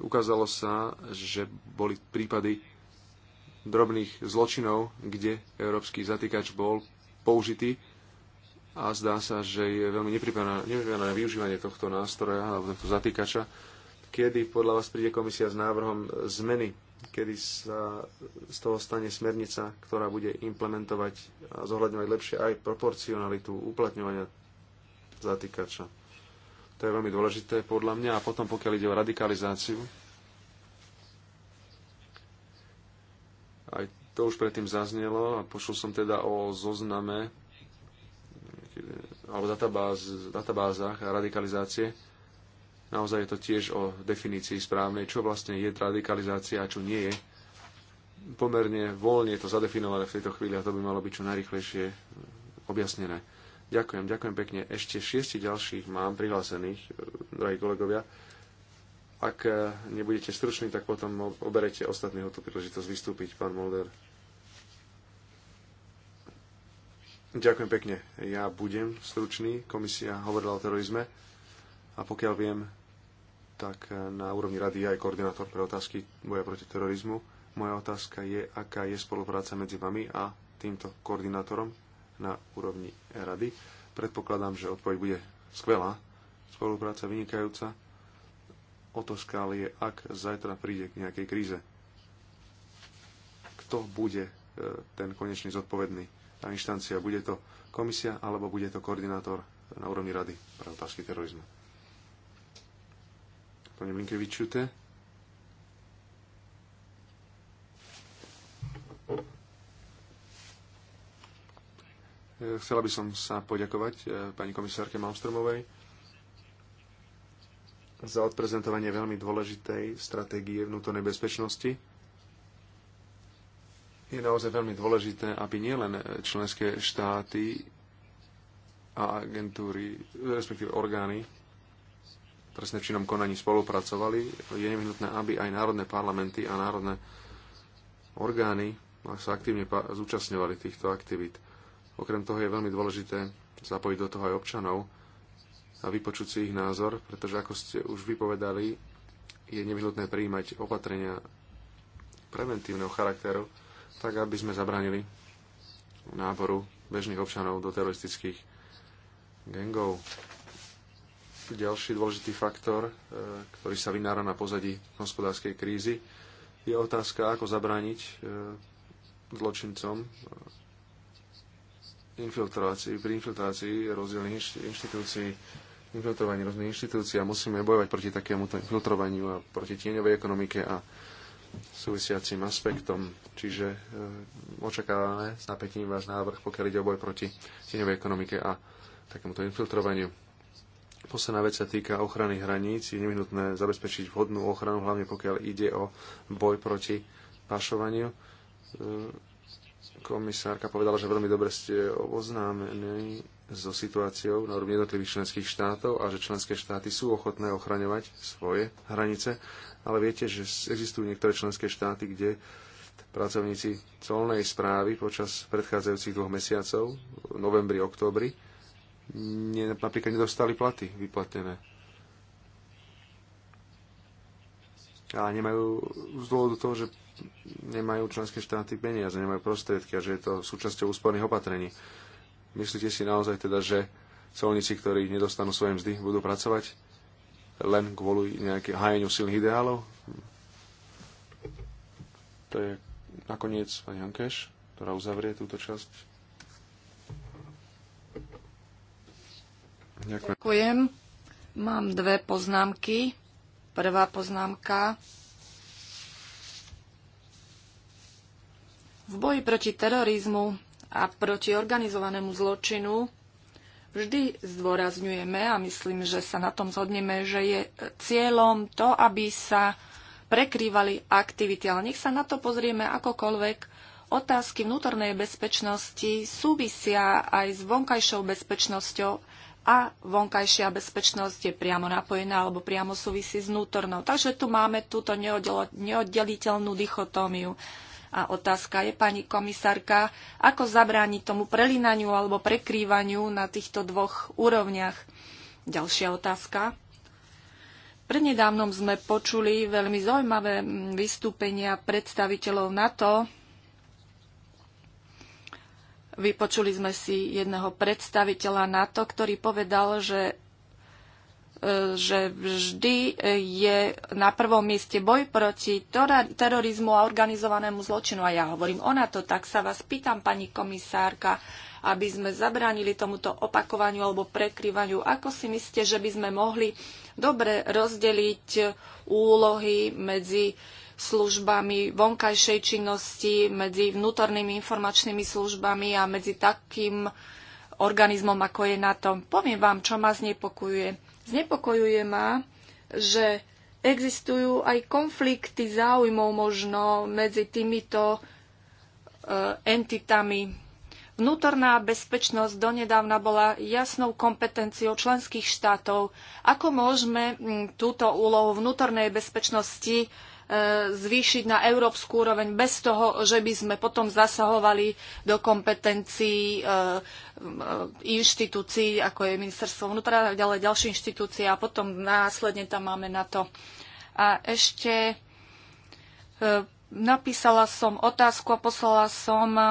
Ukázalo sa, že boli prípady drobných zločinov, kde európsky zatýkač bol použitý a zdá sa, že je veľmi nepripravené využívanie tohto nástroja alebo tohto zatýkača, kedy podľa vás príde komisia s návrhom zmeny kedy sa z toho stane smernica, ktorá bude implementovať a zohľadňovať lepšie aj proporcionalitu uplatňovania zatýkača. To je veľmi dôležité podľa mňa. A potom, pokiaľ ide o radikalizáciu, aj to už predtým zaznelo a počul som teda o zozname alebo databáz, databázach a radikalizácie Naozaj je to tiež o definícii správnej, čo vlastne je radikalizácia a čo nie je. Pomerne voľne je to zadefinované v tejto chvíli a to by malo byť čo najrychlejšie objasnené. Ďakujem, ďakujem pekne. Ešte šiesti ďalších mám prihlásených, eh, drahí kolegovia. Ak eh, nebudete struční, tak potom oberete ostatného tú príležitosť vystúpiť, pán Molder. Ďakujem pekne. Ja budem stručný. Komisia hovorila o terorizme a pokiaľ viem, tak e, na úrovni rady ja aj koordinátor pre otázky boja proti terorizmu. Moja otázka je, aká je spolupráca medzi vami a týmto koordinátorom na úrovni rady. Predpokladám, že odpoveď bude skvelá, spolupráca vynikajúca. Otázka ale je, ak zajtra príde k nejakej kríze, kto bude e, ten konečný zodpovedný, tá inštancia. Bude to komisia alebo bude to koordinátor na úrovni rady pre otázky terorizmu? pani Blinkevičute. Chcela by som sa poďakovať e, pani komisárke Malmstromovej za odprezentovanie veľmi dôležitej stratégie vnútornej bezpečnosti. Je naozaj veľmi dôležité, aby nielen členské štáty a agentúry, respektíve orgány trestne činom konaní spolupracovali, je nevyhnutné, aby aj národné parlamenty a národné orgány sa aktívne zúčastňovali týchto aktivít. Okrem toho je veľmi dôležité zapojiť do toho aj občanov a vypočuť si ich názor, pretože ako ste už vypovedali, je nevyhnutné prijímať opatrenia preventívneho charakteru, tak aby sme zabranili náboru bežných občanov do teroristických gangov. Ďalší dôležitý faktor, e, ktorý sa vynára na pozadí hospodárskej krízy, je otázka, ako zabrániť e, zločincom e, infiltrácii, pri infiltrácii rozdielných inštitúcií, infiltrovaní rôznych inštitúcií a musíme bojovať proti takémuto infiltrovaniu a proti tieňovej ekonomike a súvisiacim aspektom. Čiže e, očakávame s napätím váš návrh, pokiaľ ide o boj proti tieňovej ekonomike a takémuto infiltrovaniu. Posledná vec sa týka ochrany hraníc. Je nevyhnutné zabezpečiť vhodnú ochranu, hlavne pokiaľ ide o boj proti pašovaniu. E, komisárka povedala, že veľmi dobre ste oboznámení so situáciou na úrovni jednotlivých členských štátov a že členské štáty sú ochotné ochraňovať svoje hranice, ale viete, že existujú niektoré členské štáty, kde pracovníci colnej správy počas predchádzajúcich dvoch mesiacov, novembri, októbri, ne, napríklad nedostali platy vyplatené. A nemajú z dôvodu toho, že nemajú členské štáty peniaze, nemajú prostriedky a že je to súčasťou úsporných opatrení. Myslíte si naozaj teda, že colníci, ktorí nedostanú svoje mzdy, budú pracovať len kvôli nejakým hájeniu silných ideálov? To je nakoniec pani Hankeš, ktorá uzavrie túto časť Ďakujem. Ďakujem. Mám dve poznámky. Prvá poznámka. V boji proti terorizmu a proti organizovanému zločinu vždy zdôrazňujeme a myslím, že sa na tom zhodneme, že je cieľom to, aby sa prekrývali aktivity. Ale nech sa na to pozrieme akokoľvek, otázky vnútornej bezpečnosti súvisia aj s vonkajšou bezpečnosťou a vonkajšia bezpečnosť je priamo napojená alebo priamo súvisí s vnútornou. Takže tu máme túto neoddeliteľnú dichotómiu. A otázka je, pani komisárka, ako zabrániť tomu prelínaniu alebo prekrývaniu na týchto dvoch úrovniach? Ďalšia otázka. Prednedávnom sme počuli veľmi zaujímavé mm, vystúpenia predstaviteľov NATO, Vypočuli sme si jedného predstaviteľa NATO, ktorý povedal, že e, že vždy e, je na prvom mieste boj proti terorizmu a organizovanému zločinu. A ja hovorím o NATO, tak sa vás pýtam, pani komisárka, aby sme zabránili tomuto opakovaniu alebo prekryvaniu. Ako si myslíte, že by sme mohli dobre rozdeliť úlohy medzi službami vonkajšej činnosti, medzi vnútornými informačnými službami a medzi takým organizmom, ako je na tom. Poviem vám, čo ma znepokojuje. Znepokojuje ma, že existujú aj konflikty záujmov možno medzi týmito eh, entitami. Vnútorná bezpečnosť donedávna bola jasnou kompetenciou členských štátov. Ako môžeme hm, túto úlohu vnútornej bezpečnosti zvýšiť na európsku úroveň bez toho, že by sme potom zasahovali do kompetencií e, e, inštitúcií, ako je ministerstvo vnútra a ďalej ďalšie inštitúcie a potom následne tam máme na to. A ešte e, Napísala som otázku a poslala som eh,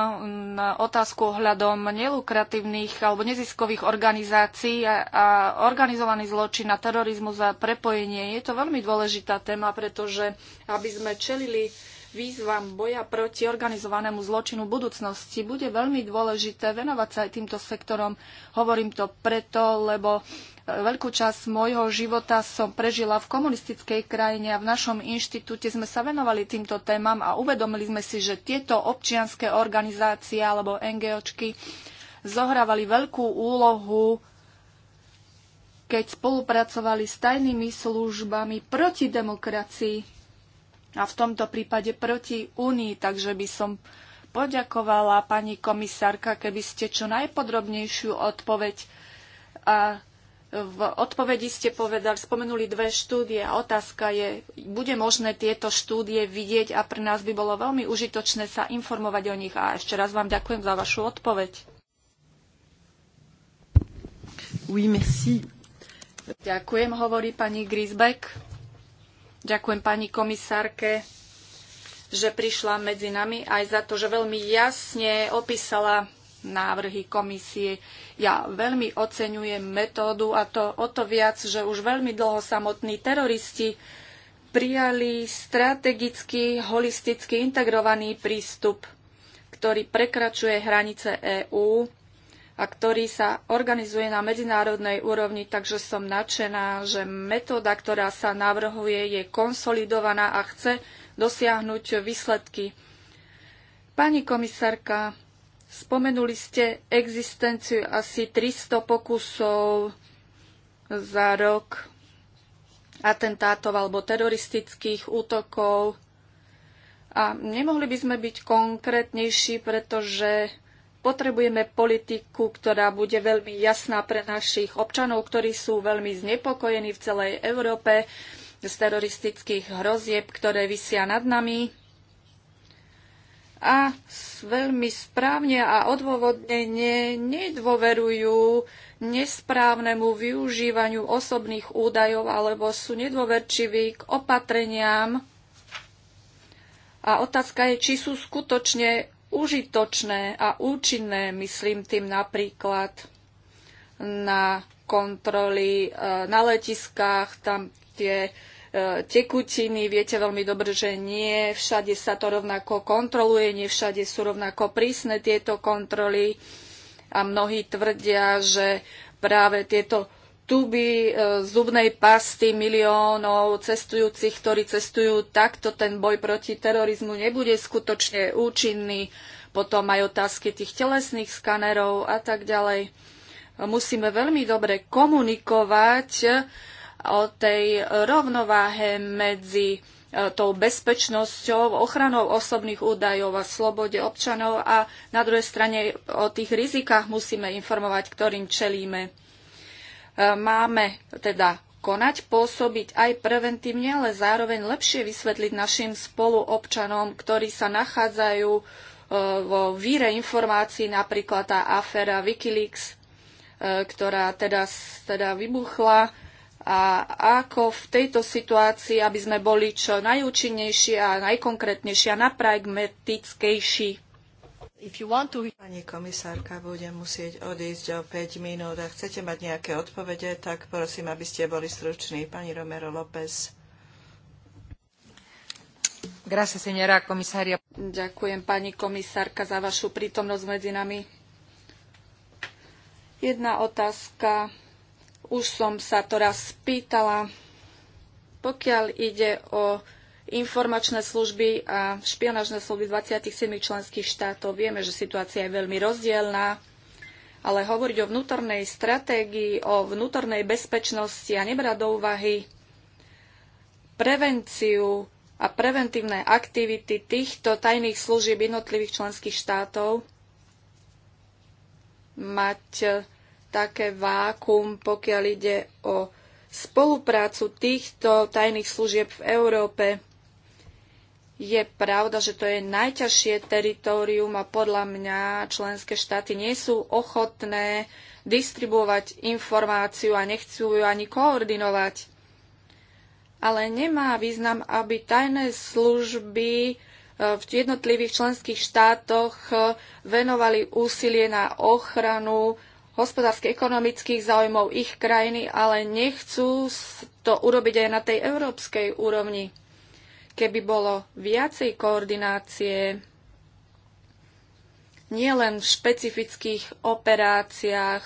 na otázku ohľadom nelukratívnych alebo neziskových organizácií a organizovaný zločin a terorizmus a prepojenie. Je to veľmi dôležitá téma, pretože aby sme čelili výzvam boja proti organizovanému zločinu budúcnosti bude veľmi dôležité venovať sa aj týmto sektorom. Hovorím to preto, lebo e, veľkú časť môjho života som prežila v komunistickej krajine a v našom inštitúte sme sa venovali týmto témam a uvedomili sme si, že tieto občianské organizácie alebo NGOčky zohrávali veľkú úlohu keď spolupracovali s tajnými službami proti demokracii a v tomto prípade proti Únii, takže by som poďakovala pani komisárka, keby ste čo najpodrobnejšiu odpoveď a v odpovedi ste povedali, spomenuli dve štúdie a otázka je, bude možné tieto štúdie vidieť a pre nás by bolo veľmi užitočné sa informovať o nich. A ešte raz vám ďakujem za vašu odpoveď. Oui, merci. Ďakujem, hovorí pani Grisbeck. Ďakujem pani komisárke, že prišla medzi nami aj za to, že veľmi jasne opísala návrhy komisie. Ja veľmi oceňujem metódu a to o to viac, že už veľmi dlho samotní teroristi prijali strategický, holisticky integrovaný prístup, ktorý prekračuje hranice EÚ a ktorý sa organizuje na medzinárodnej úrovni, takže som nadšená, že metóda, ktorá sa navrhuje, je konsolidovaná a chce dosiahnuť výsledky. Pani komisárka, spomenuli ste existenciu asi 300 pokusov za rok atentátov alebo teroristických útokov. A nemohli by sme byť konkrétnejší, pretože Potrebujeme politiku, ktorá bude veľmi jasná pre našich občanov, ktorí sú veľmi znepokojení v celej Európe z teroristických hrozieb, ktoré vysia nad nami. A veľmi správne a odôvodnenie nedôverujú nesprávnemu využívaniu osobných údajov alebo sú nedôverčiví k opatreniam, a otázka je, či sú skutočne užitočné a účinné, myslím tým napríklad na kontroly e, na letiskách, tam tie e, tekutiny, viete veľmi dobre, že nie všade sa to rovnako kontroluje, nie všade sú rovnako prísne tieto kontroly a mnohí tvrdia, že práve tieto tuby e, zubnej pasty miliónov cestujúcich, ktorí cestujú takto, ten boj proti terorizmu nebude skutočne účinný. Potom aj otázky tých telesných skanerov a tak ďalej. Musíme veľmi dobre komunikovať o tej rovnováhe medzi e, tou bezpečnosťou, ochranou osobných údajov a slobode občanov a na druhej strane o tých rizikách musíme informovať, ktorým čelíme Máme teda konať, pôsobiť aj preventívne, ale zároveň lepšie vysvetliť našim spoluobčanom, ktorí sa nachádzajú e, vo víre informácií, napríklad tá aféra Wikileaks, e, ktorá teda, teda vybuchla a ako v tejto situácii, aby sme boli čo najúčinnejší a najkonkrétnejší a napragmatickejší. Pani komisárka budem musieť odísť o 5 minút. Ak chcete mať nejaké odpovede, tak prosím, aby ste boli struční. Pani Romero López. Gracias, señora komisária. Ďakujem, pani komisárka, za vašu prítomnosť medzi nami. Jedna otázka. Už som sa to raz spýtala. Pokiaľ ide o informačné služby a špionážne služby 27 členských štátov. Vieme, že situácia je veľmi rozdielná, ale hovoriť o vnútornej stratégii, o vnútornej bezpečnosti a nebrať do úvahy prevenciu a preventívne aktivity týchto tajných služieb jednotlivých členských štátov, mať také vákum, pokiaľ ide o spoluprácu týchto tajných služieb v Európe. Je pravda, že to je najťažšie teritorium a podľa mňa členské štáty nie sú ochotné distribuovať informáciu a nechcú ju ani koordinovať. Ale nemá význam, aby tajné služby eh, v jednotlivých členských štátoch eh, venovali úsilie na ochranu hospodárskych, ekonomických záujmov ich krajiny, ale nechcú to urobiť aj na tej európskej úrovni. Keby bolo viacej koordinácie, nielen v špecifických operáciách,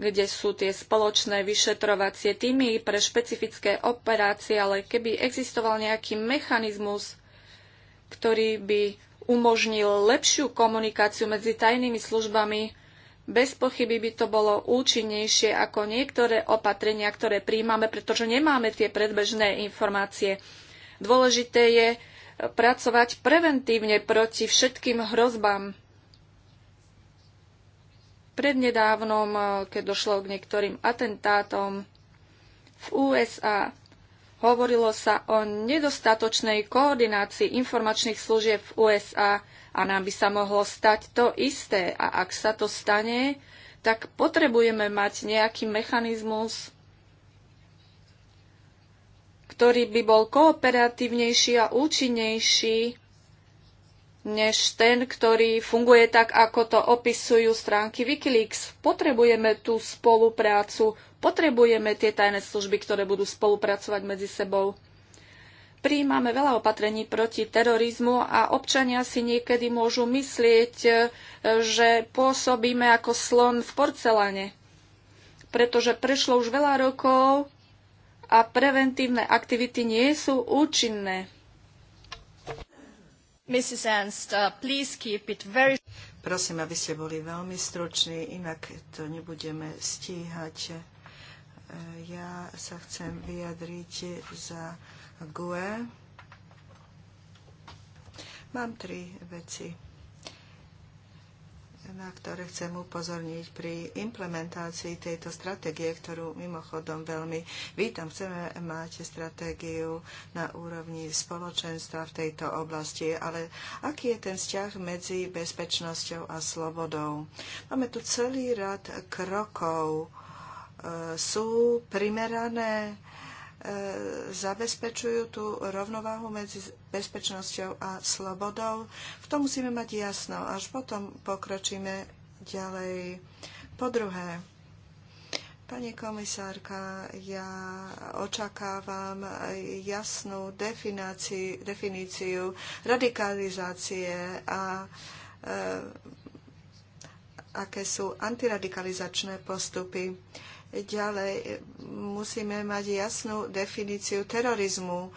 kde sú tie spoločné vyšetrovacie týmy pre špecifické operácie, ale keby existoval nejaký mechanizmus, ktorý by umožnil lepšiu komunikáciu medzi tajnými službami, bez pochyby by to bolo účinnejšie ako niektoré opatrenia, ktoré príjmame, pretože nemáme tie predbežné informácie. Dôležité je eh, pracovať preventívne proti všetkým hrozbám. Prednedávnom, eh, keď došlo k niektorým atentátom v USA, hovorilo sa o nedostatočnej koordinácii informačných služieb v USA a nám by sa mohlo stať to isté. A ak sa to stane, tak potrebujeme mať nejaký mechanizmus ktorý by bol kooperatívnejší a účinnejší než ten, ktorý funguje tak, ako to opisujú stránky Wikileaks. Potrebujeme tú spoluprácu, potrebujeme tie tajné služby, ktoré budú spolupracovať medzi sebou. Príjmame veľa opatrení proti terorizmu a občania si niekedy môžu myslieť, e, že pôsobíme ako slon v porcelane. Pretože prešlo už veľa rokov a preventívne aktivity nie sú účinné. Mrs. Ernst, uh, please keep it very... Prosím, aby ste boli veľmi struční, inak to nebudeme stíhať. E, ja sa chcem vyjadriť za GUE. Mám tri veci na ktoré chcem upozorniť pri implementácii tejto stratégie, ktorú mimochodom veľmi vítam. Chceme mať stratégiu na úrovni spoločenstva v tejto oblasti, ale aký je ten vzťah medzi bezpečnosťou a slobodou? Máme tu celý rad krokov. E, sú primerané E, zabezpečujú tú rovnováhu medzi bezpečnosťou a slobodou. V tom musíme mať jasno, až potom pokročíme ďalej. Po druhé, Pani komisárka, ja očakávam jasnú definíciu, definíciu radikalizácie a e, aké sú antiradikalizačné postupy. E, Ďalej e, musíme mať jasnú definíciu terorizmu e,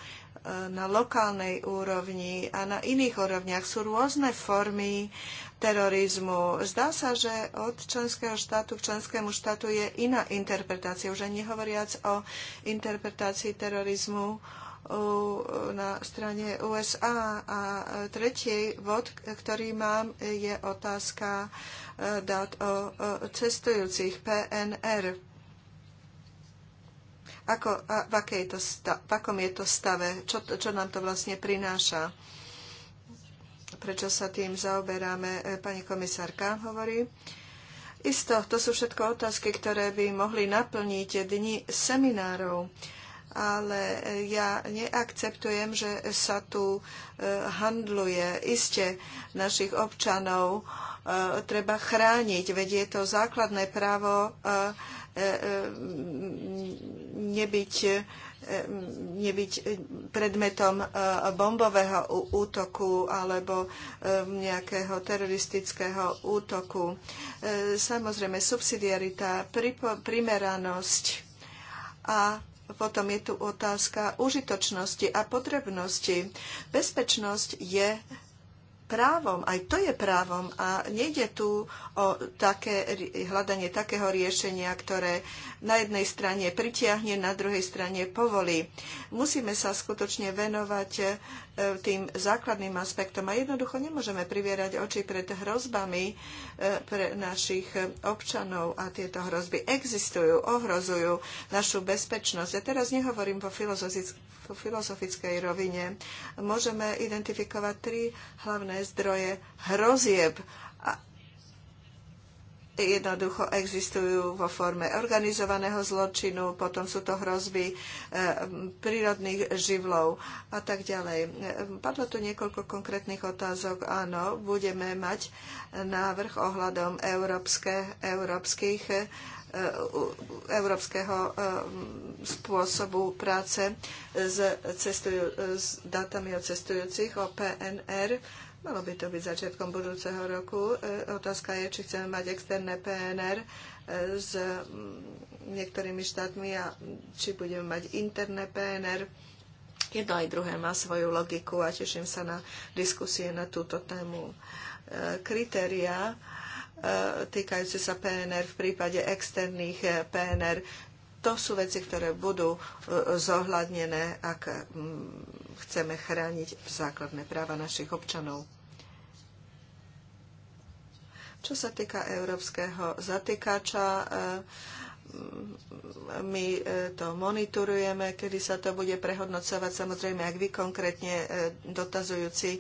na lokálnej úrovni a na iných úrovniach. Sú rôzne formy terorizmu. Zdá sa, že od členského štátu k členskému štátu je iná interpretácia. Už ani hovoriac o interpretácii terorizmu e, na strane USA. A tretí bod, ktorý mám, je otázka dát o cestujúcich PNR ako, a, v, je to sta, v akom je to stave, čo, čo nám to vlastne prináša. Prečo sa tým zaoberáme, e, pani komisárka hovorí. Isto, to sú všetko otázky, ktoré by mohli naplniť dni seminárov ale ja neakceptujem, že sa tu e, handluje iste našich občanov E, treba chrániť, veď je to základné právo e, e, nebyť, nebyť predmetom bombového útoku alebo nejakého teroristického útoku. Samozrejme, subsidiarita, primeranosť a potom je tu otázka užitočnosti a potrebnosti. Bezpečnosť je právom, aj to je právom a nejde tu o také, hľadanie takého riešenia, ktoré na jednej strane pritiahne, na druhej strane povolí. Musíme sa skutočne venovať E, tým základným aspektom. A jednoducho nemôžeme privierať oči pred hrozbami e, pre našich občanov a tieto hrozby existujú, ohrozujú našu bezpečnosť. Ja teraz nehovorím po filozofickej rovine. Môžeme identifikovať tri hlavné zdroje hrozieb jednoducho existujú vo forme organizovaného zločinu, potom sú to hrozby e, prírodných živlov a tak ďalej. E, padlo tu niekoľko konkrétnych otázok. Áno, budeme mať návrh ohľadom európske, európskych e, európskeho spôsobu práce s, cestujú, s datami o cestujúcich, o PNR Malo by to byť začiatkom budúceho roku. E, otázka je, či chceme mať externé PNR e, s mm, niektorými štátmi a či budeme mať interné PNR. Jedno aj druhé má svoju logiku a teším sa na diskusie na túto tému. E, kritéria týkajúce sa PNR v prípade externých PNR to sú veci, ktoré budú zohľadnené, ak mm, chceme chrániť základné práva našich občanov. Čo sa týka európskeho zatýkača, eh, my eh, to monitorujeme, kedy sa to bude prehodnocovať. Samozrejme, ak vy konkrétne eh, dotazujúci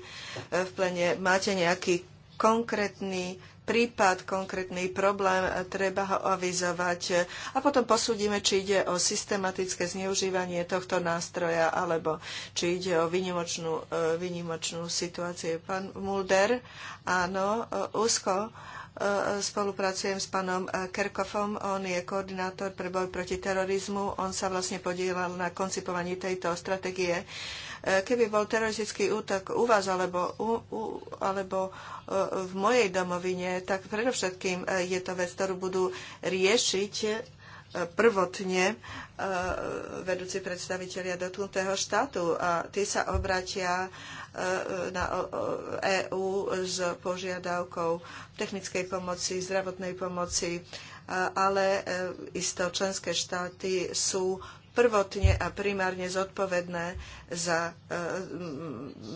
v plene máte nejaký konkrétny prípad, konkrétny problém, e, treba ho avizovať a potom posúdime, či ide o systematické zneužívanie tohto nástroja alebo či ide o vynimočnú, e, vynimočnú situáciu. Pán Mulder, áno, e, úzko spolupracujem s pánom Kerkofom, on je koordinátor pre boj proti terorizmu, on sa vlastne podielal na koncipovaní tejto stratégie E, keby bol teroristický útok u vás alebo, u, u, alebo e, v mojej domovine, tak predovšetkým e, je to vec, ktorú budú riešiť prvotne vedúci predstavitelia dotknutého štátu a tí sa obratia na EÚ s požiadavkou technickej pomoci, zdravotnej pomoci, ale isto členské štáty sú prvotne a primárne zodpovedné za e,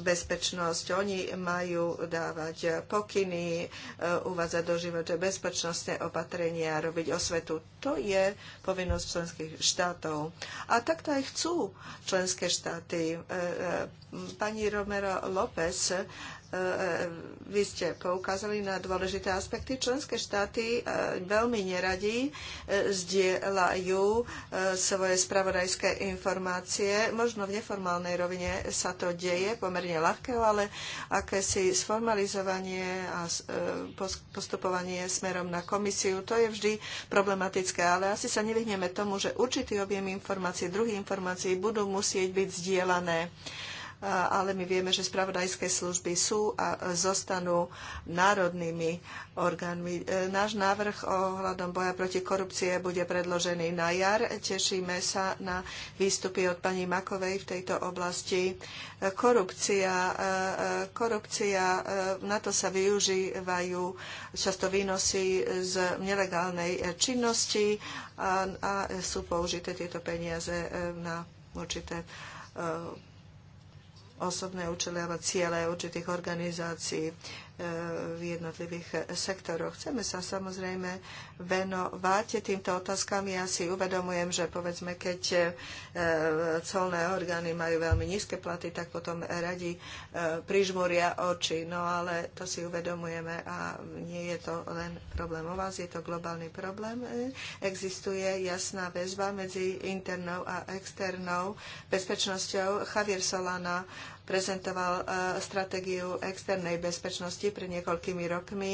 bezpečnosť. Oni majú dávať pokyny, e, uvádzať do života bezpečnostné opatrenia, robiť osvetu. To je povinnosť členských štátov. A takto aj chcú členské štáty. E, pani Romero López vy ste poukázali na dôležité aspekty. Členské štáty e, veľmi neradi e, zdieľajú e, svoje spravodajské informácie. Možno v neformálnej rovine sa to deje, pomerne ľahké, ale akési sformalizovanie a postupovanie smerom na komisiu, to je vždy problematické, ale asi sa nevyhneme tomu, že určitý objem informácií, druhý informácií budú musieť byť zdieľané ale my vieme, že spravodajské služby sú a zostanú národnými orgánmi. E, náš návrh ohľadom boja proti korupcie bude predložený na jar. Tešíme sa na výstupy od pani Makovej v tejto oblasti. E, korupcia, e, korupcia na to sa využívajú často výnosy z nelegálnej činnosti a, a sú použité tieto peniaze na určité osobné účely alebo ciele určitých organizácií e, v jednotlivých sektoroch. Chceme sa samozrejme venovať týmto otázkam. Ja si uvedomujem, že povedzme, keď e, colné orgány majú veľmi nízke platy, tak potom radi e, prižmúria oči. No ale to si uvedomujeme a nie je to len problém o vás, je to globálny problém. Existuje jasná väzba medzi internou a externou bezpečnosťou. Javier Solana prezentoval e, stratégiu externej bezpečnosti pred niekoľkými rokmi.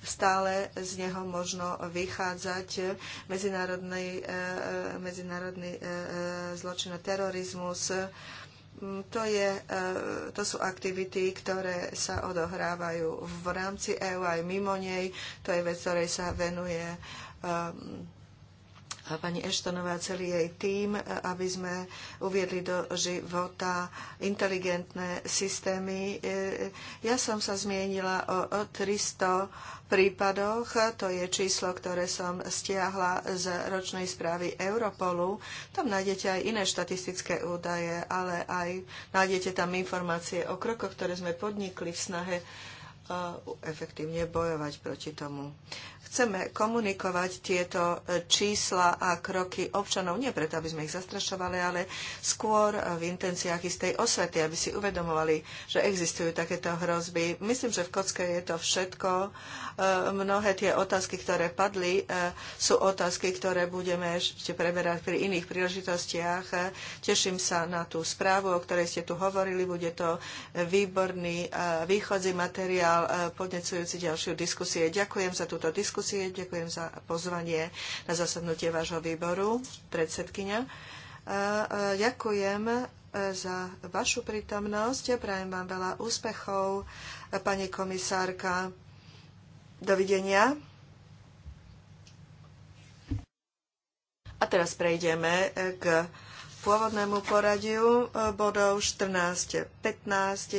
Stále z neho možno vychádzať medzinárodný, e, e, medzinárodný zločin a terorizmus mm, to, je, to sú aktivity, ktoré sa odohrávajú v rámci EÚ aj mimo nej. To je vec, ktorej sa venuje um, pani Eštonová a celý jej tím, aby sme uviedli do života inteligentné systémy. Ja som sa zmienila o 300 prípadoch, to je číslo, ktoré som stiahla z ročnej správy Europolu. Tam nájdete aj iné štatistické údaje, ale aj nájdete tam informácie o krokoch, ktoré sme podnikli v snahe e, efektívne bojovať proti tomu chceme komunikovať tieto e, čísla a kroky občanov, nie preto, aby sme ich zastrašovali, ale skôr e, v intenciách istej osvety, aby si uvedomovali, že existujú takéto hrozby. Myslím, že v kocke je to všetko. E, mnohé tie otázky, ktoré padli, sú otázky, ktoré budeme ešte preberať pri iných príležitostiach. Teším sa na tú správu, o ktorej ste tu hovorili. Bude to výborný východzí materiál podnecujúci ďalšiu diskusie. Ďakujem za túto diskusiu diskusie. Ďakujem za pozvanie na zasadnutie vášho výboru, predsedkynia. Ďakujem e, za vašu prítomnosť. Prajem vám veľa úspechov, e, pani komisárka. Dovidenia. A teraz prejdeme e, k pôvodnému poradiu bodov 1415.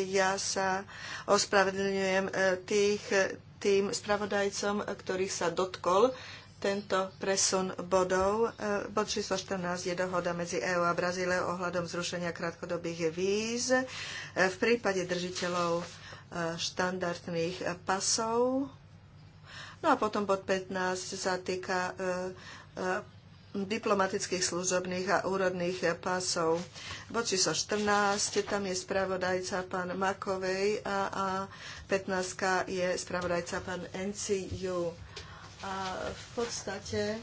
Ja sa ospravedlňujem tých, tým spravodajcom, ktorých sa dotkol tento presun bodov. E, bod číslo 14 je dohoda medzi EÚ a Brazíliou ohľadom zrušenia krátkodobých víz e, v prípade držiteľov e, štandardných pasov. No a potom bod 15 sa týka diplomatických služobných a úrodných pásov. Bod číslo 14, tam je spravodajca pán Makovej a, a 15 je spravodajca pán Enciu. A v podstate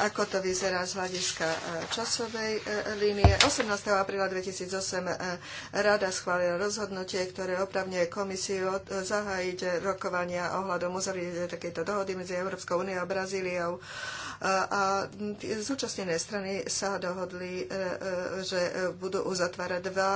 ako to vyzerá z hľadiska e, časovej e, línie. 18. apríla 2008 e, Rada schválila rozhodnutie, ktoré opravňuje komisiu zahájiť rokovania ohľadom uzavrieť takejto dohody medzi Európskou úniou a Brazíliou a zúčastnené strany sa dohodli, e, e, že budú uzatvárať dva,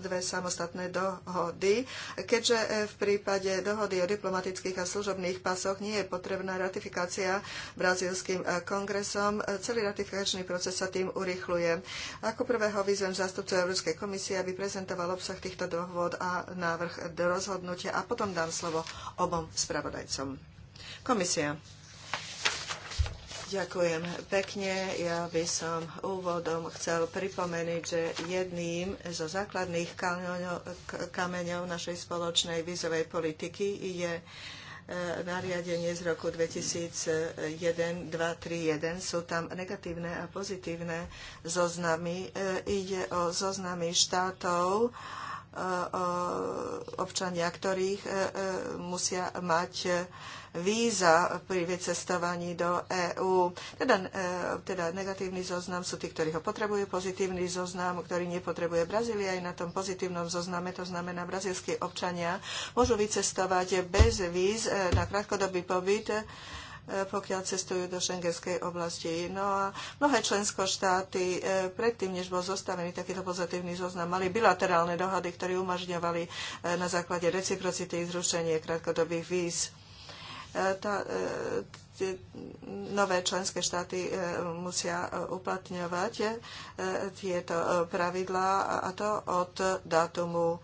dve samostatné dohody, keďže e, v prípade dohody o diplomatických a služobných pasoch nie je potrebná ratifikácia brazílským kongresom. Celý ratifikačný proces sa tým urychluje. Ako prvého vyzvem zástupcu Európskej komisie, aby prezentoval obsah týchto dohôd a návrh do rozhodnutia a potom dám slovo obom spravodajcom. Komisia. Ďakujem pekne. Ja by som úvodom chcel pripomenúť, že jedným zo základných kameňov našej spoločnej vízovej politiky je e, nariadenie z roku 2001 231. Sú tam negatívne a pozitívne zoznamy. E, ide o zoznamy štátov, občania, ktorých e, e, musia mať e, víza pri vycestovaní do EÚ. Teda, teda negatívny zoznam sú tí, ktorí ho potrebujú, pozitívny zoznam, ktorý nepotrebuje Brazília. Aj na tom pozitívnom zozname, to znamená, brazílsky občania môžu vycestovať bez víz na krátkodobý pobyt E, pokiaľ cestujú do šengenskej oblasti. No a mnohé členské štáty e, predtým, než bol zostavený takýto pozitívny zoznam, mali bilaterálne dohady, ktoré umožňovali e, na základe reciprocity zrušenie krátkodobých víz. Tá, nové členské štáty musia uplatňovať tieto pravidlá a to od dátumu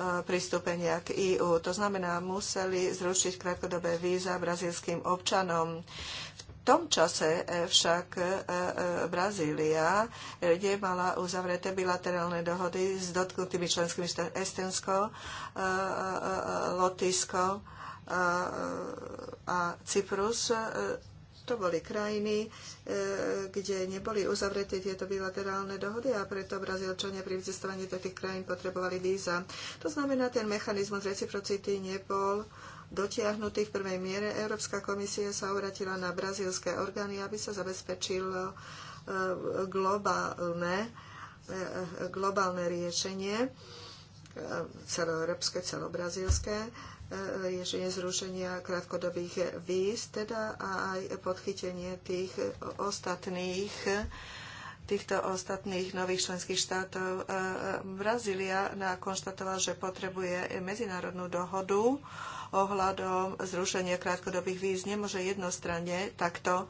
E, pristúpenia k EÚ. To znamená, museli zrušiť krátkodobé víza brazilským občanom. V tom čase e, však e, Brazília, kde mala uzavreté bilaterálne dohody s dotknutými členskými štátmi Estensko, Lotisko a Cyprus, to boli krajiny, e, kde neboli uzavreté tieto bilaterálne dohody a preto Brazílčania pri vycestovaní do tých krajín potrebovali víza. To znamená, ten mechanizmus reciprocity nebol dotiahnutý v prvej miere. Európska komisia sa obratila na brazílske orgány, aby sa zabezpečilo e, globálne, e, globálne riešenie celoeurópske, celobrazílske riešenie zrušenia krátkodobých víz, teda a aj podchytenie tých ostatných týchto ostatných nových členských štátov. E, Brazília konštatoval, že potrebuje medzinárodnú dohodu ohľadom zrušenia krátkodobých víz. Nemôže jednostranne takto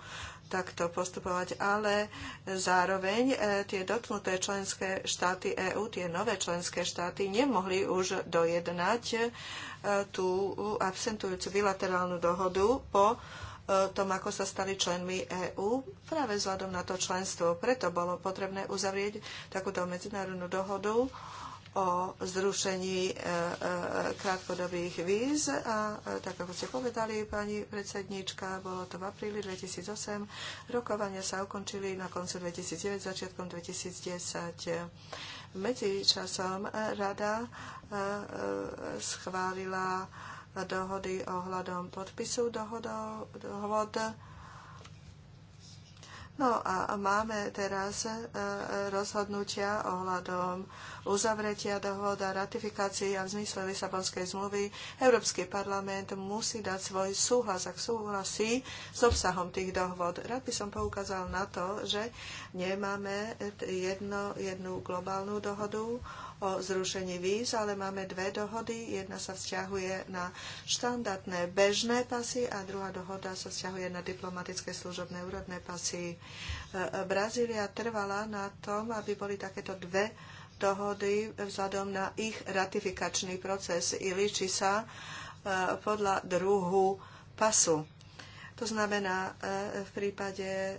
takto postupovať, ale zároveň e, tie dotknuté členské štáty EÚ, tie nové členské štáty nemohli už dojednať tú absentujúcu bilaterálnu dohodu po e, tom, ako sa stali členmi EÚ, práve vzhľadom na to členstvo. Preto bolo potrebné uzavrieť takúto medzinárodnú dohodu o zrušení e, e, krátkodobých víz. A tak, ako ste povedali, pani predsedníčka, bolo to v apríli 2008. Rokovania sa ukončili na koncu 2009, začiatkom 2010. Medzičasom rada E, e, schválila dohody ohľadom podpisu dohodov, dohod. No a máme teraz e, rozhodnutia ohľadom uzavretia dohod a ratifikácií a v zmysle Lisabonskej zmluvy Európsky parlament musí dať svoj súhlas, ak súhlasí s obsahom tých dohod. Rád by som poukázal na to, že nemáme jedno, jednu globálnu dohodu o zrušení víz, ale máme dve dohody. Jedna sa vzťahuje na štandardné bežné pasy a druhá dohoda sa vzťahuje na diplomatické služobné úrodné pasy. E, e, Brazília trvala na tom, aby boli takéto dve dohody vzhľadom na ich ratifikačný proces i líči sa e, podľa druhu pasu. To znamená, e, v prípade e,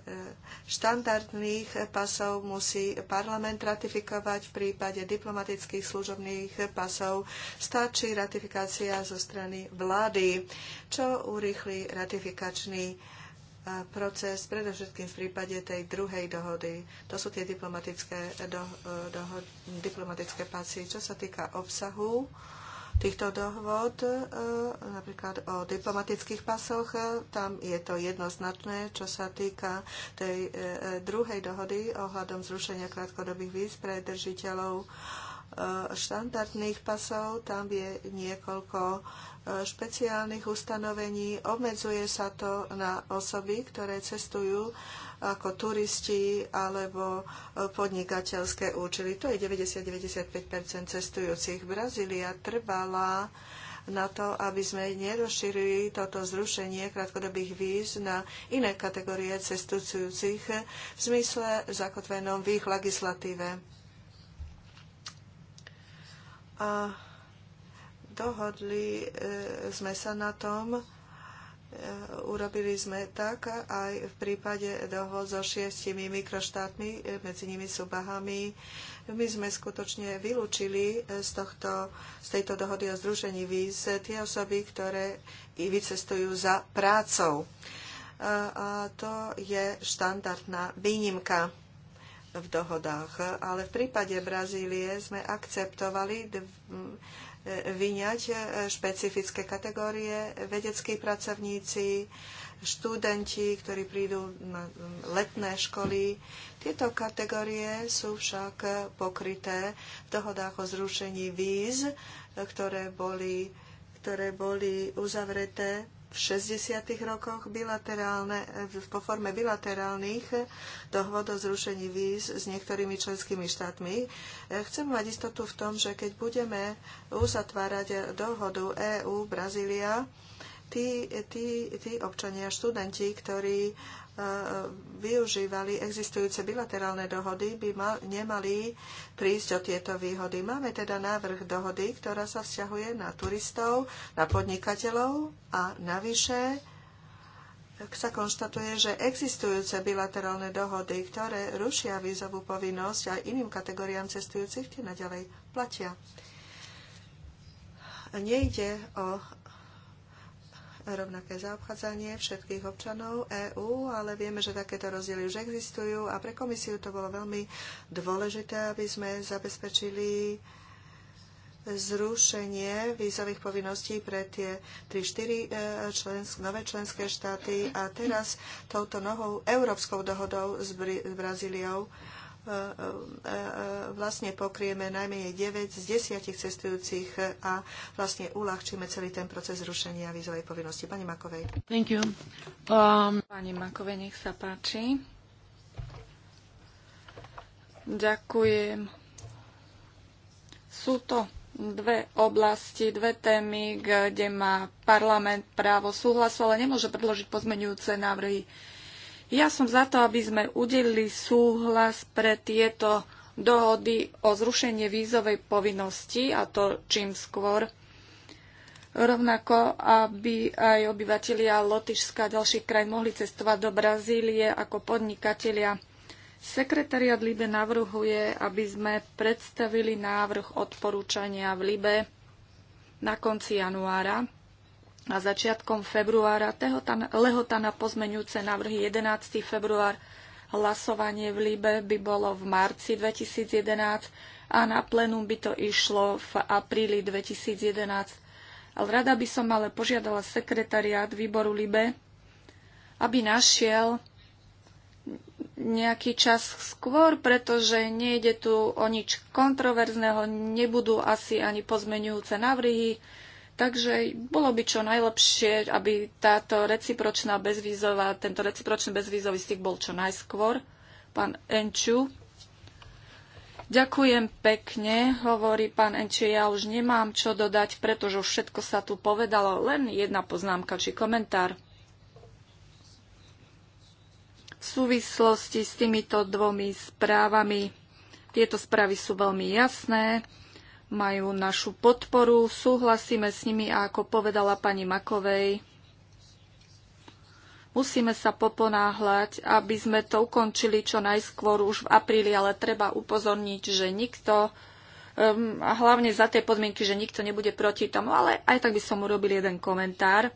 štandardných pasov musí parlament ratifikovať, v prípade diplomatických služobných pasov stačí ratifikácia zo strany vlády, čo urýchli ratifikačný e, proces, predovšetkým v prípade tej druhej dohody. To sú tie diplomatické, do, do, diplomatické pasy. Čo sa týka obsahu, týchto dohôd, e, napríklad o diplomatických pasoch. E, tam je to jednoznačné, čo sa týka tej e, druhej dohody ohľadom zrušenia krátkodobých víz pre držiteľov štandardných pasov. Tam je niekoľko špeciálnych ustanovení. Obmedzuje sa to na osoby, ktoré cestujú ako turisti alebo e, podnikateľské účely. To je 90-95 cestujúcich. Brazília trvala na to, aby sme nerozšírili toto zrušenie krátkodobých víz na iné kategórie cestujúcich v zmysle zakotvenom v ich legislatíve. A dohodli e, sme sa na tom, E, urobili sme tak aj v prípade dohod so šiestimi mikroštátmi, e, medzi nimi sú Bahami. My sme skutočne vylúčili e, z, tohto, z tejto dohody o združení víz tie osoby, ktoré i vycestujú za prácou. A to je štandardná výnimka v dohodách. Ale v prípade Brazílie sme akceptovali vyňať e, špecifické kategórie, vedeckí pracovníci, študenti, ktorí prídu na letné školy. Tieto kategórie sú však pokryté v dohodách o zrušení víz, e, ktoré boli, ktoré boli uzavreté v 60. rokoch bilaterálne, po forme bilaterálnych dohod o zrušení víz s niektorými členskými štátmi. E, chcem mať istotu v tom, že keď budeme uzatvárať dohodu EÚ-Brazília, tí, tí, tí občania, študenti, ktorí využívali existujúce bilaterálne dohody, by mal, nemali prísť o tieto výhody. Máme teda návrh dohody, ktorá sa vzťahuje na turistov, na podnikateľov a navyše sa konštatuje, že existujúce bilaterálne dohody, ktoré rušia vízovú povinnosť a iným kategóriám cestujúcich, tie naďalej platia. Nejde o rovnaké zaobchádzanie všetkých občanov EÚ, ale vieme, že takéto rozdiely už existujú a pre komisiu to bolo veľmi dôležité, aby sme zabezpečili zrušenie vízových povinností pre tie 3-4 e, člensk, nové členské štáty a teraz touto novou európskou dohodou s, Brazíliou E, e, e, vlastne pokrieme najmenej 9 z 10 cestujúcich a vlastne uľahčíme celý ten proces zrušenia vízovej povinnosti. Pani Makovej. Thank you. Um... Pani Makovej, nech sa páči. Ďakujem. Sú to dve oblasti, dve témy, kde má parlament právo súhlasu, ale nemôže predložiť pozmenujúce návrhy. Ja som za to, aby sme udelili súhlas pre tieto dohody o zrušenie vízovej povinnosti a to čím skôr. Rovnako, aby aj obyvatelia Lotyšska a ďalších krajín mohli cestovať do Brazílie ako podnikatelia. Sekretariat Libe navrhuje, aby sme predstavili návrh odporúčania v Libe na konci januára a začiatkom februára. Lehota na pozmenujúce návrhy 11. február. Hlasovanie v Líbe by bolo v marci 2011 a na plenu by to išlo v apríli 2011. Ale rada by som ale požiadala sekretariát výboru Libe, aby našiel nejaký čas skôr, pretože nejde tu o nič kontroverzného, nebudú asi ani pozmenujúce návrhy, Takže bolo by čo najlepšie, aby táto recipročná bezvízová, tento recipročný bezvízový styk bol čo najskôr. Pán Enču. Ďakujem pekne, hovorí pán Enču. Ja už nemám čo dodať, pretože všetko sa tu povedalo. Len jedna poznámka či komentár. V súvislosti s týmito dvomi správami. Tieto správy sú veľmi jasné majú našu podporu, súhlasíme s nimi a ako povedala pani Makovej, musíme sa poponáhľať, aby sme to ukončili čo najskôr už v apríli, ale treba upozorniť, že nikto, um, a hlavne za tej podmienky, že nikto nebude proti tomu, ale aj tak by som urobil jeden komentár.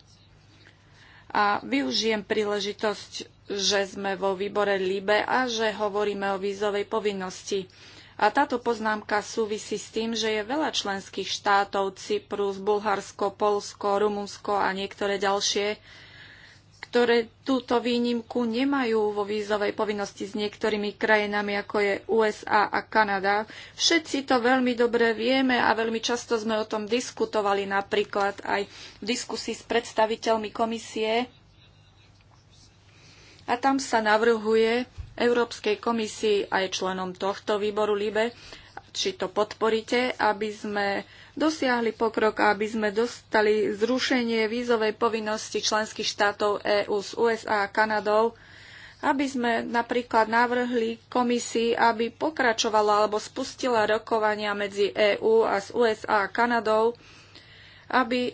A využijem príležitosť, že sme vo výbore LIBE a že hovoríme o vízovej povinnosti. A táto poznámka súvisí s tým, že je veľa členských štátov, Cyprus, Bulharsko, Polsko, Rumunsko a niektoré ďalšie, ktoré túto výnimku nemajú vo vízovej povinnosti s niektorými krajinami, ako je USA a Kanada. Všetci to veľmi dobre vieme a veľmi často sme o tom diskutovali napríklad aj v diskusii s predstaviteľmi komisie. A tam sa navrhuje Európskej komisii aj členom tohto výboru LIBE, či to podporíte, aby sme dosiahli pokrok a aby sme dostali zrušenie vízovej povinnosti členských štátov EÚ s USA a Kanadou, aby sme napríklad navrhli komisii, aby pokračovala alebo spustila rokovania medzi EÚ a s USA a Kanadou aby e,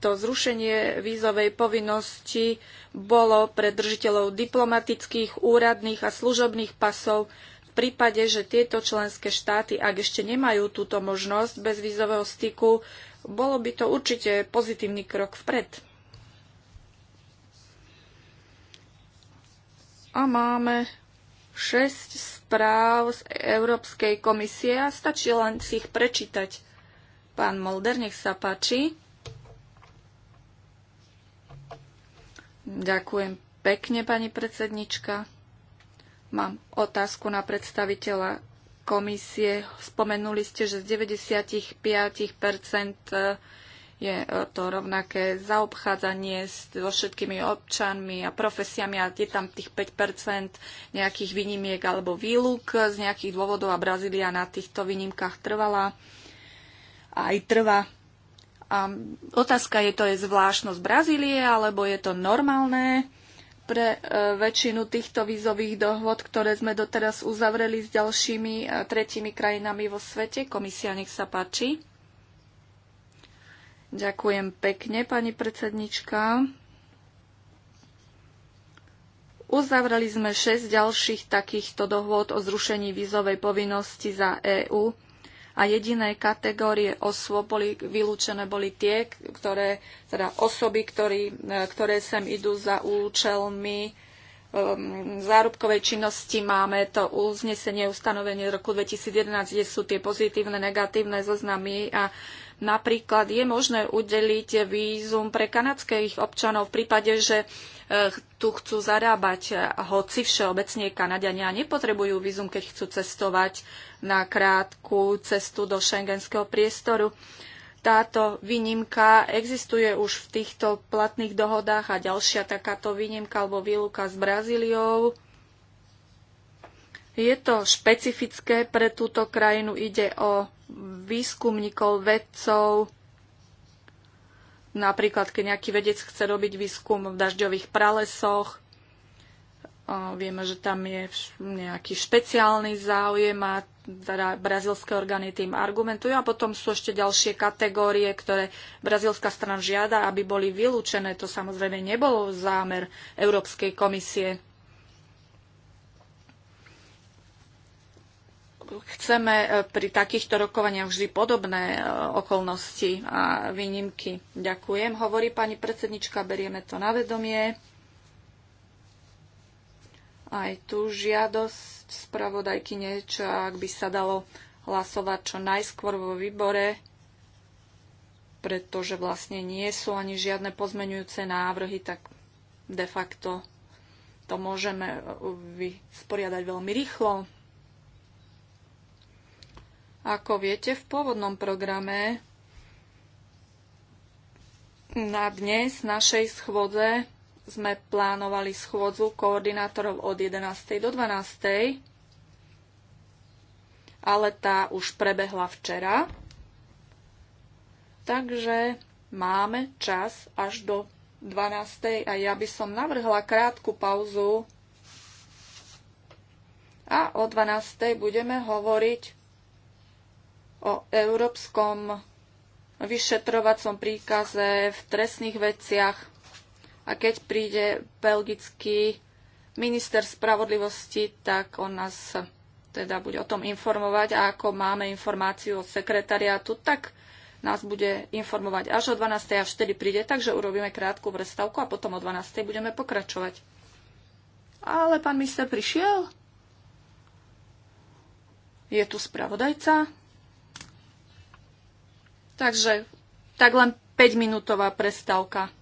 to zrušenie vízovej povinnosti bolo pre držiteľov diplomatických, úradných a služobných pasov v prípade, že tieto členské štáty, ak ešte nemajú túto možnosť bez vízového styku, bolo by to určite pozitívny krok vpred. A máme 6 správ z Európskej komisie a stačí len si ich prečítať Pán Molder, nech sa páči. Ďakujem pekne, pani predsednička. Mám otázku na predstaviteľa komisie. Spomenuli ste, že z 95 e, je e, to rovnaké zaobchádzanie so všetkými občanmi a profesiami a je tam tých 5 nejakých výnimiek alebo výluk z nejakých dôvodov a Brazília na týchto výnimkách trvala aj trvá. A otázka je, to je zvláštnosť Brazílie, alebo je to normálne pre e, väčšinu týchto vízových dohod, ktoré sme doteraz uzavreli s ďalšími e, tretími krajinami vo svete. Komisia, nech sa páči. Ďakujem pekne, pani predsednička. Uzavreli sme 6 ďalších takýchto dohôd o zrušení vízovej povinnosti za EÚ a jediné kategórie osôb boli vylúčené boli tie, ktoré, teda osoby, ktorý, e, ktoré sem idú za účelmi um, zárobkovej činnosti. Máme to uznesenie, ustanovenie z roku 2011, kde sú tie pozitívne, negatívne zoznamy a Napríklad je možné udeliť vízum pre kanadských občanov v prípade, že e, tu chcú zarábať, e, hoci všeobecne Kanadiania nepotrebujú vízum, keď chcú cestovať na krátku cestu do šengenského priestoru. Táto výnimka existuje už v týchto platných dohodách a ďalšia takáto výnimka alebo výluka s Brazíliou. Je to špecifické pre túto krajinu, ide o výskumníkov, vedcov, napríklad keď nejaký vedec chce robiť výskum v dažďových pralesoch, vieme, že tam je nejaký špeciálny záujem a teda brazilské orgány tým argumentujú a potom sú ešte ďalšie kategórie, ktoré brazilská strana žiada, aby boli vylúčené. To samozrejme nebolo zámer Európskej komisie. chceme e, pri takýchto rokovaniach vždy podobné e, okolnosti a výnimky. Ďakujem. Hovorí pani predsednička, berieme to na vedomie. Aj tu žiadosť spravodajky niečo, ak by sa dalo hlasovať čo najskôr vo výbore, pretože vlastne nie sú ani žiadne pozmenujúce návrhy, tak de facto to môžeme e, vysporiadať veľmi rýchlo. Ako viete, v pôvodnom programe na dnes našej schôdze sme plánovali schôdzu koordinátorov od 11. do 12. ale tá už prebehla včera. Takže máme čas až do 12. a ja by som navrhla krátku pauzu a o 12. budeme hovoriť o európskom vyšetrovacom príkaze v trestných veciach. A keď príde belgický minister spravodlivosti, tak on nás teda bude o tom informovať a ako máme informáciu od sekretariátu, tak nás bude informovať až o 12. až vtedy príde, takže urobíme krátku vrstavku a potom o 12. budeme pokračovať. Ale pán minister prišiel? Je tu spravodajca? Takže tak len 5-minútová prestávka.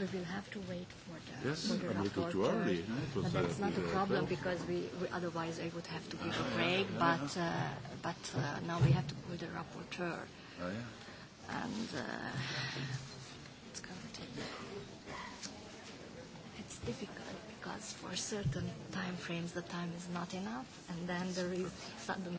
We will have to wait for the Yes, a little too early. But that's uh, not a problem because we, we otherwise I would have to give a break. But uh, but uh, now we have to call the rapporteur. Oh, yeah. And uh, it's going to. It's difficult because for certain time frames the time is not enough, and then there is suddenly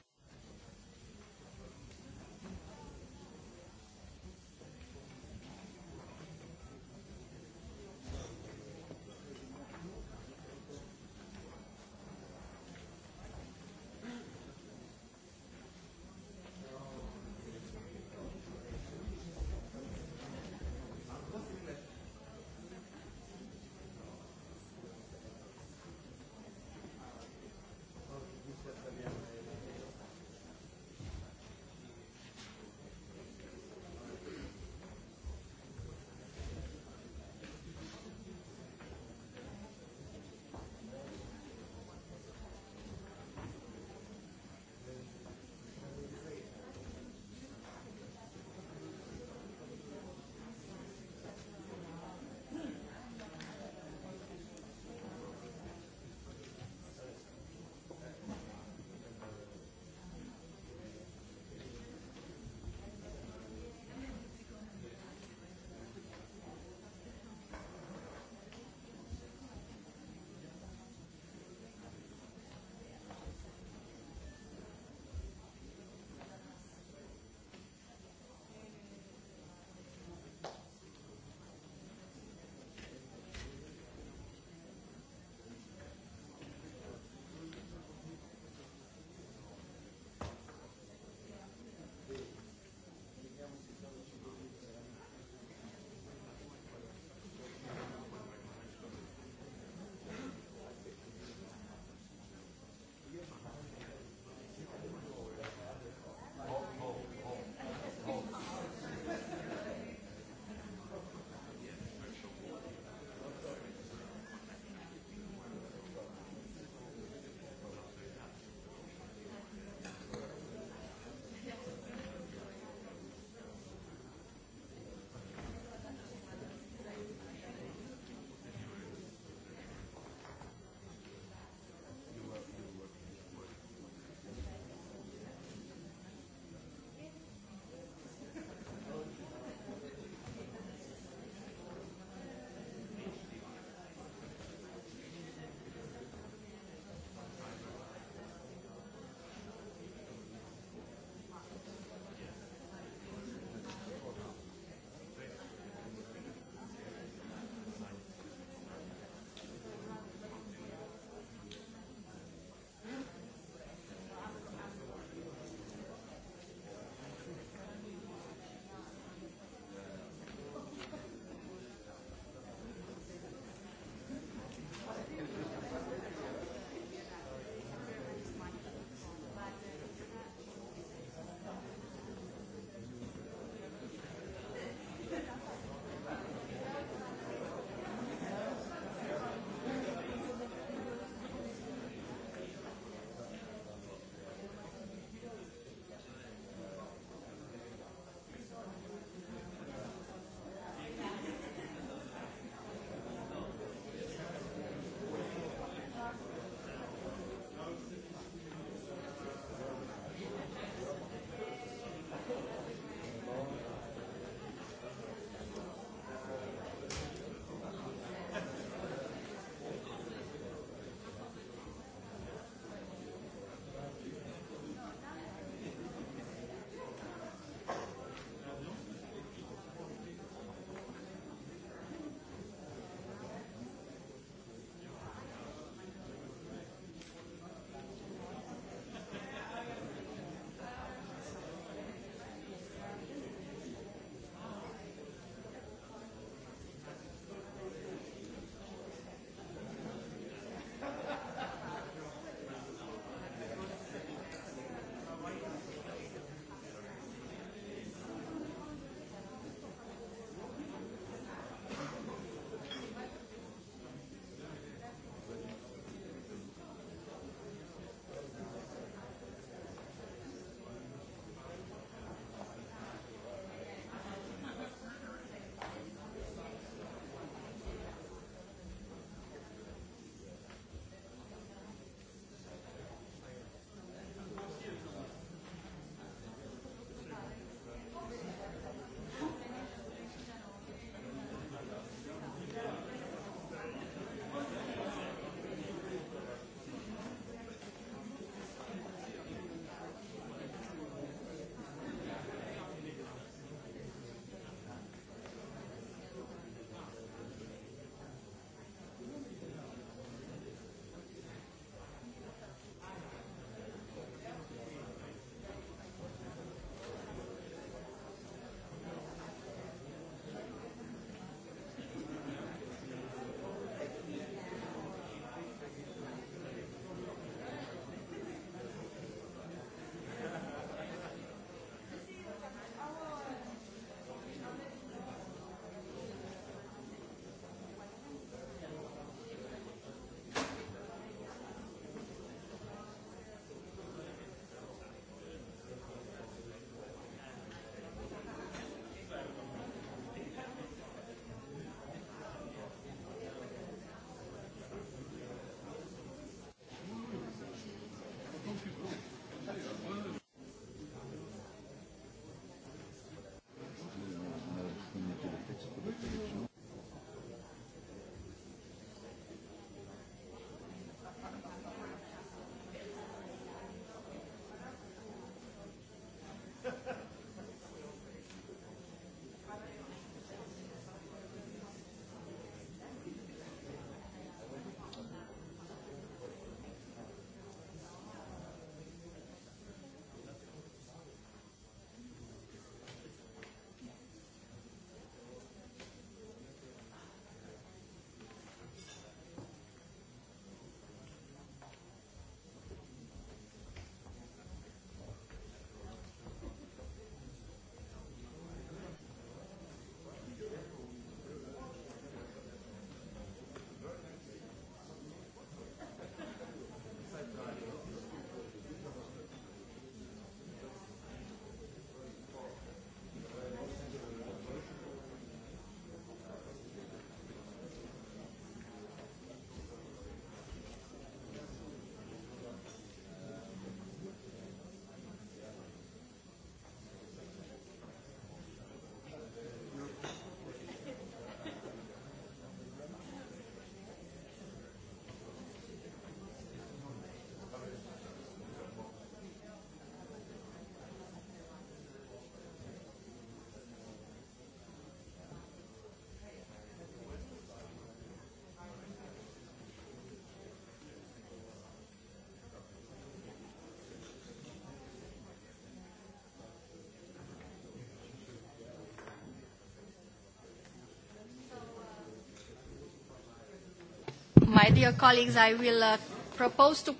My dear colleagues, I will uh, propose to...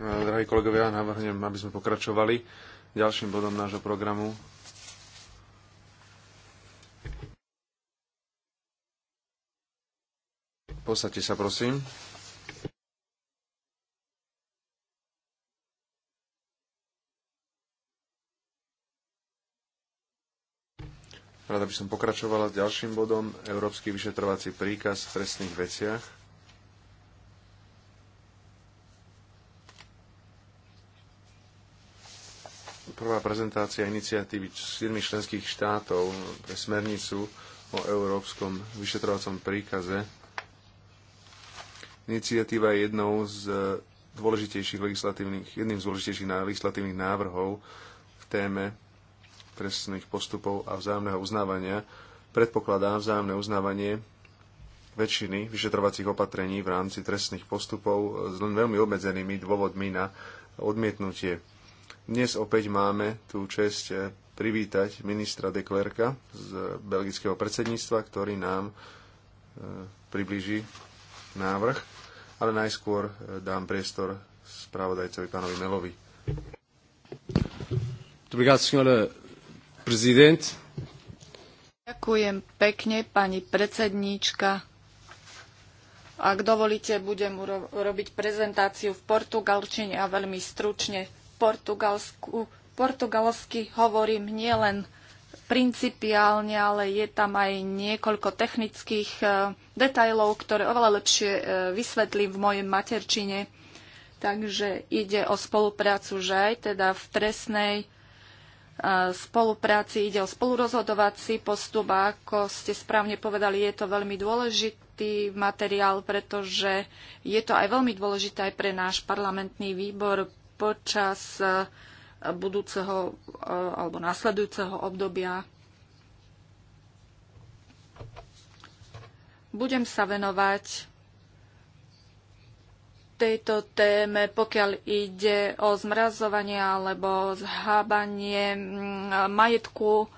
No, drahí kolegovia, navrhnem, aby sme pokračovali ďalším bodom nášho programu. Posadte sa, prosím. Rada by som pokračovala s ďalším bodom Európsky vyšetrovací príkaz v trestných veciach. prezentácia iniciatívy 7 členských štátov pre smernicu o európskom vyšetrovacom príkaze. Iniciatíva je jednou z eh, dôležitejších legislatívnych, jedným z dôležitejších legislatívnych návrhov v téme presných postupov a vzájomného uznávania. Predpokladá vzájomné uznávanie väčšiny vyšetrovacích opatrení v rámci trestných postupov s len veľmi obmedzenými dôvodmi na odmietnutie dnes opäť máme tú čest eh, privítať ministra de Klerka z belgického predsedníctva, ktorý nám eh, priblíži návrh, ale najskôr eh, dám priestor spravodajcovi pánovi Melovi. Ďakujem pekne, pani predsedníčka. Ak dovolíte, budem robiť prezentáciu v portugalčine a veľmi stručne Portugalsku, portugalsky hovorím nielen principiálne, ale je tam aj niekoľko technických e, detajlov, ktoré oveľa lepšie e, vysvetlím v mojej materčine. Takže ide o spoluprácu, že aj teda v trestnej e, spolupráci ide o spolurozhodovací postup a ako ste správne povedali, je to veľmi dôležitý materiál, pretože je to aj veľmi dôležité aj pre náš parlamentný výbor, počas e, budúceho e, alebo nasledujúceho obdobia budem sa venovať tejto téme, pokiaľ ide o zmrazovanie alebo zhábanie majetku,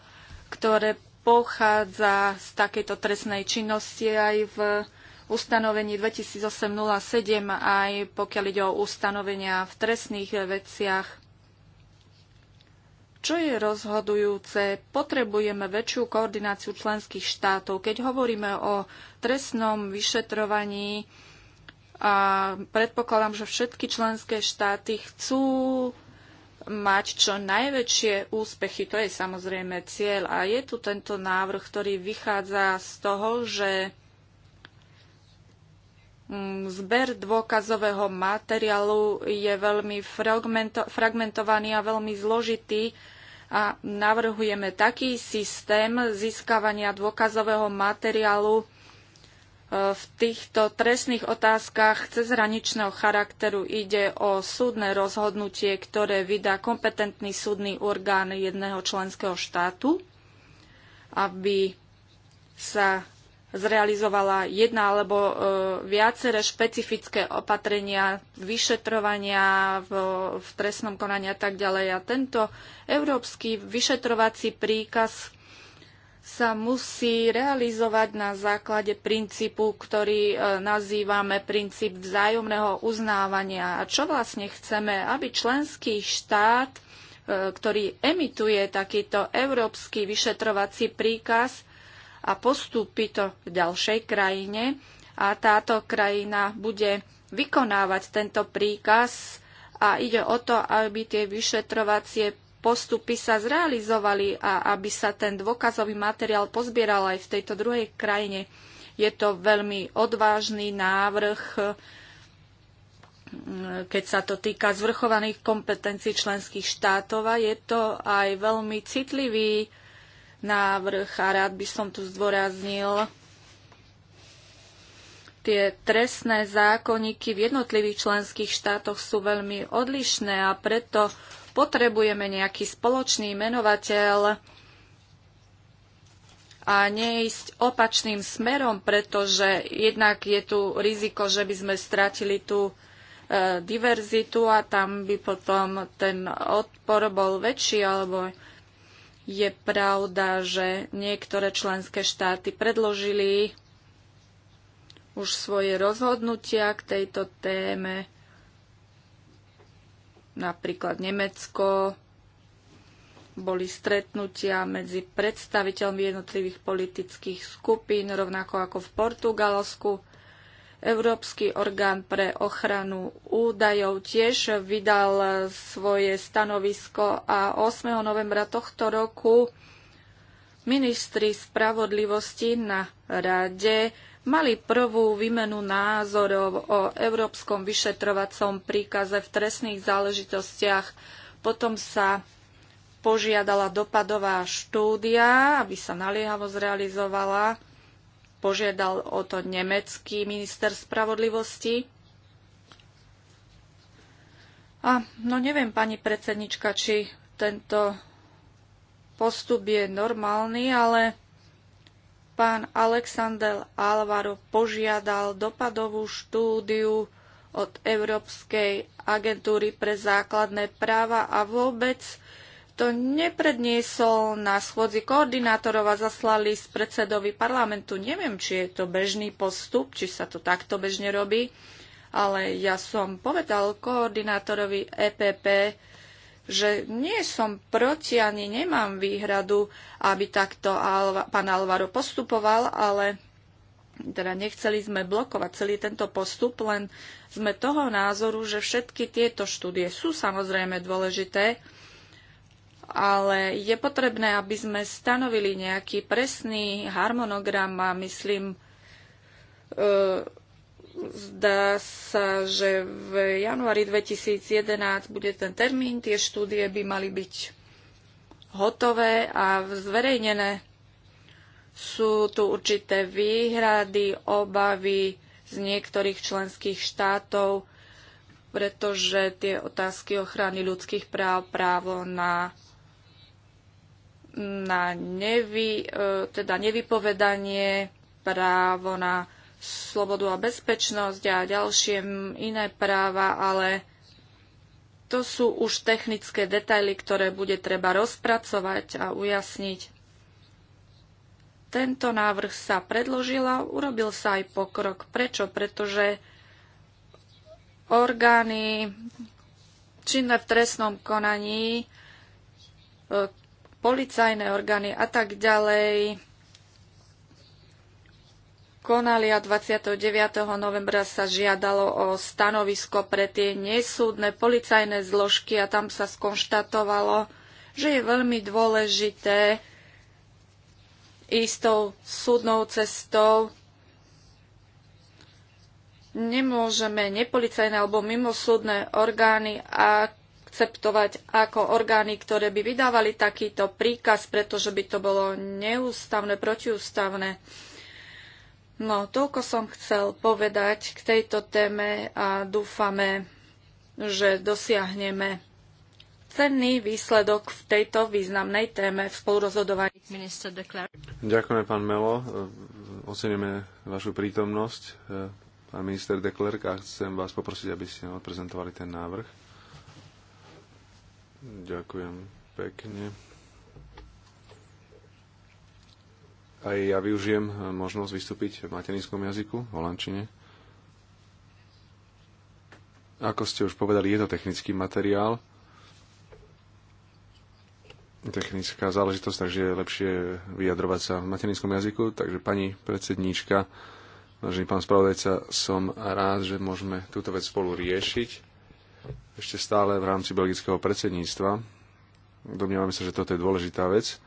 ktoré pochádza z takejto trestnej činnosti aj v ustanovení 2008-07, aj pokiaľ ide o ustanovenia v trestných veciach. Čo je rozhodujúce? Potrebujeme väčšiu koordináciu členských štátov. Keď hovoríme o trestnom vyšetrovaní, a predpokladám, že všetky členské štáty chcú mať čo najväčšie úspechy. To je samozrejme cieľ. A je tu tento návrh, ktorý vychádza z toho, že Mm, zber dôkazového materiálu je veľmi fragmento fragmentovaný a veľmi zložitý a navrhujeme taký systém získavania dôkazového materiálu e, v týchto trestných otázkach cezhraničného charakteru ide o súdne rozhodnutie, ktoré vydá kompetentný súdny orgán jedného členského štátu, aby sa zrealizovala jedna alebo e, viaceré špecifické opatrenia, vyšetrovania v, v trestnom konaní a tak ďalej. A tento európsky vyšetrovací príkaz sa musí realizovať na základe princípu, ktorý e, nazývame princíp vzájomného uznávania. A čo vlastne chceme, aby členský štát, e, ktorý emituje takýto európsky vyšetrovací príkaz, a postúpi to v ďalšej krajine a táto krajina bude vykonávať tento príkaz a ide o to, aby tie vyšetrovacie postupy sa zrealizovali a aby sa ten dôkazový materiál pozbieral aj v tejto druhej krajine. Je to veľmi odvážny návrh, keď sa to týka zvrchovaných kompetencií členských štátov a je to aj veľmi citlivý návrh a rád by som tu zdôraznil tie trestné zákonníky v jednotlivých členských štátoch sú veľmi odlišné a preto potrebujeme nejaký spoločný menovateľ a neísť opačným smerom, pretože jednak je tu riziko, že by sme stratili tú e, diverzitu a tam by potom ten odpor bol väčší alebo je pravda, že niektoré členské štáty predložili už svoje rozhodnutia k tejto téme, napríklad Nemecko, boli stretnutia medzi predstaviteľmi jednotlivých politických skupín, rovnako ako v Portugalsku. Európsky orgán pre ochranu údajov tiež vydal svoje stanovisko a 8. novembra tohto roku ministri spravodlivosti na rade mali prvú výmenu názorov o Európskom vyšetrovacom príkaze v trestných záležitostiach. Potom sa požiadala dopadová štúdia, aby sa naliehavo zrealizovala Požiadal o to nemecký minister spravodlivosti. A no neviem, pani predsednička, či tento postup je normálny, ale pán Alexander Alvaro požiadal dopadovú štúdiu od Európskej agentúry pre základné práva a vôbec to nepredniesol na schôdzi koordinátorov a zaslali z predsedovi parlamentu. Neviem, či je to bežný postup, či sa to takto bežne robí, ale ja som povedal koordinátorovi EPP, že nie som proti ani nemám výhradu, aby takto Alva, pán Alvaro postupoval, ale teda nechceli sme blokovať celý tento postup, len sme toho názoru, že všetky tieto štúdie sú samozrejme dôležité, ale je potrebné, aby sme stanovili nejaký presný harmonogram a myslím, e, zdá sa, že v januári 2011 bude ten termín, tie štúdie by mali byť hotové a zverejnené. Sú tu určité výhrady, obavy z niektorých členských štátov, pretože tie otázky ochrany ľudských práv, právo na na nevy, e, teda nevypovedanie, právo na slobodu a bezpečnosť a ďalšie iné práva, ale to sú už technické detaily, ktoré bude treba rozpracovať a ujasniť. Tento návrh sa predložila, urobil sa aj pokrok. Prečo? Pretože orgány činné v trestnom konaní e, policajné orgány a tak ďalej konali a 29. novembra sa žiadalo o stanovisko pre tie nesúdne policajné zložky a tam sa skonštatovalo, že je veľmi dôležité ísť tou súdnou cestou. Nemôžeme nepolicajné alebo mimosúdne orgány, ak akceptovať ako orgány, ktoré by vydávali takýto príkaz, pretože by to bolo neústavné, protiústavné. No, toľko som chcel povedať k tejto téme a dúfame, že dosiahneme cenný výsledok v tejto významnej téme v spolurozhodovaní. Ďakujeme, pán Melo. Ocenujeme vašu prítomnosť. Eh, pán minister Deklerk, a chcem vás poprosiť, aby ste odprezentovali ten návrh. Ďakujem pekne. Aj ja využijem eh, možnosť vystúpiť v materinskom jazyku, v holandčine. Ako ste už povedali, je to technický materiál, technická záležitosť, takže je lepšie vyjadrovať sa v materinskom jazyku. Takže pani predsedníčka, vážený pán spravodajca, som rád, že môžeme túto vec spolu riešiť ešte stále v rámci belgického predsedníctva. Domnievame sa, že toto je dôležitá vec.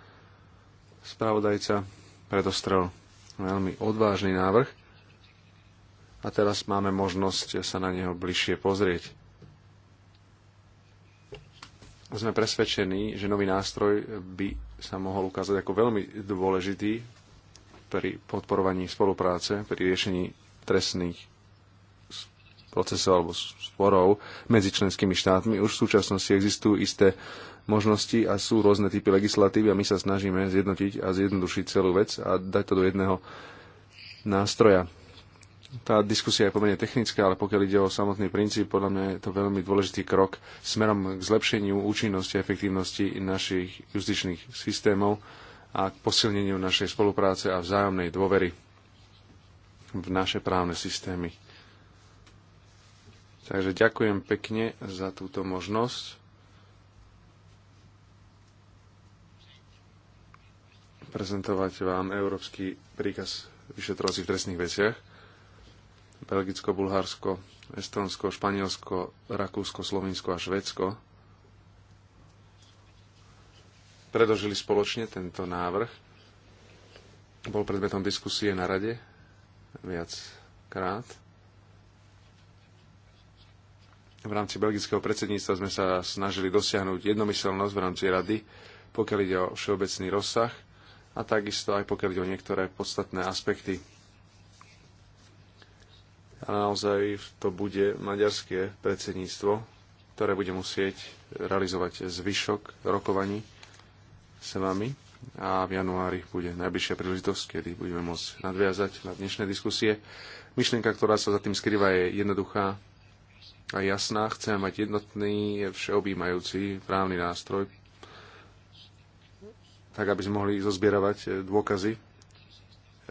Spravodajca predostrel veľmi odvážny návrh a teraz máme možnosť sa na neho bližšie pozrieť. Sme presvedčení, že nový nástroj by sa mohol ukázať ako veľmi dôležitý pri podporovaní spolupráce, pri riešení trestných procesov alebo sporov medzi členskými štátmi. Už v súčasnosti existujú isté možnosti a sú rôzne typy legislatívy a my sa snažíme zjednotiť a zjednodušiť celú vec a dať to do jedného nástroja. Tá diskusia je pomerne technická, ale pokiaľ ide o samotný princíp, podľa mňa je to veľmi dôležitý krok smerom k zlepšeniu účinnosti a efektívnosti našich justičných systémov a k posilneniu našej spolupráce a vzájomnej dôvery v naše právne systémy. Takže ďakujem pekne za túto možnosť. prezentovať vám Európsky príkaz vyšetrovací v trestných veciach. Belgicko, Bulharsko, Estonsko, Španielsko, Rakúsko, Slovinsko a Švedsko predložili spoločne tento návrh. Bol predmetom diskusie na rade viackrát. V rámci belgického predsedníctva sme sa snažili dosiahnuť jednomyselnosť v rámci rady, pokiaľ ide o všeobecný rozsah a takisto aj pokiaľ ide o niektoré podstatné aspekty. A naozaj to bude maďarské predsedníctvo, ktoré bude musieť realizovať zvyšok rokovaní s vami a v januári bude najbližšia príležitosť, kedy budeme môcť nadviazať na dnešné diskusie. Myšlienka, ktorá sa za tým skrýva, je jednoduchá a jasná. Chceme mať jednotný, všeobjímajúci právny nástroj, tak aby sme mohli zozbieravať dôkazy eh,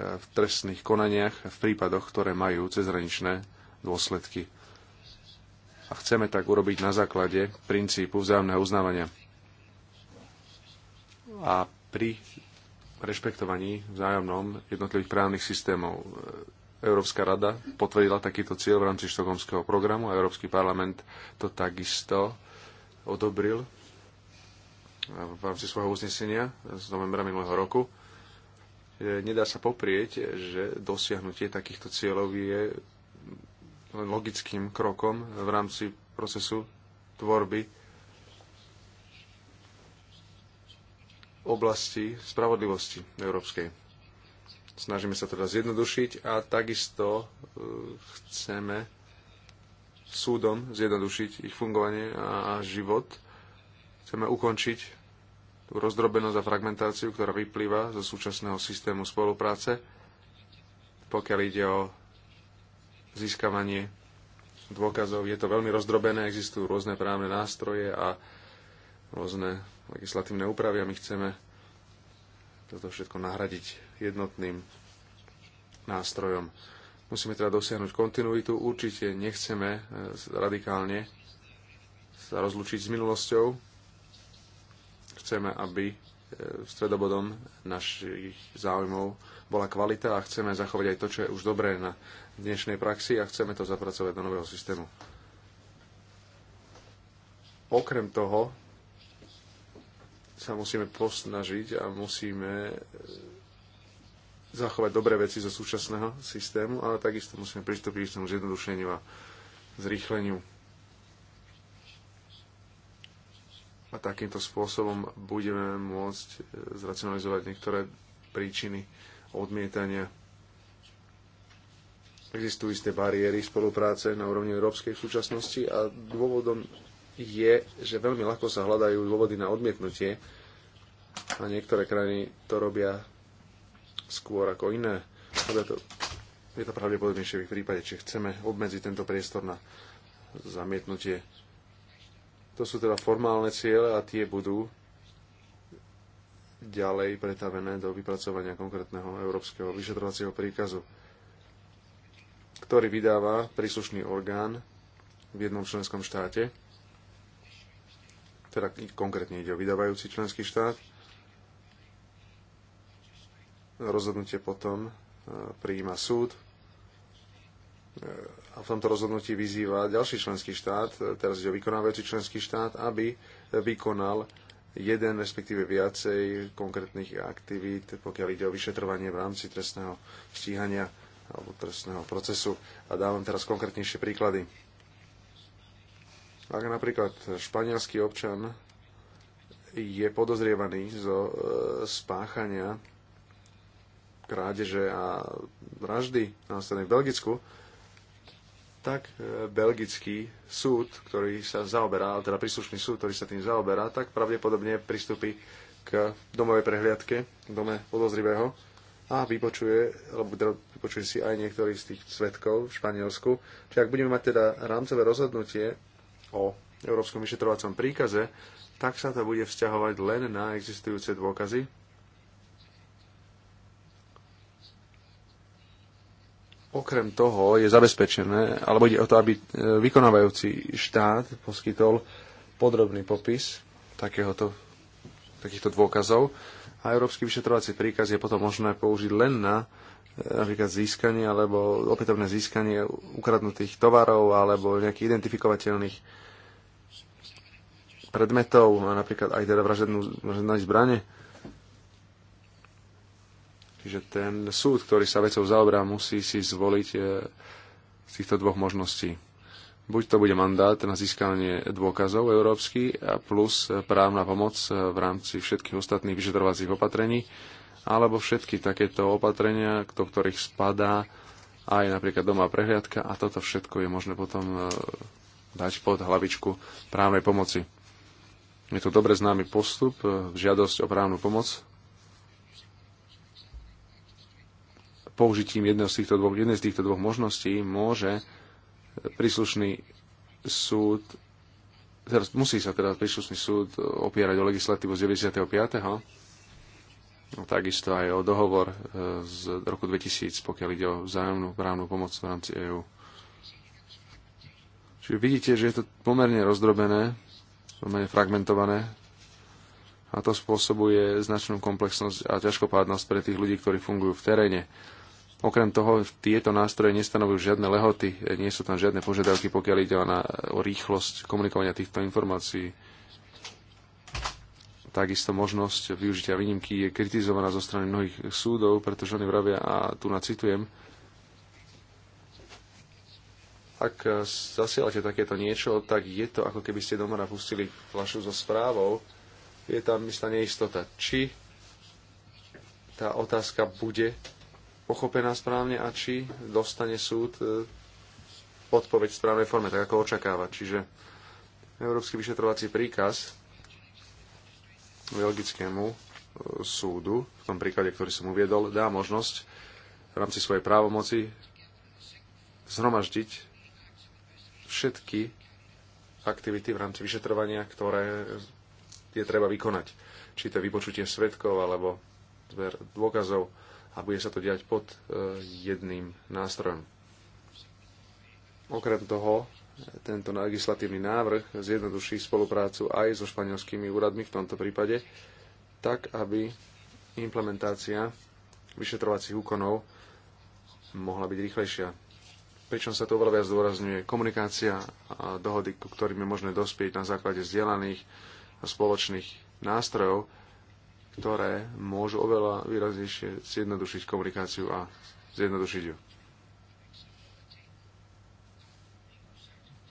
v trestných konaniach v prípadoch, ktoré majú cezhraničné dôsledky. A chceme tak urobiť na základe princípu vzájomného uznávania. A pri rešpektovaní vzájomnom jednotlivých právnych systémov eh, Európska rada potvrdila takýto cieľ v rámci štokholmského programu a Európsky parlament to takisto odobril v rámci svojho uznesenia z novembra minulého roku. Nedá sa poprieť, že dosiahnutie takýchto cieľov je logickým krokom v rámci procesu tvorby oblasti spravodlivosti európskej Snažíme sa teda zjednodušiť a takisto e, chceme súdom zjednodušiť ich fungovanie a život. Chceme ukončiť tú rozdrobenosť a fragmentáciu, ktorá vyplýva zo súčasného systému spolupráce, pokiaľ ide o získavanie dôkazov. Je to veľmi rozdrobené, existujú rôzne právne nástroje a rôzne legislatívne úpravy a my chceme toto všetko nahradiť jednotným nástrojom. Musíme teda dosiahnuť kontinuitu. Určite nechceme e, radikálne sa rozlučiť s minulosťou. Chceme, aby e, stredobodom našich záujmov bola kvalita a chceme zachovať aj to, čo je už dobré na dnešnej praxi a chceme to zapracovať do nového systému. Okrem toho sa musíme posnažiť a musíme e, zachovať dobré veci zo súčasného systému, ale takisto musíme pristúpiť k tomu zjednodušeniu a zrýchleniu. A takýmto spôsobom budeme môcť e, zracionalizovať niektoré príčiny odmietania. Existujú isté bariéry spolupráce na úrovni európskej v súčasnosti a dôvodom je, že veľmi ľahko sa hľadajú dôvody na odmietnutie a niektoré krajiny to robia skôr ako iné. Teda je to pravdepodobnejšie v prípade, či chceme obmedziť tento priestor na zamietnutie. To sú teda formálne ciele a tie budú ďalej pretavené do vypracovania konkrétneho európskeho vyšetrovacieho príkazu, ktorý vydáva príslušný orgán v jednom členskom štáte, teda konkrétne ide o vydávajúci členský štát, Rozhodnutie potom e, prijíma súd e, a v tomto rozhodnutí vyzýva ďalší členský štát, e, teraz ide o vykonávajúci členský štát, aby vykonal jeden, respektíve viacej konkrétnych aktivít, pokiaľ ide o vyšetrovanie v rámci trestného stíhania alebo trestného procesu. A dávam teraz konkrétnejšie príklady. Ak napríklad španielský občan je podozrievaný zo spáchania krádeže a vraždy strane v Belgicku, tak e, belgický súd, ktorý sa zaoberá, teda príslušný súd, ktorý sa tým zaoberá, tak pravdepodobne pristúpi k domovej prehliadke, k dome podozrivého a vypočuje, alebo teda vypočuje si aj niektorých z tých svetkov v Španielsku. Čiže ak budeme mať teda rámcové rozhodnutie o Európskom vyšetrovacom príkaze, tak sa to bude vzťahovať len na existujúce dôkazy, Okrem toho je zabezpečené, alebo ide o to, aby e, vykonávajúci štát poskytol podrobný popis takéhoto, takýchto dôkazov a Európsky vyšetrovací príkaz je potom možné použiť len na e, napríklad získanie alebo opätovné získanie ukradnutých tovarov alebo nejakých identifikovateľných predmetov, napríklad aj teda vražednú, vražedné zbranie. Čiže ten súd, ktorý sa vecou zaoberá, musí si zvoliť e, z týchto dvoch možností. Buď to bude mandát na získanie dôkazov európsky a plus právna pomoc e, v rámci všetkých ostatných vyšetrovacích opatrení, alebo všetky takéto opatrenia, do ktorých spadá aj napríklad doma prehliadka a toto všetko je možné potom e, dať pod hlavičku právnej pomoci. Je to dobre známy postup, žiadosť o právnu pomoc použitím jedného z týchto dvoch, jednej z týchto dvoch možností môže príslušný súd teraz musí sa teda príslušný súd opierať o legislatívu z 95. Takisto aj o dohovor e, z roku 2000, pokiaľ ide o vzájomnú právnu pomoc v rámci EÚ. Čiže vidíte, že je to pomerne rozdrobené, pomerne fragmentované a to spôsobuje značnú komplexnosť a ťažkopádnosť pre tých ľudí, ktorí fungujú v teréne. Okrem toho, tieto nástroje nestanovujú žiadne lehoty, nie sú tam žiadne požiadavky, pokiaľ ide na, o rýchlosť komunikovania týchto informácií. Takisto možnosť využitia výnimky je kritizovaná zo strany mnohých súdov, pretože oni vravia, a tu nacitujem, ak zasielate takéto niečo, tak je to ako keby ste doma napustili vašu so správou. Je tam istá neistota, či tá otázka bude pochopená správne a či dostane súd e, odpoveď v správnej forme, tak ako očakáva. Čiže Európsky vyšetrovací príkaz belgickému e, súdu, v tom príklade, ktorý som uviedol, dá možnosť v rámci svojej právomoci zhromaždiť všetky aktivity v rámci vyšetrovania, ktoré je treba vykonať. Či to je vypočutie svetkov alebo zber dôkazov, a bude sa to diať pod e, jedným nástrojom. Okrem toho, tento legislatívny návrh zjednoduší spoluprácu aj so španielskými úradmi v tomto prípade, tak aby implementácia vyšetrovacích úkonov mohla byť rýchlejšia. Pričom sa to oveľa viac zdôrazňuje komunikácia a dohody, ku ktorým je možné dospieť na základe zdieľaných a spoločných nástrojov, ktoré môžu oveľa výraznejšie zjednodušiť komunikáciu a zjednodušiť ju.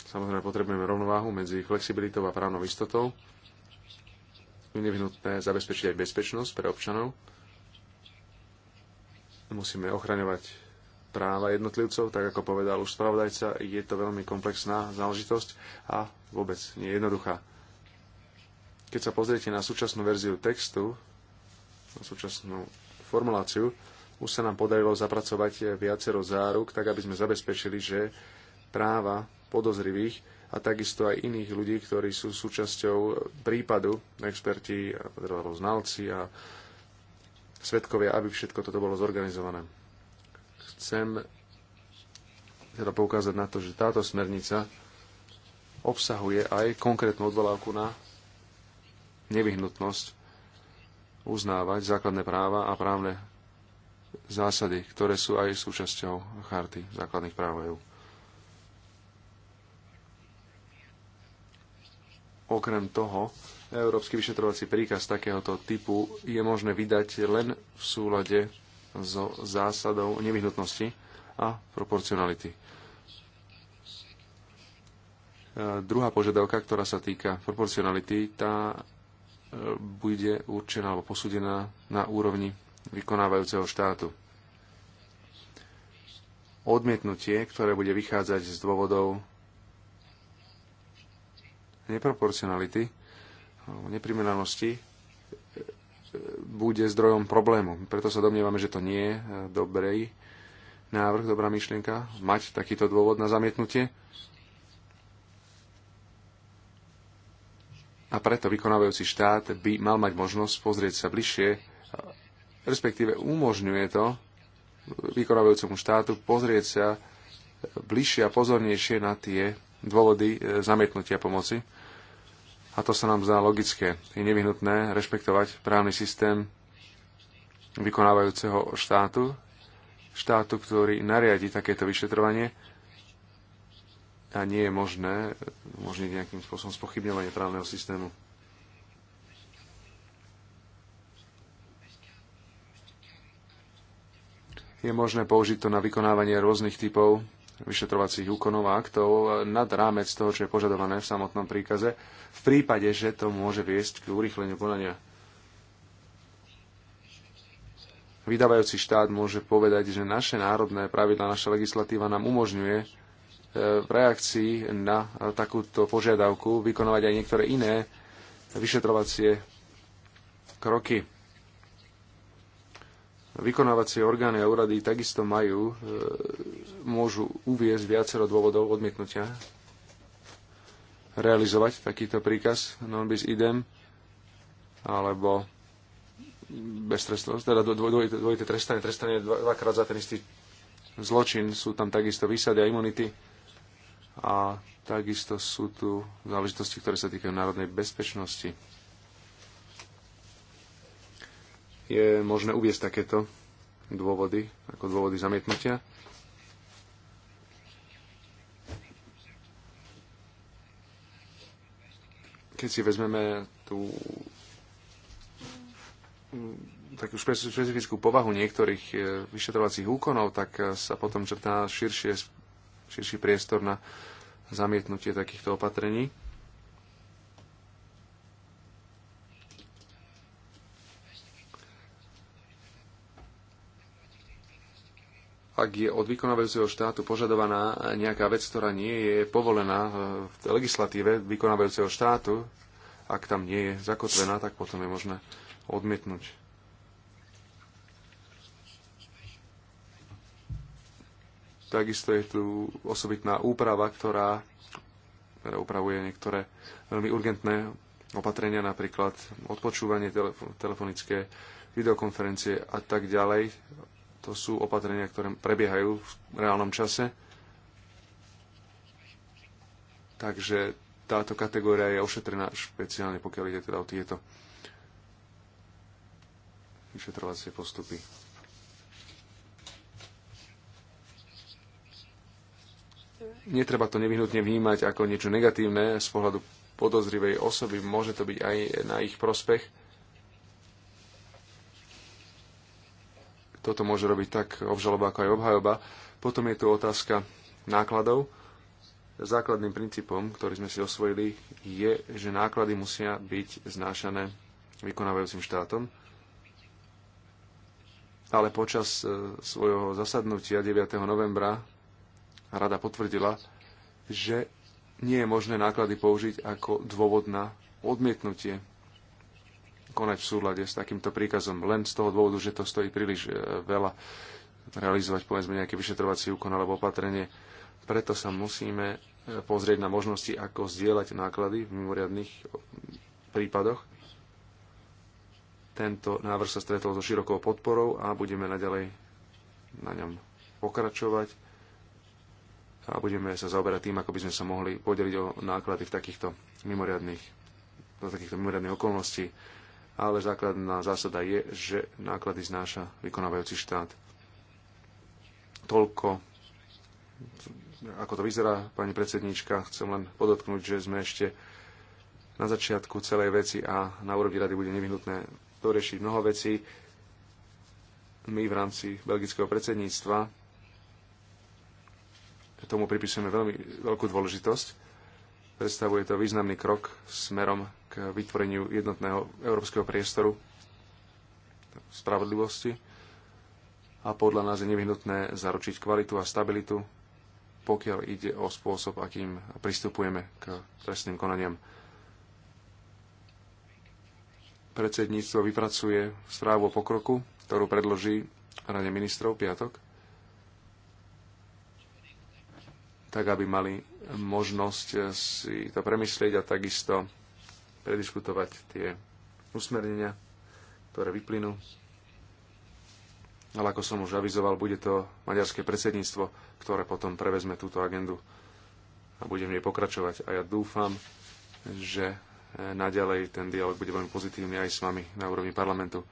Samozrejme potrebujeme rovnováhu medzi flexibilitou a právnou istotou. Je nevyhnutné zabezpečiť aj bezpečnosť pre občanov. Musíme ochraňovať práva jednotlivcov, tak ako povedal už spravodajca, je to veľmi komplexná záležitosť a vôbec nie jednoduchá. Keď sa pozriete na súčasnú verziu textu, súčasnú formuláciu, už sa nám podarilo zapracovať viacero záruk, tak aby sme zabezpečili, že práva podozrivých a takisto aj iných ľudí, ktorí sú súčasťou prípadu, experti, alebo znalci a svetkovia, aby všetko toto bolo zorganizované. Chcem teda poukázať na to, že táto smernica obsahuje aj konkrétnu odvolávku na nevyhnutnosť uznávať základné práva a právne zásady, ktoré sú aj súčasťou charty základných práv EU. Okrem toho, európsky vyšetrovací príkaz takéhoto typu je možné vydať len v súlade so zásadou nevyhnutnosti a proporcionality. Druhá požiadavka, ktorá sa týka proporcionality, tá bude určená alebo posúdená na úrovni vykonávajúceho štátu. Odmietnutie, ktoré bude vychádzať z dôvodov neproporcionality alebo neprimeranosti, bude zdrojom problému. Preto sa domnievame, že to nie je dobrý návrh, dobrá myšlienka, mať takýto dôvod na zamietnutie. a preto vykonávajúci štát by mal mať možnosť pozrieť sa bližšie, respektíve umožňuje to vykonávajúcemu štátu pozrieť sa bližšie a pozornejšie na tie dôvody e, zamietnutia pomoci. A to sa nám zdá logické. Je nevyhnutné rešpektovať právny systém vykonávajúceho štátu, štátu, ktorý nariadi takéto vyšetrovanie a nie je možné umožniť nejakým spôsobom spochybňovanie právneho systému. Je možné použiť to na vykonávanie rôznych typov vyšetrovacích úkonov a aktov nad rámec toho, čo je požadované v samotnom príkaze, v prípade, že to môže viesť k urýchleniu konania. Vydávajúci štát môže povedať, že naše národné pravidla, naša legislatíva nám umožňuje v reakcii na takúto požiadavku vykonovať aj niektoré iné vyšetrovacie kroky. Vykonávacie orgány a úrady takisto majú, e, môžu uviezť viacero dôvodov odmietnutia realizovať takýto príkaz non bis idem alebo bez trestov, teda dvojité trestanie, trestanie dvakrát za ten istý zločin, sú tam takisto výsady a imunity a takisto sú tu záležitosti, ktoré sa týkajú národnej bezpečnosti. Je možné uviesť takéto dôvody, ako dôvody zamietnutia? Keď si vezmeme tú takú špecifickú povahu niektorých eh, vyšetrovacích úkonov, tak eh, sa potom črtá širšie širší priestor na zamietnutie takýchto opatrení. ak je od vykonávajúceho štátu požadovaná nejaká vec, ktorá nie je povolená v legislatíve vykonávajúceho štátu, ak tam nie je zakotvená, tak potom je možné odmietnúť Takisto je tu osobitná úprava, ktorá teda upravuje niektoré veľmi urgentné opatrenia, napríklad odpočúvanie telefonické, videokonferencie a tak ďalej. To sú opatrenia, ktoré prebiehajú v reálnom čase. Takže táto kategória je ošetrená špeciálne, pokiaľ ide teda o tieto vyšetrovacie postupy. netreba to nevyhnutne vnímať ako niečo negatívne z pohľadu podozrivej osoby. Môže to byť aj na ich prospech. Toto môže robiť tak obžaloba ako aj obhajoba. Potom je tu otázka nákladov. Základným princípom, ktorý sme si osvojili, je, že náklady musia byť znášané vykonávajúcim štátom. Ale počas e, svojho zasadnutia 9. novembra rada potvrdila, že nie je možné náklady použiť ako dôvod na odmietnutie konať v súlade s takýmto príkazom len z toho dôvodu, že to stojí príliš e, veľa realizovať povedzme nejaký vyšetrovací úkon alebo opatrenie. Preto sa musíme e, pozrieť na možnosti, ako zdieľať náklady v mimoriadných prípadoch. Tento návrh sa stretol so širokou podporou a budeme naďalej na ňom pokračovať a budeme sa zaoberať tým, ako by sme sa mohli podeliť o náklady v takýchto mimoriadných, do takýchto mimoriadných okolností. Ale základná zásada je, že náklady znáša vykonávajúci štát. Toľko, ako to vyzerá, pani predsedníčka, chcem len podotknúť, že sme ešte na začiatku celej veci a na úrovni rady bude nevyhnutné doriešiť mnoho vecí. My v rámci belgického predsedníctva tomu pripisujeme veľmi veľkú dôležitosť. Predstavuje to významný krok smerom k vytvoreniu jednotného európskeho priestoru spravodlivosti a podľa nás je nevyhnutné zaručiť kvalitu a stabilitu, pokiaľ ide o spôsob, akým pristupujeme k trestným konaniam. Predsedníctvo vypracuje správu o pokroku, ktorú predloží Rade ministrov piatok tak aby mali možnosť eh, si to premyslieť a takisto prediskutovať tie usmernenia, ktoré vyplynú. Ale ako som už avizoval, bude to maďarské predsedníctvo, ktoré potom prevezme túto agendu a bude v nej pokračovať. A ja dúfam, že eh, naďalej ten dialog bude veľmi pozitívny aj s vami na úrovni parlamentu.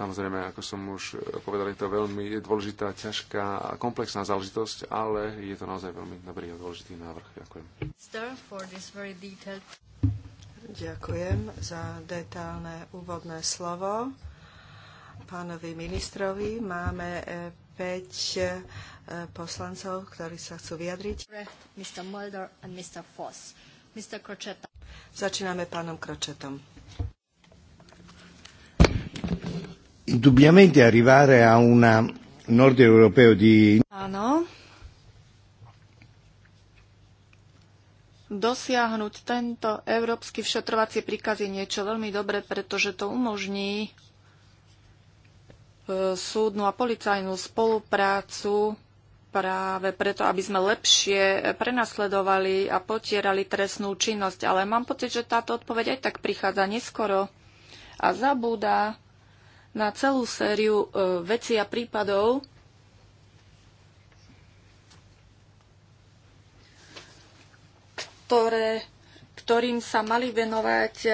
Samozrejme, ako som už povedal, je to veľmi dôležitá, ťažká a komplexná záležitosť, ale je to naozaj veľmi dobrý a dôležitý návrh. Ďakujem. Ďakujem za detálne úvodné slovo. Pánovi ministrovi máme 5 e, e, poslancov, ktorí sa chcú vyjadriť. Mr. Mulder and Mr. Foss. Mr. Začíname pánom Kročetom. Indubbiamente arrivare a un nord europeo di... Áno. Dosiahnuť tento európsky vyšetrovací príkaz je niečo veľmi dobré, pretože to umožní e, súdnu a policajnú spoluprácu práve preto, aby sme lepšie prenasledovali a potierali trestnú činnosť. Ale mám pocit, že táto odpoveď aj tak prichádza neskoro a zabúda na celú sériu e, vecí a prípadov, ktoré, ktorým sa mali venovať e,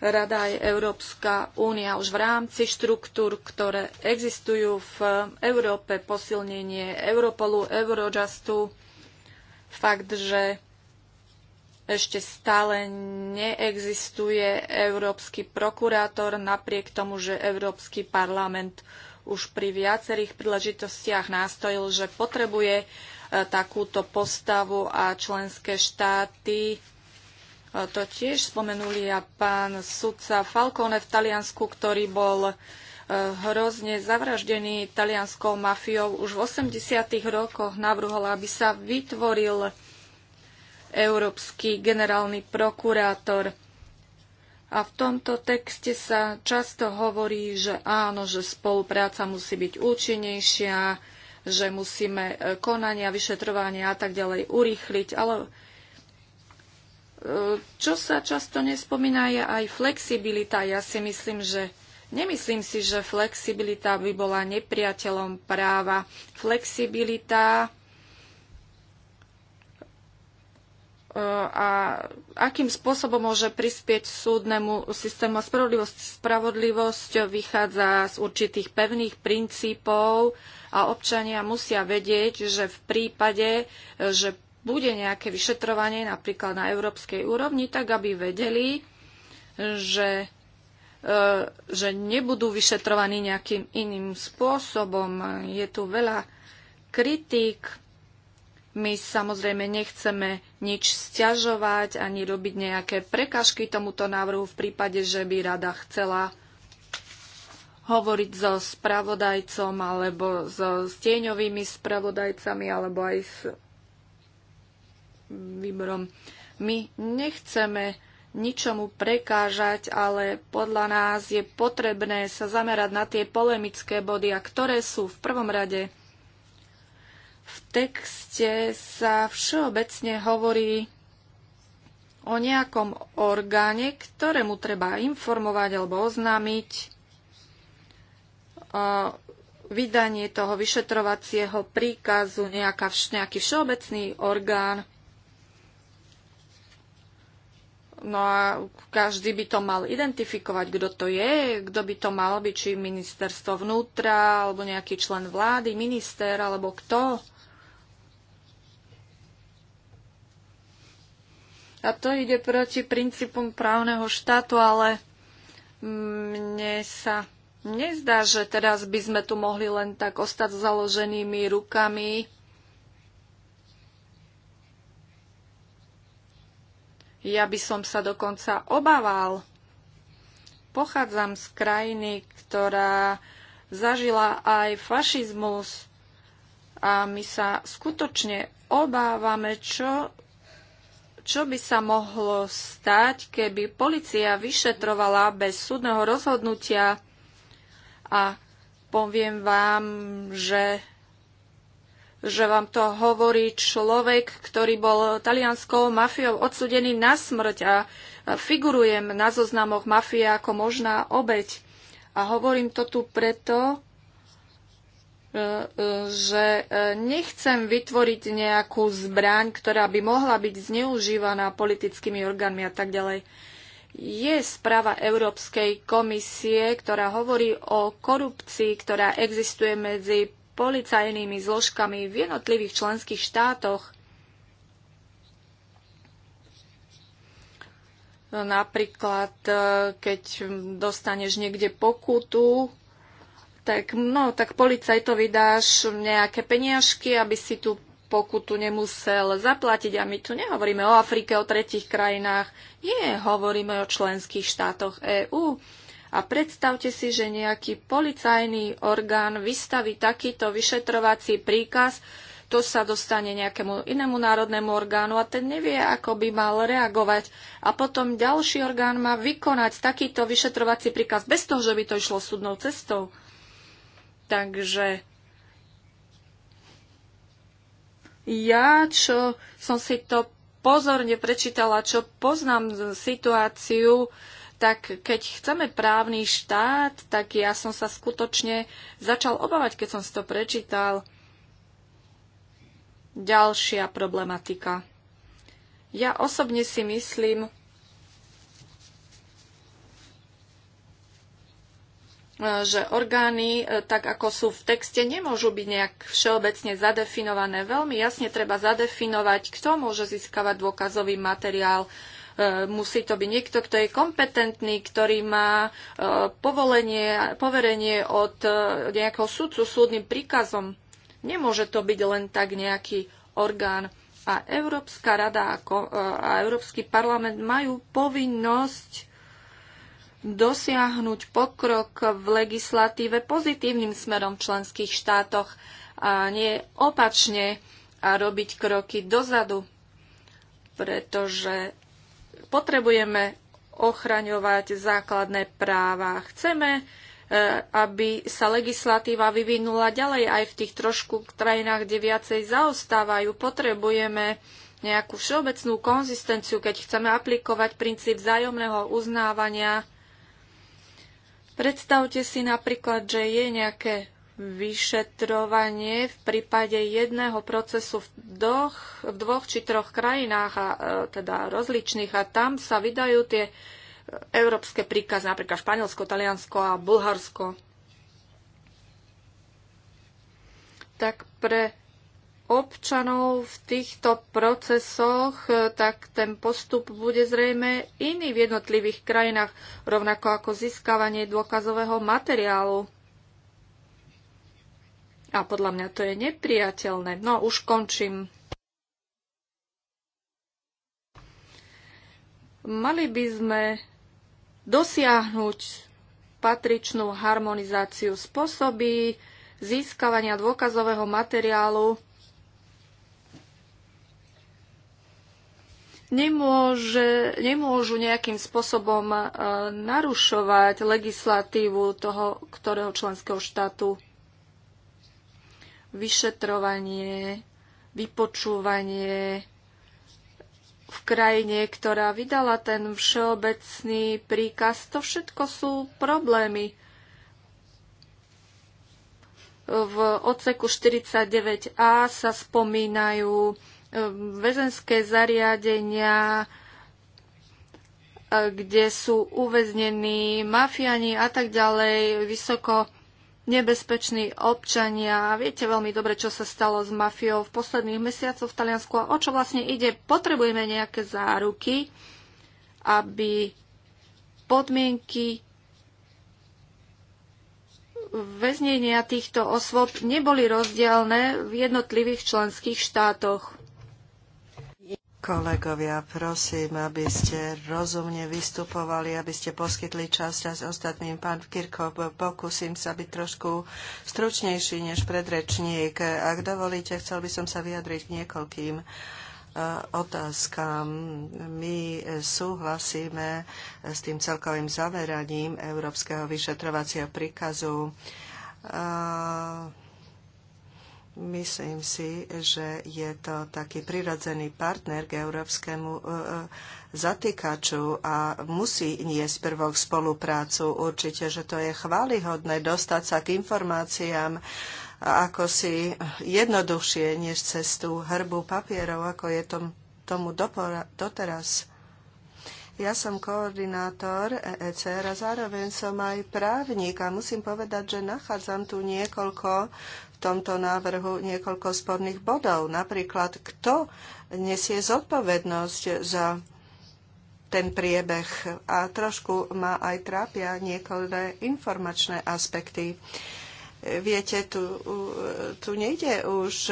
Rada aj Európska únia už v rámci štruktúr, ktoré existujú v Európe, posilnenie Europolu, Eurojustu, fakt, že ešte stále neexistuje európsky prokurátor, napriek tomu, že Európsky parlament už pri viacerých príležitostiach nástojil, že potrebuje e, takúto postavu a členské štáty e, to tiež spomenuli a pán sudca Falcone v Taliansku, ktorý bol e, hrozne zavraždený talianskou mafiou už v 80. rokoch navrhol, aby sa vytvoril európsky generálny prokurátor. A v tomto texte sa často hovorí, že áno, že spolupráca musí byť účinnejšia, že musíme e, konania, vyšetrovania a tak ďalej urýchliť, ale e, čo sa často nespomína je aj flexibilita. Ja si myslím, že nemyslím si, že flexibilita by bola nepriateľom práva. Flexibilita a akým spôsobom môže prispieť súdnemu systému a spravodlivosť. Spravodlivosť vychádza z určitých pevných princípov a občania musia vedieť, že v prípade, že bude nejaké vyšetrovanie napríklad na európskej úrovni, tak aby vedeli, že, e, že nebudú vyšetrovaní nejakým iným spôsobom. Je tu veľa kritík my samozrejme nechceme nič stiažovať ani robiť nejaké prekažky tomuto návrhu v prípade, že by rada chcela hovoriť so spravodajcom alebo so stieňovými spravodajcami alebo aj s výborom. My nechceme ničomu prekážať, ale podľa nás je potrebné sa zamerať na tie polemické body, a ktoré sú v prvom rade v texte sa všeobecne hovorí o nejakom orgáne, ktorému treba informovať alebo oznámiť vydanie toho vyšetrovacieho príkazu, nejaká, nejaký všeobecný orgán. No a každý by to mal identifikovať, kto to je, kto by to mal byť, či ministerstvo vnútra, alebo nejaký člen vlády, minister, alebo kto. A to ide proti princípom právneho štátu, ale mne sa nezdá, že teraz by sme tu mohli len tak ostať založenými rukami. Ja by som sa dokonca obával. Pochádzam z krajiny, ktorá zažila aj fašizmus a my sa skutočne obávame, čo čo by sa mohlo stať, keby policia vyšetrovala bez súdneho rozhodnutia a poviem vám, že že vám to hovorí človek, ktorý bol talianskou mafiou odsudený na smrť a figurujem na zoznamoch mafie ako možná obeď. A hovorím to tu preto, že e, nechcem vytvoriť nejakú zbraň, ktorá by mohla byť zneužívaná politickými orgánmi a tak ďalej. Je správa Európskej komisie, ktorá hovorí o korupcii, ktorá existuje medzi policajnými zložkami v jednotlivých členských štátoch. Napríklad, e, keď dostaneš niekde pokutu, tak no tak policajtovi dáš nejaké peniažky, aby si tú pokutu nemusel zaplatiť. A my tu nehovoríme o Afrike, o tretich krajinách. Nie, hovoríme o členských štátoch EÚ. A predstavte si, že nejaký policajný orgán vystaví takýto vyšetrovací príkaz, to sa dostane nejakému inému národnému orgánu a ten nevie, ako by mal reagovať. A potom ďalší orgán má vykonať takýto vyšetrovací príkaz bez toho, že by to išlo súdnou cestou. Takže ja, čo som si to pozorne prečítala, čo poznám situáciu, tak keď chceme právny štát, tak ja som sa skutočne začal obávať, keď som si to prečítal. Ďalšia problematika. Ja osobne si myslím, že orgány, e, tak ako sú v texte, nemôžu byť nejak všeobecne zadefinované. Veľmi jasne treba zadefinovať, kto môže získavať dôkazový materiál. E, musí to byť niekto, kto je kompetentný, ktorý má e, povolenie, poverenie od nejakého sudcu súdnym príkazom. Nemôže to byť len tak nejaký orgán. A Európska rada a Európsky parlament majú povinnosť dosiahnuť pokrok v legislatíve pozitívnym smerom v členských štátoch a nie opačne a robiť kroky dozadu, pretože potrebujeme ochraňovať základné práva. Chceme, e, aby sa legislatíva vyvinula ďalej aj v tých trošku krajinách, kde viacej zaostávajú. Potrebujeme nejakú všeobecnú konzistenciu, keď chceme aplikovať princíp vzájomného uznávania Predstavte si napríklad, že je nejaké vyšetrovanie v prípade jedného procesu v, doch, v dvoch či troch krajinách, a, e, teda rozličných, a tam sa vydajú tie e, európske príkazy, napríklad Španielsko, Taliansko a Bulharsko. Tak pre občanov v týchto procesoch, e, tak ten postup bude zrejme iný v jednotlivých krajinách, rovnako ako získavanie dôkazového materiálu. A podľa mňa to je nepriateľné. No, už končím. Mali by sme dosiahnuť patričnú harmonizáciu spôsoby získavania dôkazového materiálu nemôže, nemôžu nejakým spôsobom e, narušovať legislatívu toho, ktorého členského štátu. Vyšetrovanie, vypočúvanie v krajine, ktorá vydala ten všeobecný príkaz, to všetko sú problémy. V odseku 49a sa spomínajú väzenské zariadenia, e, kde sú uväznení mafiani a tak ďalej, vysoko nebezpeční občania. Viete veľmi dobre, čo sa stalo s mafiou v posledných mesiacoch v Taliansku a o čo vlastne ide. Potrebujeme nejaké záruky, aby podmienky väznenia týchto osôb neboli rozdielne v jednotlivých členských štátoch. Kolegovia, prosím, aby ste rozumne vystupovali, aby ste poskytli čas s ostatným. Pán Kirko, pokúsim sa byť trošku stručnejší než predrečník. Ak dovolíte, chcel by som sa vyjadriť k niekoľkým e, otázkam. My súhlasíme s tým celkovým zameraním Európskeho vyšetrovacieho príkazu. Myslím si, že je to taký prirodzený partner k európskemu e, e, zatýkaču a musí niesť prvok spoluprácu. Určite, že to je chválihodné dostať sa k informáciám ako si jednoduchšie než cez tú hrbu papierov, ako je tom, tomu doteraz. Ja som koordinátor ECR e a zároveň som aj právnik a musím povedať, že nachádzam tu niekoľko tomto návrhu niekoľko sporných bodov. Napríklad, kto nesie zodpovednosť za ten priebeh a trošku ma aj trápia niektoré informačné aspekty. Viete, tu, tu nejde už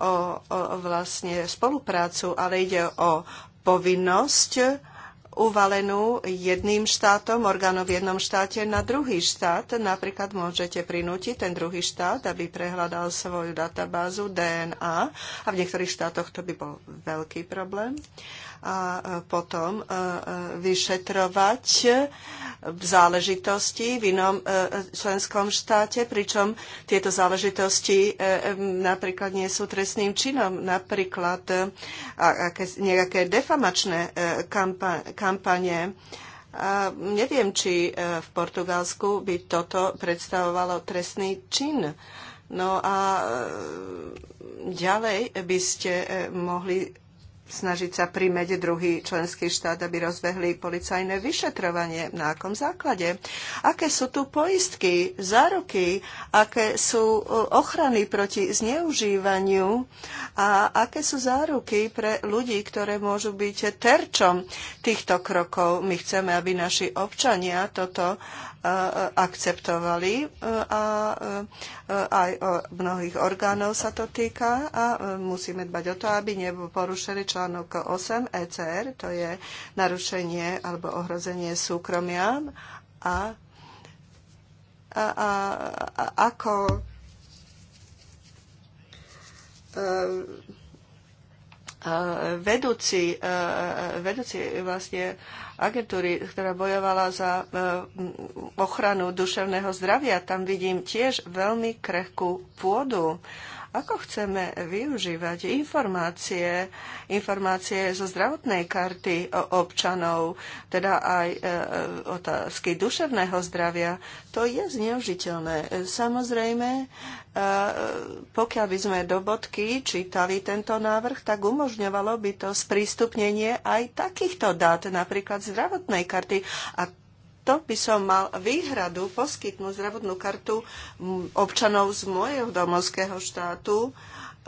o, o vlastne spoluprácu, ale ide o povinnosť uvalenú jedným štátom, orgánom v jednom štáte na druhý štát. Napríklad môžete prinútiť ten druhý štát, aby prehľadal svoju databázu DNA a v niektorých štátoch to by bol veľký problém a e, potom e, e, vyšetrovať v záležitosti v inom členskom štáte, pričom tieto záležitosti napríklad nie sú trestným činom. Napríklad nejaké defamačné kampanie. A neviem, či v Portugalsku by toto predstavovalo trestný čin. No a ďalej by ste mohli snažiť sa primeť druhý členský štát, aby rozbehli policajné vyšetrovanie. Na akom základe? Aké sú tu poistky, záruky? Aké sú e, ochrany proti zneužívaniu? A aké sú záruky pre ľudí, ktoré môžu byť terčom týchto krokov? My chceme, aby naši občania toto Eh, akceptovali eh, a eh, aj mnohých orgánov sa to týka a musíme dbať o to, aby neporušili článok 8 ECR, to je narušenie alebo ohrozenie súkromia a, a, a, a ako vedúci, vedúci vlastne agentúry, ktorá bojovala za ochranu duševného zdravia. Tam vidím tiež veľmi krehkú pôdu. Ako chceme využívať informácie, informácie zo zdravotnej karty občanov, teda aj e, e, otázky duševného zdravia? To je zneužiteľné. Samozrejme, e, pokiaľ by sme do bodky čítali tento návrh, tak umožňovalo by to sprístupnenie aj takýchto dát, napríklad zdravotnej karty. A to by som mal výhradu poskytnúť zdravotnú kartu občanov z môjho domovského štátu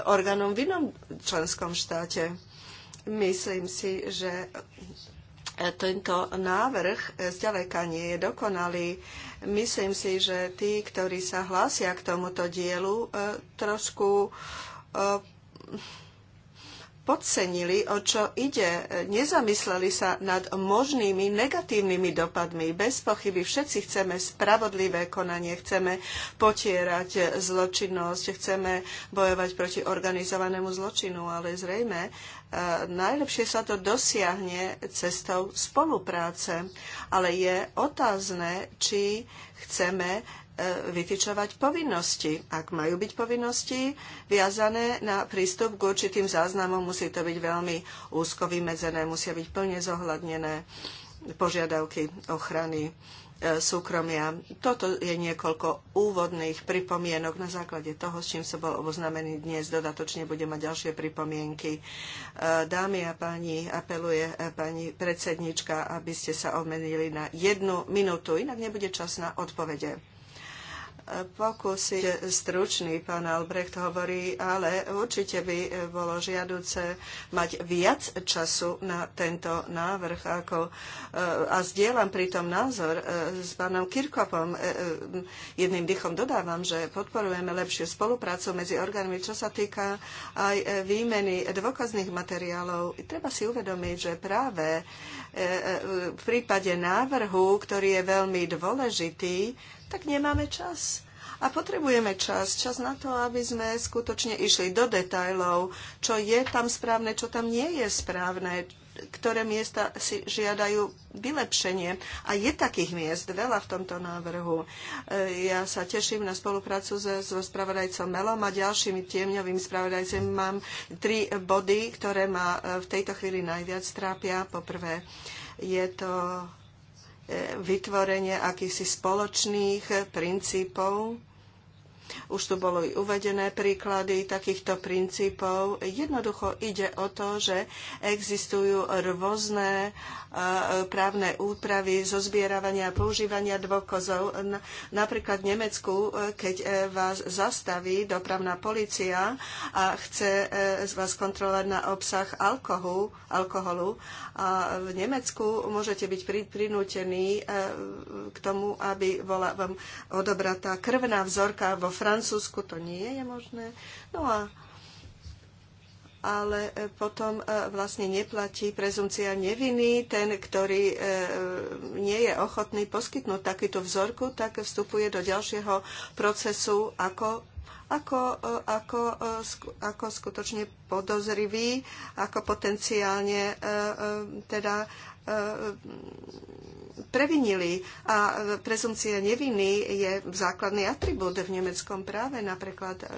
orgánom v inom členskom štáte. Myslím si, že tento návrh zďaleka nie je dokonalý. Myslím si, že tí, ktorí sa hlásia k tomuto dielu, e, trošku e, podcenili, o čo ide. Nezamysleli sa nad možnými negatívnymi dopadmi. Bez pochyby všetci chceme spravodlivé konanie, chceme potierať zločinnosť, chceme bojovať proti organizovanému zločinu, ale zrejme e, najlepšie sa to dosiahne cestou spolupráce. Ale je otázne, či chceme E, vytyčovať povinnosti. Ak majú byť povinnosti viazané na prístup k určitým záznamom, musí to byť veľmi úzko vymedzené, musia byť plne zohľadnené požiadavky ochrany e, súkromia. Toto je niekoľko úvodných pripomienok na základe toho, s čím som bol oboznamený dnes. Dodatočne budem mať ďalšie pripomienky. E, dámy a páni, apeluje pani predsednička, aby ste sa obmenili na jednu minútu, inak nebude čas na odpovede pokúsiť stručný. Pán Albrecht hovorí, ale určite by bolo žiaduce mať viac času na tento návrh. Ako, eh, a zdieľam pritom názor eh, s pánom Kirkopom. Eh, jedným dychom dodávam, že podporujeme lepšiu spoluprácu medzi orgánmi, čo sa týka aj výmeny dôkazných materiálov. Treba si uvedomiť, že práve v prípade návrhu, ktorý je veľmi dôležitý, tak nemáme čas. A potrebujeme čas, čas na to, aby sme skutočne išli do detajlov, čo je tam správne, čo tam nie je správne, ktoré miesta si žiadajú vylepšenie. A je takých miest veľa v tomto návrhu. E, ja sa teším na spoluprácu so spravodajcom Melom a ďalším tieňovým spravodajcem. Mám tri body, ktoré ma e, v tejto chvíli najviac trápia. Poprvé je to vytvorenie akýchsi spoločných princípov už tu boli uvedené príklady takýchto princípov. Jednoducho ide o to, že existujú rôzne e, právne úpravy zo zbieravania a používania dôkazov. Napríklad v Nemecku, e, keď e, vás zastaví dopravná policia a chce z vás kontrolovať na obsah alkoholu, alkoholu a v Nemecku môžete byť prinútení k tomu, aby bola vám odobratá krvná vzorka vo Francúzsku to nie je možné. No a ale e, potom e, vlastne neplatí prezumcia neviny. Ten, ktorý e, nie je ochotný poskytnúť takýto vzorku, tak vstupuje do ďalšieho procesu ako ako, ako, ako skutočne podozrivý, ako potenciálne teda previnili. A prezumcia neviny je základný atribút v nemeckom práve, napríklad e, e,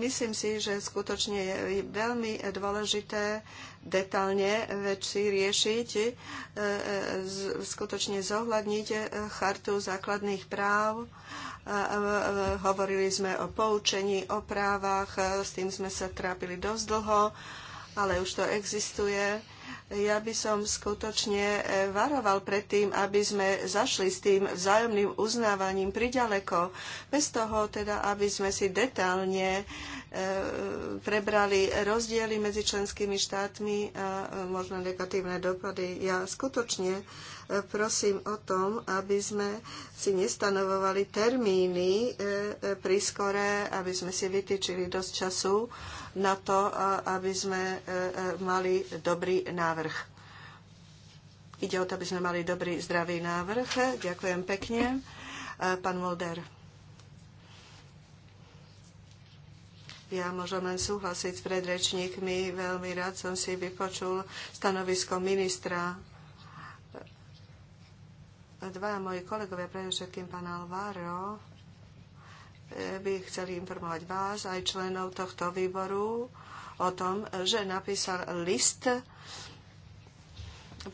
Myslím si, že skutočne je veľmi dôležité detálne veci riešiť, e, skutočne zohľadniť chartu základných práv. Hovorili sme o poučení, o právach, s tým sme sa trápili dosť dlho, ale už to existuje ja by som skutočne e, varoval pred tým, aby sme zašli s tým vzájomným uznávaním priďaleko, bez toho teda, aby sme si detálne e, prebrali rozdiely medzi členskými štátmi a e, možno negatívne dopady. Ja skutočne prosím o tom, aby sme si nestanovovali termíny prískore, aby sme si vytýčili dosť času na to, aby sme e, e, mali dobrý návrh. Ide o to, aby sme mali dobrý, zdravý návrh. Ďakujem pekne. E, pán Molder. Ja môžem len súhlasiť s predrečníkmi. Veľmi rád som si vypočul stanovisko ministra. Dva moji kolegovia, predovšetkým pán Alvaro, by chceli informovať vás, aj členov tohto výboru, o tom, že napísal list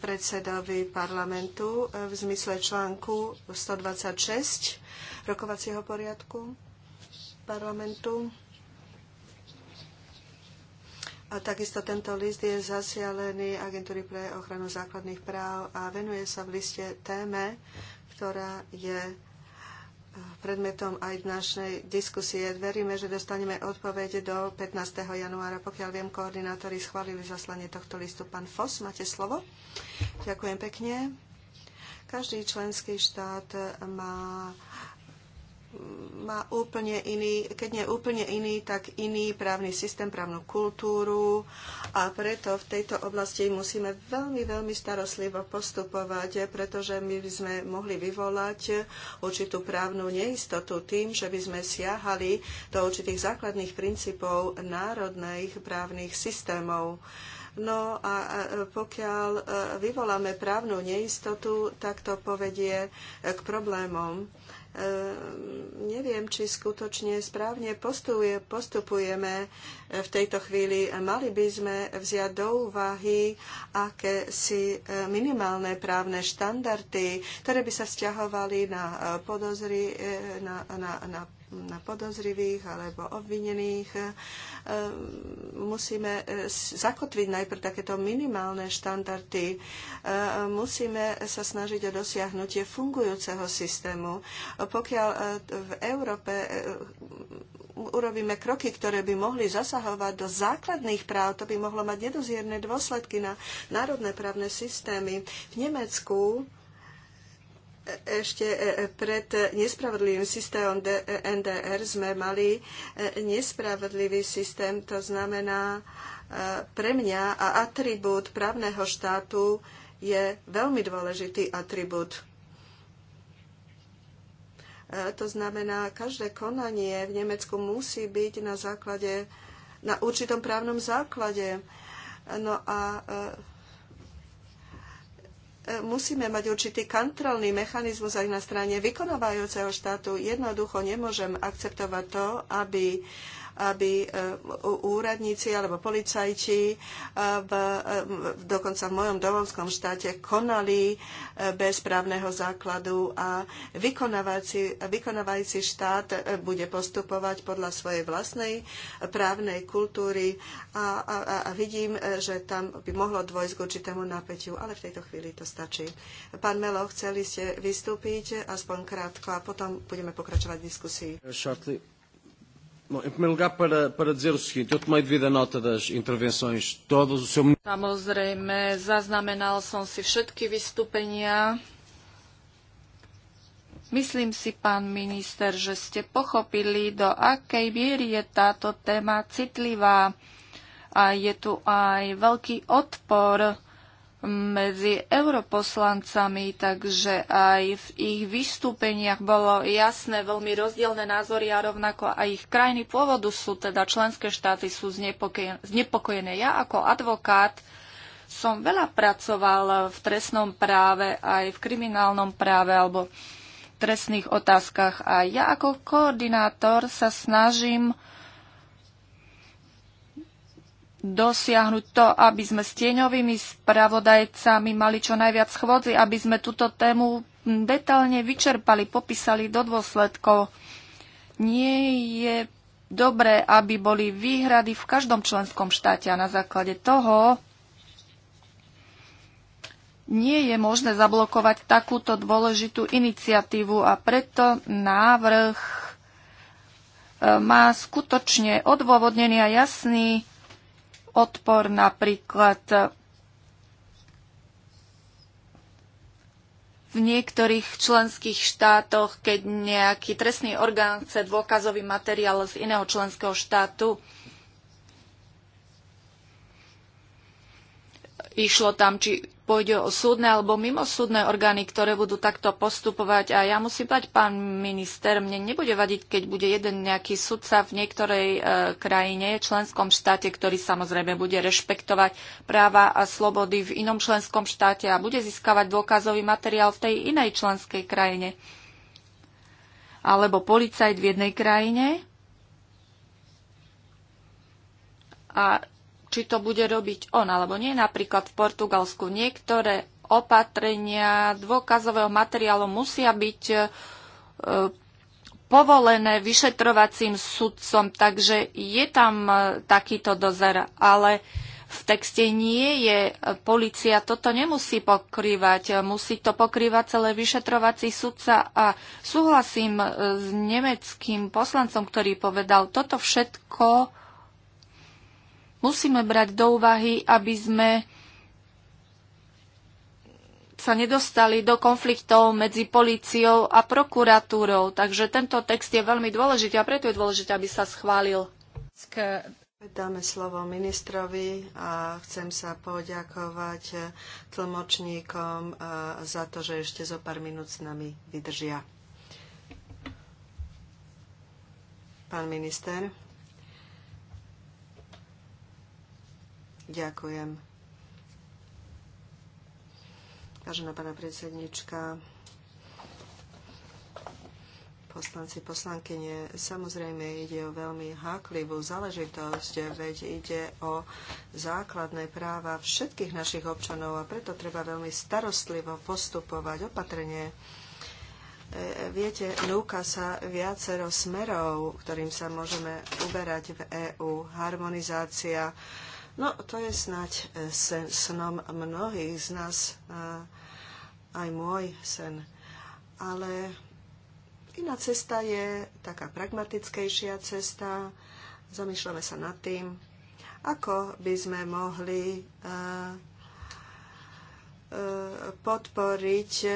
predsedovi parlamentu v zmysle článku 126 rokovacieho poriadku parlamentu. A takisto tento list je zasialený agentúry pre ochranu základných práv a venuje sa v liste téme, ktorá je predmetom aj našej diskusie. Veríme, že dostaneme odpovede do 15. januára. Pokiaľ viem, koordinátori schválili zaslanie tohto listu. Pán Fos, máte slovo. Ďakujem pekne. Každý členský štát má má úplne iný, keď nie úplne iný, tak iný právny systém, právnu kultúru a preto v tejto oblasti musíme veľmi, veľmi starostlivo postupovať, pretože my by sme mohli vyvolať určitú právnu neistotu tým, že by sme siahali do určitých základných princípov národných právnych systémov. No a pokiaľ e, vyvoláme právnu neistotu, tak to povedie e, k problémom Ehm, neviem, či skutočne správne postupujeme eh, v tejto chvíli. Mali by sme vziať do úvahy aké si eh, minimálne právne štandardy, ktoré by sa vzťahovali na eh, podozry, na, na, na na podozrivých alebo obvinených. E, musíme e, zakotviť najprv takéto minimálne štandardy. E, musíme sa snažiť o dosiahnutie fungujúceho systému. Pokiaľ v Európe urobíme kroky, ktoré by mohli zasahovať do základných práv, to by mohlo mať nedozierne dôsledky na národné právne systémy. V Nemecku ešte e, e, pred nespravodlivým systémom e, NDR sme mali nespravodlivý systém, to znamená pre mňa a atribút právneho štátu je veľmi dôležitý atribút. To znamená, každé konanie v Nemecku musí byť na základe, na určitom právnom základe. No a musíme mať určitý kontrolný mechanizmus aj na strane vykonávajúceho štátu. Jednoducho nemôžem akceptovať to, aby aby e, úradníci alebo policajti e, v, e, dokonca v mojom domovskom štáte konali bez právneho základu a vykonávajúci štát bude postupovať podľa svojej vlastnej právnej kultúry a, a, a vidím, že tam by mohlo dôjsť k určitému napätiu, ale v tejto chvíli to stačí. Pán Melo, chceli ste vystúpiť aspoň krátko a potom budeme pokračovať v diskusii. Shortly. Bom, em primeiro lugar, para, para dizer o seguinte, eu tomei devida nota das intervenções todas. O seu... Samozrejme, zaznamenal som si všetky vystúpenia. Myslím si, pán minister, že ste pochopili, do akej miery je táto téma citlivá. A je tu aj veľký odpor medzi europoslancami, takže aj v ich vystúpeniach bolo jasné veľmi rozdielne názory a rovnako aj ich krajiny pôvodu sú, teda členské štáty sú znepokojené. Ja ako advokát som veľa pracoval v trestnom práve, aj v kriminálnom práve alebo trestných otázkach a ja ako koordinátor sa snažím dosiahnuť to, aby sme s tieňovými spravodajcami mali čo najviac chvôdzi, aby sme túto tému detálne vyčerpali, popísali do dôsledkov. Nie je dobré, aby boli výhrady v každom členskom štáte a na základe toho nie je možné zablokovať takúto dôležitú iniciatívu a preto návrh e, má skutočne odôvodnený a jasný odpor napríklad v niektorých členských štátoch, keď nejaký trestný orgán chce dôkazový materiál z iného členského štátu išlo tam, či pôjde o súdne alebo mimosúdne orgány, ktoré budú takto postupovať. A ja musím povedať, pán minister, mne nebude vadiť, keď bude jeden nejaký sudca v niektorej e, krajine, členskom štáte, ktorý samozrejme bude rešpektovať práva a slobody v inom členskom štáte a bude získavať dôkazový materiál v tej inej členskej krajine. Alebo policajt v jednej krajine a či to bude robiť on alebo nie. Napríklad v Portugalsku niektoré opatrenia dôkazového materiálu musia byť e, povolené vyšetrovacím sudcom, takže je tam e, takýto dozer, ale v texte nie je, e, policia toto nemusí pokrývať, musí to pokrývať celé vyšetrovací sudca a súhlasím s nemeckým poslancom, ktorý povedal, toto všetko musíme brať do úvahy, aby sme sa nedostali do konfliktov medzi políciou a prokuratúrou. Takže tento text je veľmi dôležitý a preto je dôležité, aby sa schválil. Dáme slovo ministrovi a chcem sa poďakovať tlmočníkom eh, za to, že ešte zo pár minút s nami vydržia. Pán minister. Ďakujem. Vážená pána predsednička, poslanci, poslankyne. Samozrejme ide o veľmi háklivú záležitosť, veď ide o základné práva všetkých našich občanov a preto treba veľmi starostlivo postupovať opatrne. E, viete, núka sa viacero smerov, ktorým sa môžeme uberať v EÚ. Harmonizácia No, to je snáď e, sen, snom mnohých z nás, aj môj sen. Ale iná cesta je taká pragmatickejšia cesta. Zamýšľame sa nad tým, ako by sme mohli e, podporiť e, e,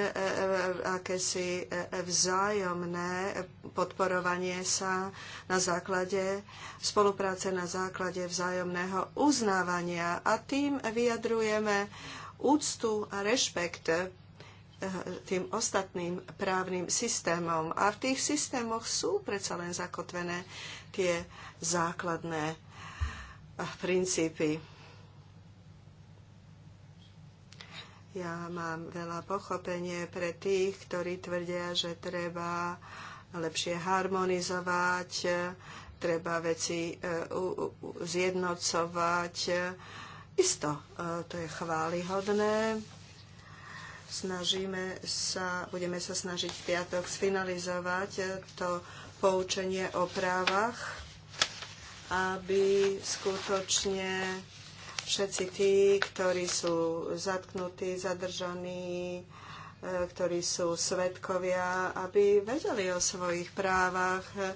akési e, vzájomné podporovanie sa na základe spolupráce na základe vzájomného uznávania a tým vyjadrujeme úctu a rešpekt tým ostatným právnym systémom. A v tých systémoch sú predsa len zakotvené tie základné princípy Ja mám veľa pochopenie pre tých, ktorí tvrdia, že treba lepšie harmonizovať, treba veci e, zjednocovať. Isto, e, to je chválihodné. Snažíme sa, budeme sa snažiť v piatok sfinalizovať e, to poučenie o právach, aby skutočne všetci tí, ktorí sú zatknutí, zadržaní, e, ktorí sú svetkovia, aby vedeli o svojich právach. E,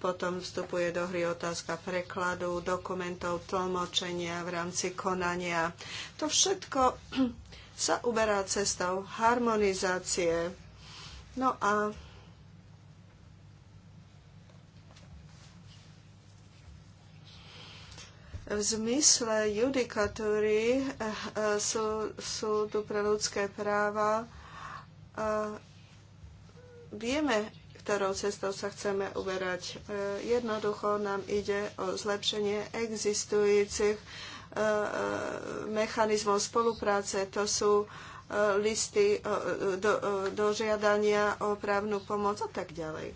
potom vstupuje do hry otázka prekladu, dokumentov, tlmočenia v rámci konania. To všetko sa uberá cestou harmonizácie. No a v zmysle judikatúry eh, súdu pre ľudské práva eh, vieme, ktorou cestou sa chceme uberať. Eh, jednoducho nám ide o zlepšenie existujúcich mechanizmov spolupráce. To sú listy do, do o právnu pomoc a tak ďalej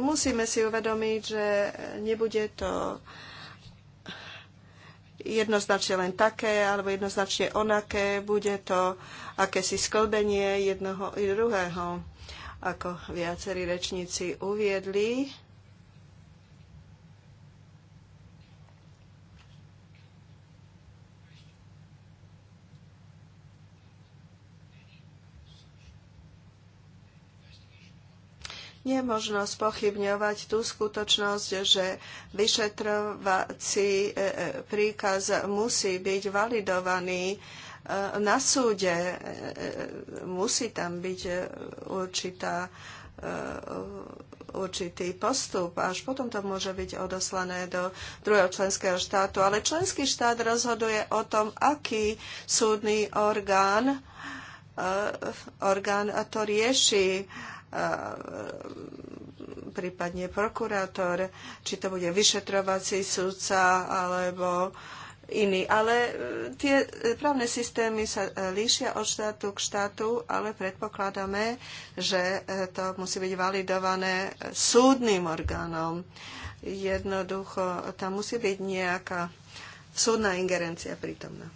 musíme si uvedomiť, že nebude to jednoznačne len také alebo jednoznačne onaké, bude to akési sklbenie jednoho i druhého. Ako viacerí rečníci uviedli, Nemožno spochybňovať tú skutočnosť, že vyšetrovací e, e, príkaz musí byť validovaný e, na súde. Musí tam byť určitá určitý postup, až potom to môže byť odoslané do druhého členského štátu. Ale členský štát rozhoduje o tom, aký súdny orgán, orgán to rieši E, prípadne prokurátor, či to bude vyšetrovací sudca alebo iný. Ale e, tie právne systémy sa e, líšia od štátu k štátu, ale predpokladáme, že to musí byť validované súdnym orgánom. Jednoducho tam musí byť nejaká súdna ingerencia prítomná.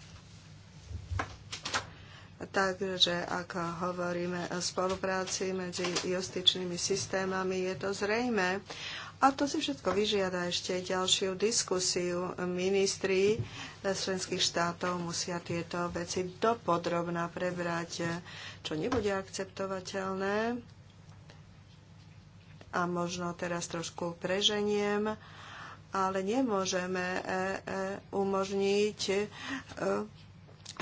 Takže ak hovoríme o spolupráci medzi justičnými systémami, je to zrejme. A to si všetko vyžiada ešte ďalšiu diskusiu. Ministri členských štátov musia tieto veci dopodrobná prebrať, čo nebude akceptovateľné. A možno teraz trošku preženiem, ale nemôžeme e, e, umožniť e,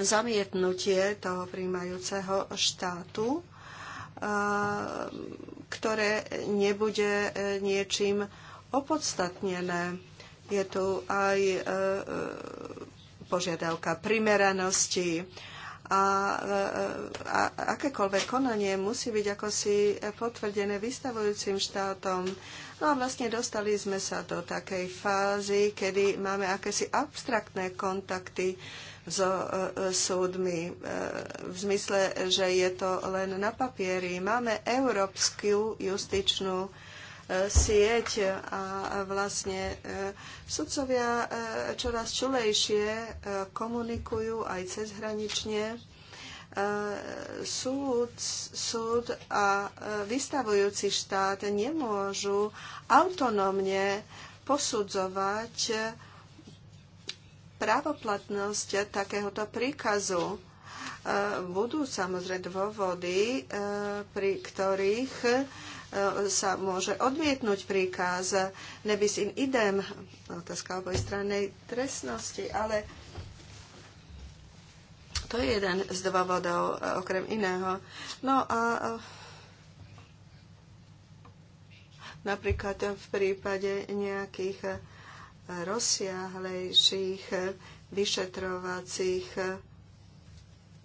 zamietnutie toho príjmajúceho štátu, ktoré nebude e, niečím opodstatnené. Je tu aj e, e, požiadavka primeranosti a, a akékoľvek konanie musí byť ako si potvrdené vystavujúcim štátom. No a vlastne dostali sme sa do takej fázy, kedy máme akési abstraktné kontakty so e, e, súdmi e, v zmysle, že je to len na papieri. Máme európsku justičnú sieť a vlastne sudcovia čoraz čulejšie komunikujú aj cezhranične. Súd, súd a vystavujúci štát nemôžu autonómne posudzovať právoplatnosť takéhoto príkazu. E, budú samozrejme dôvody, e, pri ktorých e, sa môže odmietnúť príkaz nebis in idem, otázka obojstrannej trestnosti, ale to je jeden z dôvodov, okrem iného. No a napríklad v prípade nejakých rozsiahlejších vyšetrovacích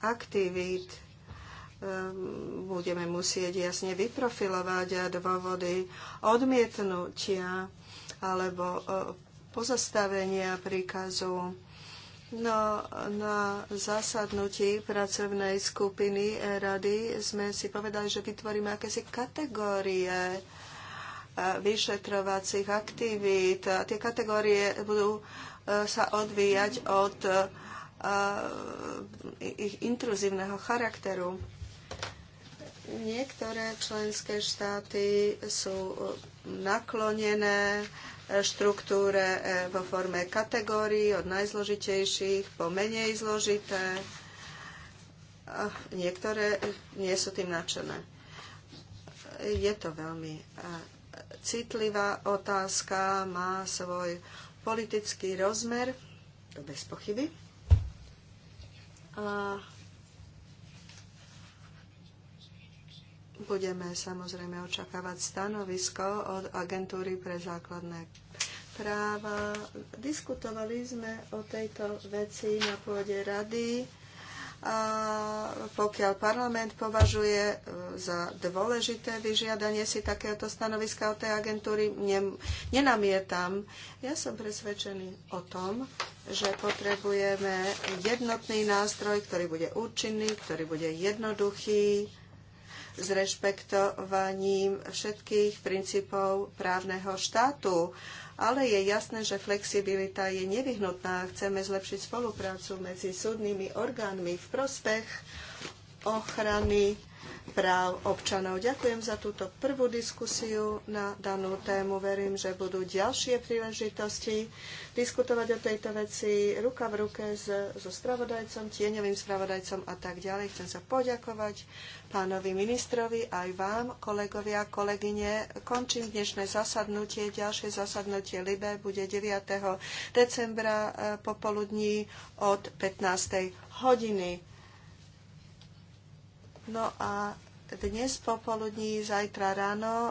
aktivít. Ehm, budeme musieť jasne vyprofilovať dôvody odmietnutia alebo e, pozastavenia príkazu. No, na zasadnutí pracovnej skupiny rady sme si povedali, že vytvoríme akési kategórie vyšetrovacích aktivít. Tie kategórie budú e, sa odvíjať od e, e, ich intruzívneho charakteru. Niektoré členské štáty sú naklonené štruktúre vo forme kategórií od najzložitejších po menej zložité. Niektoré nie sú tým nadšené. Je to veľmi citlivá otázka, má svoj politický rozmer, to bez pochyby. A budeme samozrejme očakávať stanovisko od agentúry pre základné práva. Diskutovali sme o tejto veci na pôde rady a pokiaľ parlament považuje e, za dôležité vyžiadanie si takéhoto stanoviska od tej agentúry, nenamietam. Ja som presvedčený o tom, že potrebujeme jednotný nástroj, ktorý bude účinný, ktorý bude jednoduchý, s rešpektovaním všetkých princípov právneho štátu ale je jasné, že flexibilita je nevyhnutná. Chceme zlepšiť spoluprácu medzi súdnymi orgánmi v prospech ochrany práv občanov. Ďakujem za túto prvú diskusiu na danú tému. Verím, že budú ďalšie príležitosti diskutovať o tejto veci ruka v ruke so spravodajcom, tieňovým spravodajcom a tak ďalej. Chcem sa poďakovať pánovi ministrovi aj vám, kolegovia, kolegyne. Končím dnešné zasadnutie. Ďalšie zasadnutie LIBE bude 9. decembra eh, popoludní od 15. hodiny. No a dnes popoludní, zajtra ráno